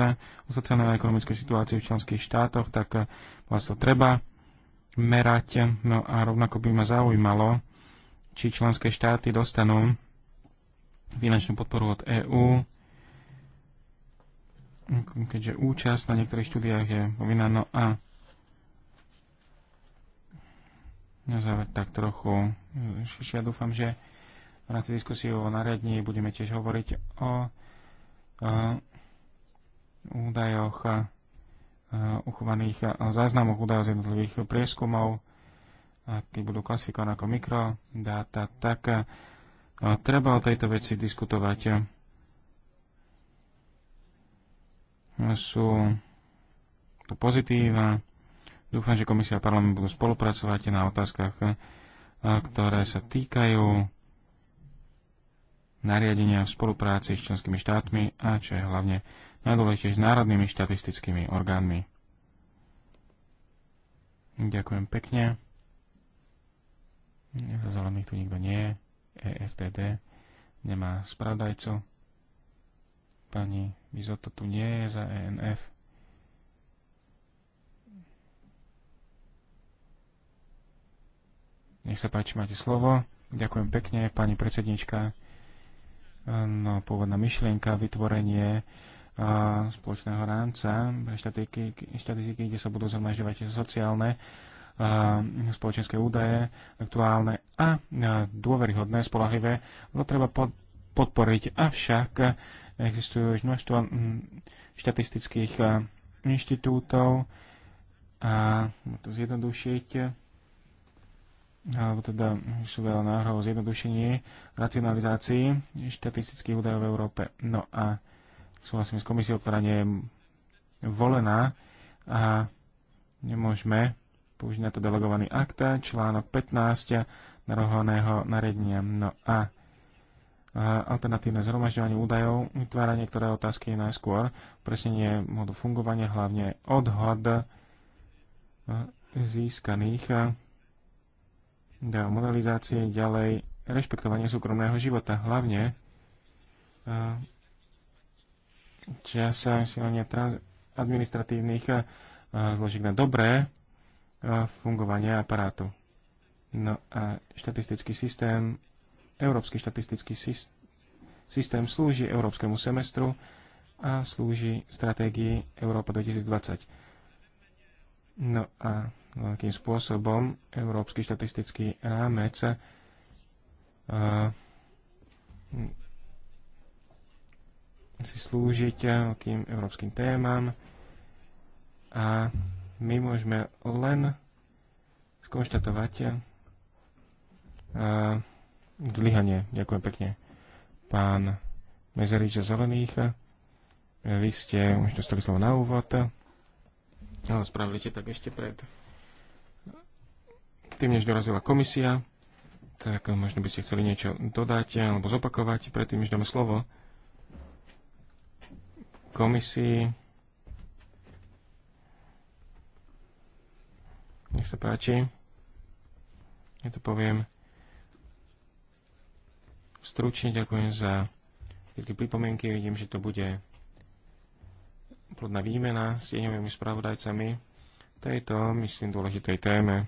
o sociálnej a ekonomickej situácii v členských štátoch, tak to treba merať. No a rovnako by ma zaujímalo, či členské štáty dostanú finančnú podporu od EÚ, keďže účasť na niektorých štúdiách je povinná, no a na záver tak trochu Ja dúfam, že v rámci diskusie o nariadení budeme tiež hovoriť o, o údajoch, o, uchovaných o záznamoch údajov z jednotlivých prieskumov, keď budú klasifikované ako mikrodáta, tak eh, treba o tejto veci diskutovať. Sú to pozitíva. Dúfam, že komisia a parlament budú spolupracovať na otázkach, eh, ktoré sa týkajú nariadenia v spolupráci s členskými štátmi a čo je hlavne najdôležitejšie s národnými štatistickými orgánmi. Ďakujem pekne. Za zelených tu nikto nie je. EFDD nemá spravdajco. Pani Vizoto tu nie je za ENF. Nech sa páči, máte slovo. Ďakujem pekne, pani predsednička. No, pôvodná myšlienka, vytvorenie spoločného rámca pre štatistiky, kde sa budú zhromažďovať sociálne spoločenské údaje, aktuálne a dôveryhodné, spolahlivé, to treba podporiť. Avšak existujú už množstvo štatistických inštitútov a to zjednodušiť alebo teda sú veľa náhrov zjednodušenie zjednodušení, racionalizácii štatistických údajov v Európe. No a súhlasím s komisiou, ktorá nie je volená a nemôžeme použiť na to delegovaný akta, článok 15 narohovaného nariadenia. No a alternatívne zhromažďovanie údajov vytvára niektoré otázky najskôr. Presnenie modu fungovania, hlavne odhod získaných modelizácie ďalej rešpektovanie súkromného života, hlavne čas silania administratívnych zložiek na dobré fungovania aparátu. No a štatistický systém, európsky štatistický systém slúži európskemu semestru a slúži stratégii Európa 2020. No a akým spôsobom európsky štatistický rámec uh, si slúžiť akým európskym témam a my môžeme len skonštatovať e, zlyhanie. Ďakujem pekne. Pán Mezerič Zelených, e, vy ste už dostali slovo na úvod, ale spravili ste tak ešte pred tým, než dorazila komisia, tak možno by ste chceli niečo dodať alebo zopakovať predtým, než dáme slovo komisii. nech sa páči. Ja to poviem stručne. Ďakujem za všetky pripomienky. Vidím, že to bude plodná výmena s jeňovými spravodajcami tejto, myslím, dôležitej téme.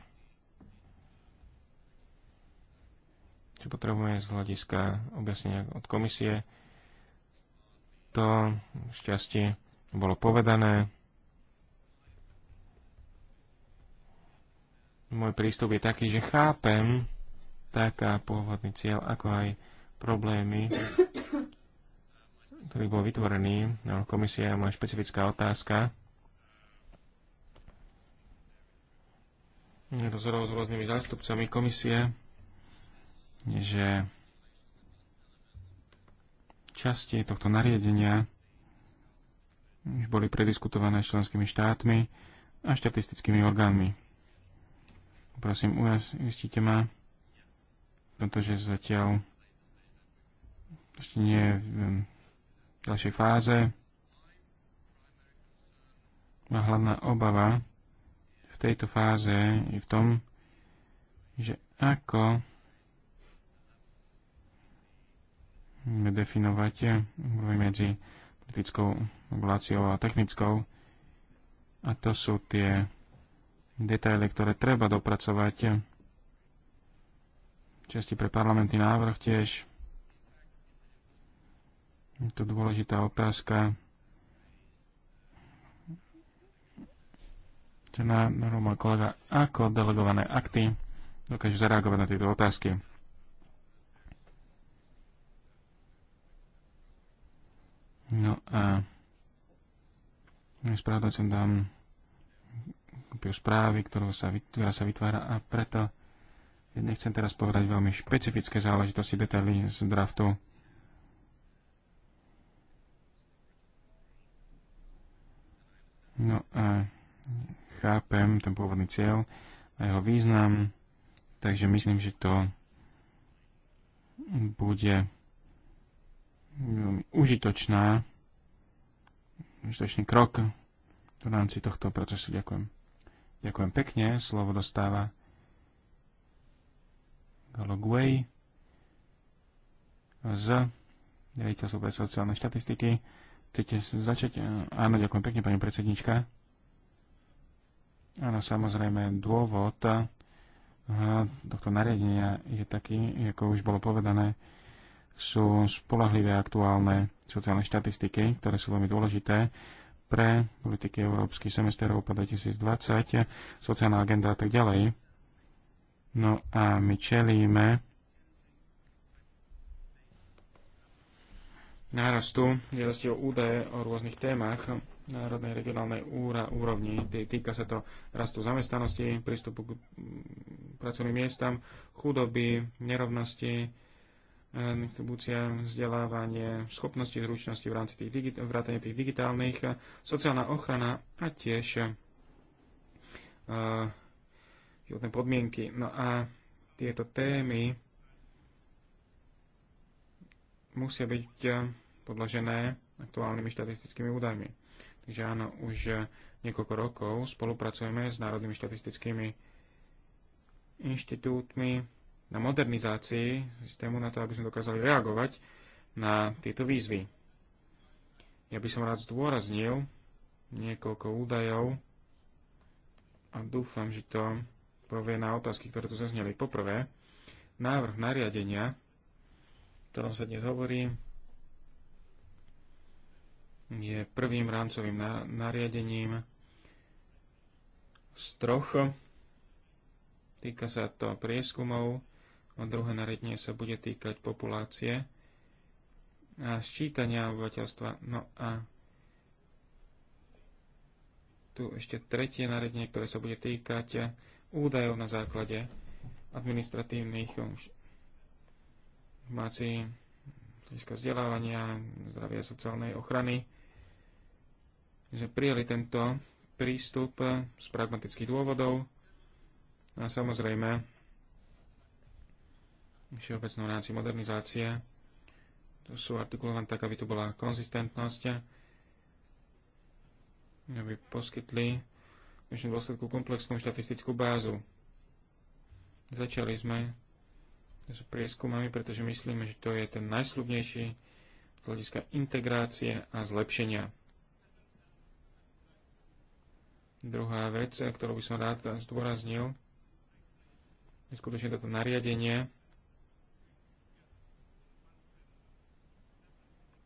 Čo potrebujeme z hľadiska objasnenia od komisie, to šťastie bolo povedané. Môj prístup je taký, že chápem taká pôvodný cieľ, ako aj problémy, ktorý bol vytvorený. No, komisia je moja špecifická otázka. Rozhodol s rôznymi zástupcami komisie, že časti tohto nariadenia už boli prediskutované s členskými štátmi a štatistickými orgánmi. Prosím, ujistite ma, pretože zatiaľ ešte nie je v ehm, ďalšej fáze. Má hlavná obava v tejto fáze je v tom, že ako definovať eh, medzi politickou reguláciou a technickou. A to sú tie detaily, ktoré treba dopracovať. Časti pre parlamentný návrh tiež. Je to dôležitá otázka. Čená môj kolega, ako delegované akty dokážu zareagovať na tieto otázky. No a spravodajcom dám kópiu správy, ktorú sa, ktorá sa vytvára a preto nechcem teraz povedať veľmi špecifické záležitosti, detaily z draftu. No a chápem ten pôvodný cieľ a jeho význam, takže myslím, že to bude veľmi užitočná, užitočný krok v rámci tohto procesu. Ďakujem. Ďakujem pekne. Slovo dostáva Galoguej z riaditeľstva pre sociálne štatistiky. Chcete začať? Áno, ďakujem pekne, pani predsednička. Áno, samozrejme, dôvod eh, tohto nariadenia je taký, ako už bolo povedané, sú spolahlivé aktuálne sociálne štatistiky, ktoré sú veľmi dôležité pre politiky Európsky semester Európa 2020, sociálna agenda a tak ďalej. No a my čelíme nárastu žiadosti o údaje o rôznych témach národnej regionálnej úra, úrovni. Týka sa to rastu zamestnanosti, prístupu k pracovným miestam, chudoby, nerovnosti, E, distribúcia, vzdelávanie, schopnosti, zručnosti v rámci tých, digit- tých digitálnych, e, sociálna ochrana a tiež uh, životné podmienky. No a tieto témy musia byť podložené aktuálnymi štatistickými údajmi. Takže áno, už niekoľko rokov spolupracujeme s národnými štatistickými inštitútmi, na modernizácii systému na to, aby sme dokázali reagovať na tieto výzvy. Ja by som rád zdôraznil niekoľko údajov a dúfam, že to povie na otázky, ktoré tu zazneli. Poprvé, návrh nariadenia, o ktorom sa dnes hovorí, je prvým rámcovým nariadením z troch. Týka sa to prieskumov, a Druhé nariadenie sa bude týkať populácie a sčítania obyvateľstva. No a tu ešte tretie nariadenie, ktoré sa bude týkať údajov na základe administratívnych informácií hľadiska vzdelávania, zdravia sociálnej ochrany, že prijali tento prístup z pragmatických dôvodov a samozrejme všeobecnú rámci modernizácie sú artikulované tak, aby tu bola konzistentnosť, aby poskytli v dnešnom dôsledku komplexnú štatistickú bázu. Začali sme s prieskumami, pretože myslíme, že to je ten najslubnejší z hľadiska integrácie a zlepšenia. Druhá vec, ktorú by som rád zdôraznil, je skutočne toto nariadenie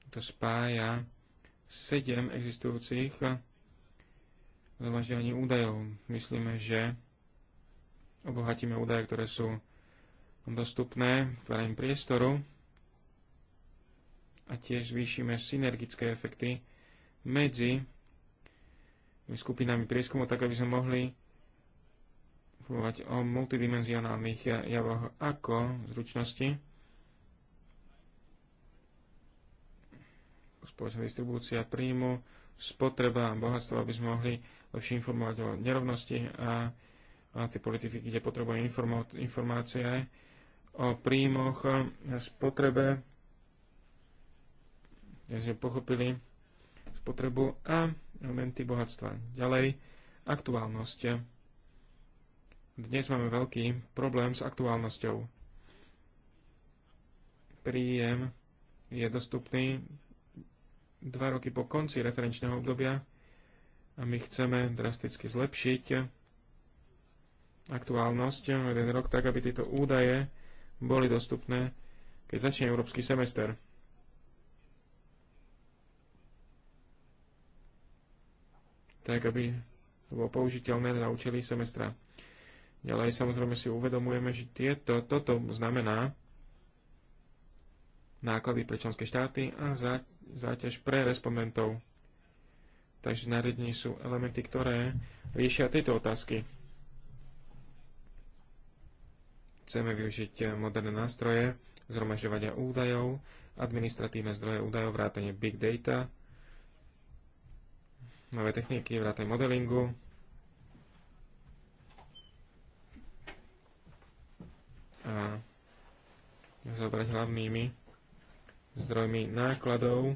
to spája sedem existujúcich zvažovaní údajov. Myslíme, že obohatíme údaje, ktoré sú dostupné, tvorením priestoru a tiež zvýšime synergické efekty medzi skupinami prieskumu, tak aby sme mohli fungovať o multidimenzionálnych javoch ako zručnosti, spoločná distribúcia príjmu, spotreba a bohatstvo, aby sme mohli lepšie informovať o nerovnosti a, a tie politiky, kde potrebujú informácie o príjmoch a spotrebe, kde sme pochopili spotrebu a elementy bohatstva. Ďalej, aktuálnosť. Dnes máme veľký problém s aktuálnosťou. Príjem je dostupný dva roky po konci referenčného obdobia a my chceme drasticky zlepšiť aktuálnosť o jeden rok tak, aby tieto údaje boli dostupné, keď začne európsky semester. Tak, aby to bolo použiteľné na účely semestra. Ďalej samozrejme si uvedomujeme, že tieto, toto znamená, náklady pre členské štáty a záťaž pre respondentov. Takže nariadení sú elementy, ktoré riešia tieto otázky. Chceme využiť moderné nástroje, zhromažďovania údajov, administratívne zdroje údajov, vrátanie big data, nové techniky, vrátanie modelingu, a zobrať hlavnými zdrojmi nákladov,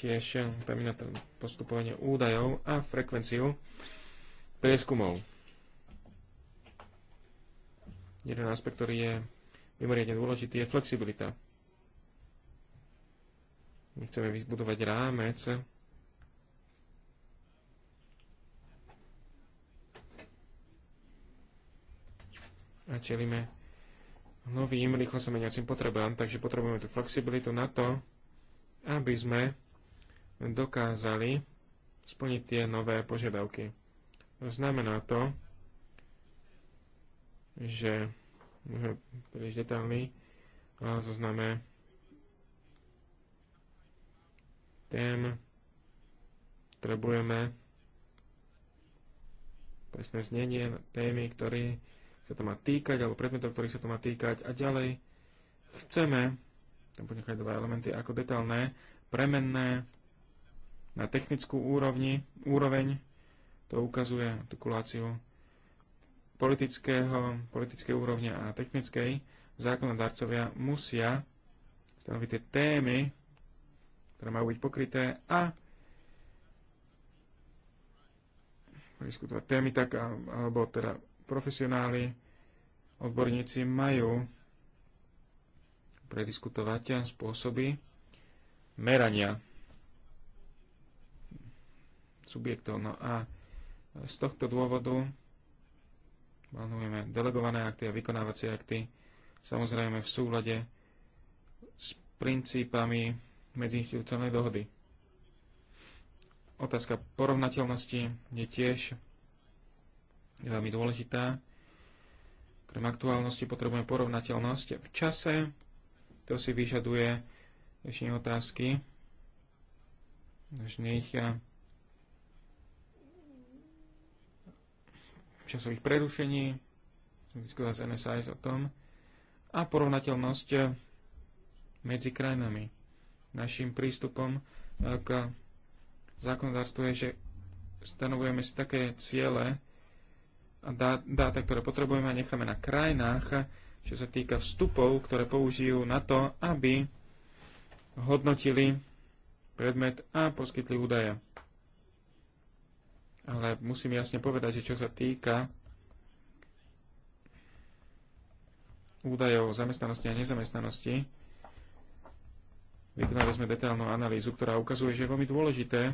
tiež tam na postupovanie údajov a frekvenciu prieskumov. Jeden aspekt, ktorý je mimoriadne dôležitý, je flexibilita. My chceme vybudovať rámec, a čelíme novým rýchlo sa meniacim potrebám, takže potrebujeme tú flexibilitu na to, aby sme dokázali splniť tie nové požiadavky. Znamená to, že príliš detailný zozname tém potrebujeme presné znenie témy, ktorý sa to má týkať, alebo predmetov, ktorých sa to má týkať. A ďalej chceme tam nechať dva elementy ako detailné, premenné na technickú úrovni, úroveň, to ukazuje artikuláciu politického, politickej úrovne a technickej, zákonodarcovia musia stanoviť tie témy, ktoré majú byť pokryté a diskutovať témy tak, alebo teda profesionáli, odborníci majú prediskutovať spôsoby merania subjektov. No a z tohto dôvodu plánujeme delegované akty a vykonávacie akty, samozrejme v súlade s princípami medziinstitucionálnej dohody. Otázka porovnateľnosti je tiež je veľmi dôležitá. Krem aktuálnosti potrebujeme porovnateľnosť v čase. To si vyžaduje dnešné otázky dnešných eh, časových prerušení, diskutovať z NSIS o tom, a porovnateľnosť eh, medzi krajinami. Našim prístupom eh, k zákonodárstvu je, že stanovujeme si také ciele, dáta, ktoré potrebujeme a necháme na krajinách, čo sa týka vstupov, ktoré použijú na to, aby hodnotili predmet a poskytli údaje. Ale musím jasne povedať, že čo sa týka údajov o zamestnanosti a nezamestnanosti, vykonali sme detailnú analýzu, ktorá ukazuje, že je veľmi dôležité,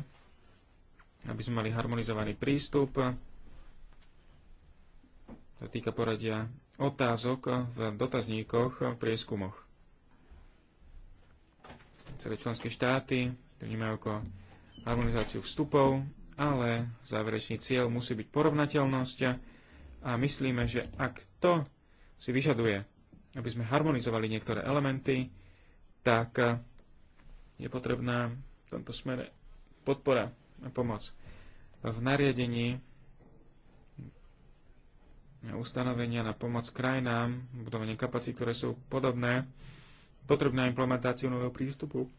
aby sme mali harmonizovaný prístup týka poradia otázok v dotazníkoch a prieskumoch. Celé členské štáty to vnímajú ako harmonizáciu vstupov, ale záverečný cieľ musí byť porovnateľnosť a myslíme, že ak to si vyžaduje, aby sme harmonizovali niektoré elementy, tak je potrebná v tomto smere podpora a pomoc. V nariadení ustanovenia na pomoc krajinám, budovanie kapacít, ktoré sú podobné, potrebné implementáciu nového prístupu.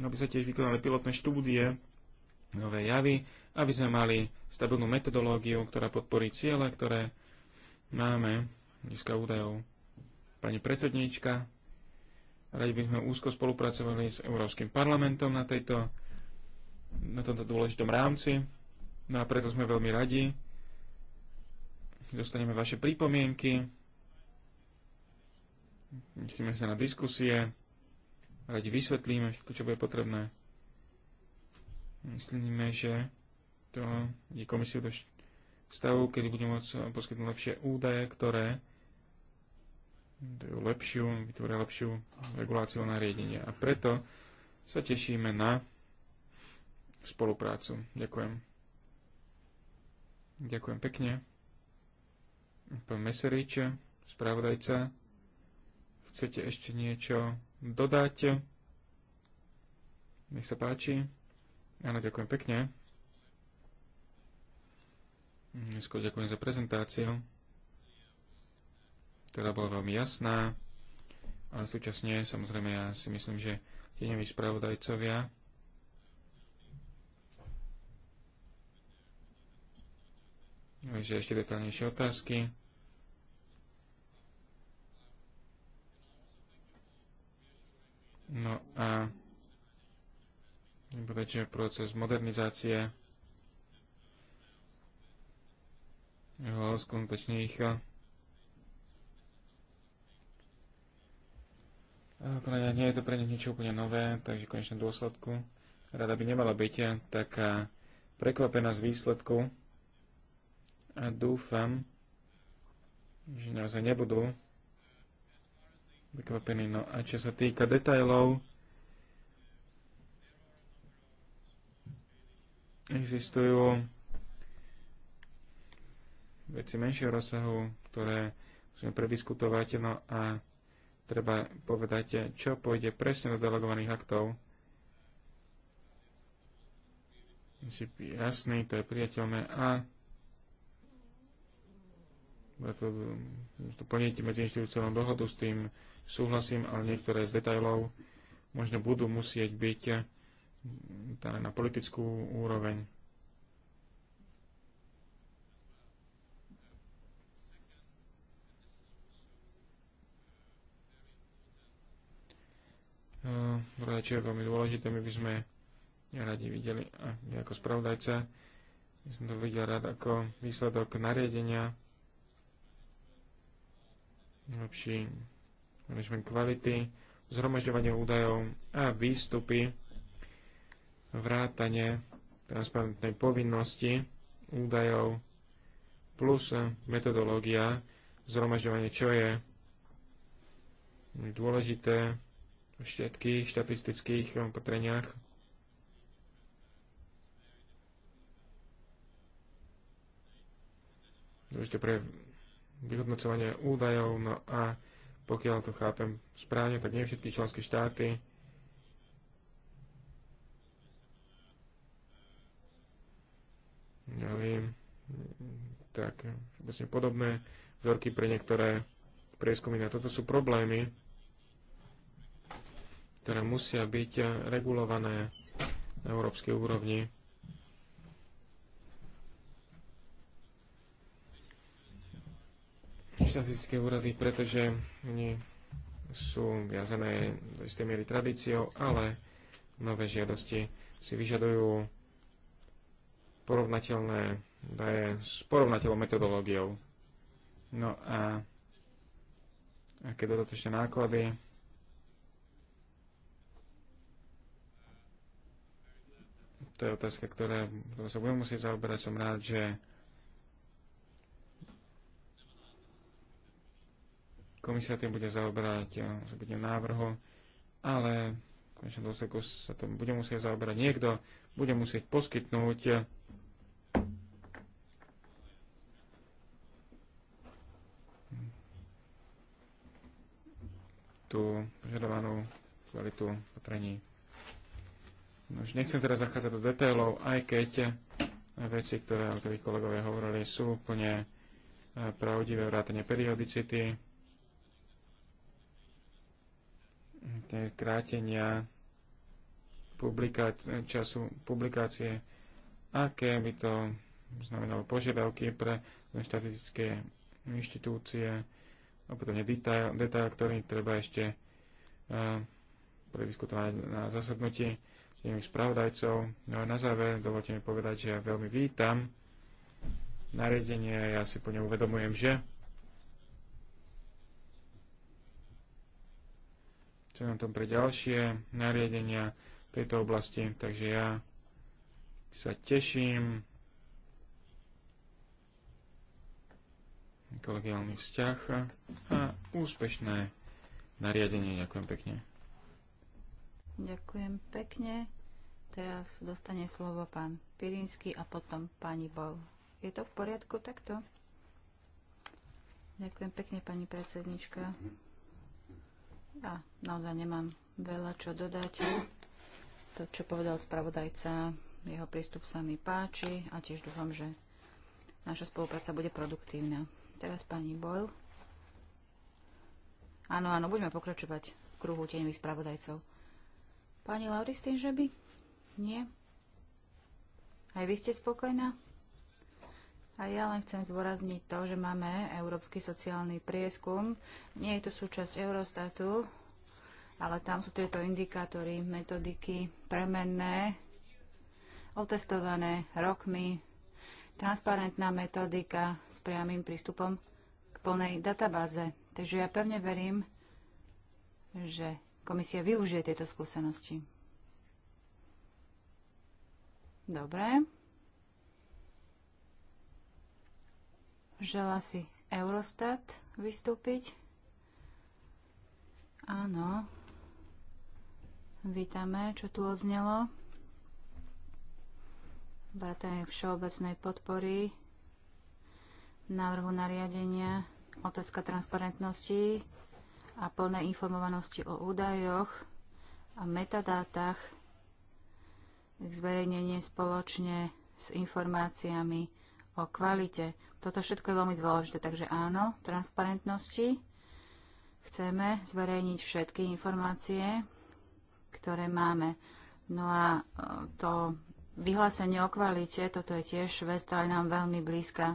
Aby sa tiež vykonali pilotné štúdie, nové javy, aby sme mali stabilnú metodológiu, ktorá podporí ciele, ktoré máme, dneska údajov. Pani predsedníčka, radi by sme úzko spolupracovali s Európskym parlamentom na, tejto, na tomto dôležitom rámci No a preto sme veľmi radi. Dostaneme vaše prípomienky. Myslíme sa na diskusie. Radi vysvetlíme všetko, čo bude potrebné. Myslíme, že to je komisiu do stavu, kedy budeme môcť poskytnúť lepšie údaje, ktoré dajú lepšiu, vytvoria lepšiu reguláciu na A preto sa tešíme na spoluprácu. Ďakujem. Ďakujem pekne. Pán Meserič, spravodajca, chcete ešte niečo dodať? Nech sa páči. Áno, ďakujem pekne. Dnesko ďakujem za prezentáciu, ktorá bola veľmi jasná, ale súčasne, samozrejme, ja si myslím, že tieňoví spravodajcovia Takže ešte detaľnejšie otázky. No a povedať, že proces modernizácie jeho skutočne rýchlo. Pre mňa nie je to pre nich niečo úplne nové, takže v dôsledku rada by nemala byť taká prekvapená z výsledku, a dúfam, že naozaj nebudú vykvapení. No a čo sa týka detajlov, existujú veci menšieho rozsahu, ktoré musíme prediskutovať, no a treba povedať, čo pôjde presne do delegovaných aktov. jasný, to je priateľné a preto to plníte medzi inštitúciálnou dohodu, s tým súhlasím, ale niektoré z detajlov možno budú musieť byť dané na politickú úroveň. Druhé, čo je veľmi dôležité, my by sme radi videli, ja ako spravodajca, by som to videl rád ako výsledok nariadenia, lepší management kvality, zhromažďovanie údajov a výstupy, vrátanie transparentnej povinnosti údajov plus metodológia zhromažďovanie, čo je dôležité v všetkých štatistických opatreniach. Dôležité pre vyhodnocovania údajov, no a pokiaľ to chápem správne, tak nie všetky členské štáty mali tak vlastne podobné vzorky pre niektoré prieskumy. A toto sú problémy, ktoré musia byť regulované na európskej úrovni. štatistické úrady, pretože oni sú viazané do istej miery tradíciou, ale nové žiadosti si vyžadujú porovnateľné daje s porovnateľnou metodológiou. No a aké dodatočné náklady to je otázka, ktoré sa budem musieť zaoberať. Som rád, že Komisia tým bude zaoberať e, bude návrho, ale v konečnom dôsledku sa tomu bude musieť zaoberať niekto, bude musieť poskytnúť e, tú požadovanú kvalitu potrení. No nechcem teraz zachádzať do detailov, aj keď e, veci, ktoré autorí kolegovia hovorili, sú úplne pravdivé vrátanie periodicity, krátenia publiká- času publikácie, aké by to znamenalo požiadavky pre štatistické inštitúcie, je detail, detail, ktorý treba ešte uh, prediskutovať na zasadnutí tých spravodajcov. No a na záver dovolte mi povedať, že ja veľmi vítam nariadenie, ja si po ňom uvedomujem, že cenom tom pre ďalšie nariadenia v tejto oblasti, takže ja sa teším kolegiálny vzťah a úspešné nariadenie. Ďakujem pekne. Ďakujem pekne. Teraz dostane slovo pán Pirinsky a potom pani Bol. Je to v poriadku takto? Ďakujem pekne, pani predsednička. Ja naozaj nemám veľa čo dodať. To, čo povedal spravodajca, jeho prístup sa mi páči a tiež dúfam, že naša spolupráca bude produktívna. Teraz pani Boyle. Áno, áno, budeme pokračovať v kruhu tenových spravodajcov. Pani Lauristin, že by? Nie? Aj vy ste spokojná? A ja len chcem zdôrazniť to, že máme Európsky sociálny prieskum. Nie je to súčasť Eurostatu, ale tam sú tieto indikátory, metodiky premenné, otestované rokmi, transparentná metodika s priamým prístupom k plnej databáze. Takže ja pevne verím, že komisia využije tieto skúsenosti. Dobre. Žela si Eurostat vystúpiť. Áno. Vítame, čo tu odznelo. Vrátanie všeobecnej podpory návrhu nariadenia, otázka transparentnosti a plnej informovanosti o údajoch a metadátach, zverejnenie spoločne s informáciami o kvalite. Toto všetko je veľmi dôležité, takže áno, transparentnosti. Chceme zverejniť všetky informácie, ktoré máme. No a e, to vyhlásenie o kvalite, toto je tiež vec, ktorá nám veľmi blízka.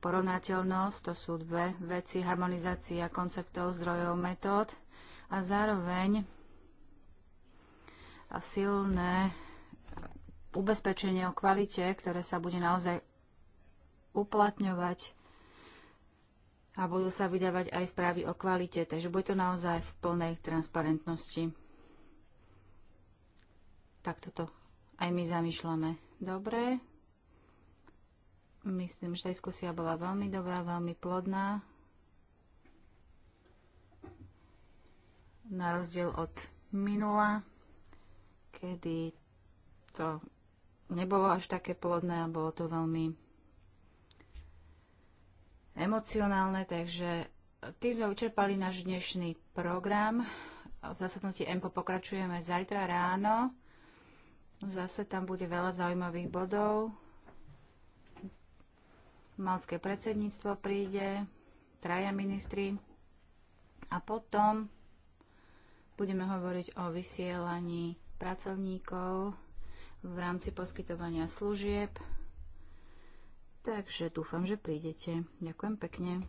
Porovnateľnosť, to sú dve veci, harmonizácia konceptov, zdrojov, metód a zároveň a silné ubezpečenie o kvalite, ktoré sa bude naozaj uplatňovať a budú sa vydávať aj správy o kvalite, takže bude to naozaj v plnej transparentnosti. Tak toto aj my zamýšľame. Dobre. Myslím, že diskusia bola veľmi dobrá, veľmi plodná. Na rozdiel od minula, kedy to nebolo až také plodné a bolo to veľmi emocionálne, takže tým sme učerpali náš dnešný program. V zasadnutí EMPO pokračujeme zajtra ráno. Zase tam bude veľa zaujímavých bodov. Malské predsedníctvo príde, traja ministri a potom budeme hovoriť o vysielaní pracovníkov v rámci poskytovania služieb Takže dúfam, že prídete. Ďakujem pekne.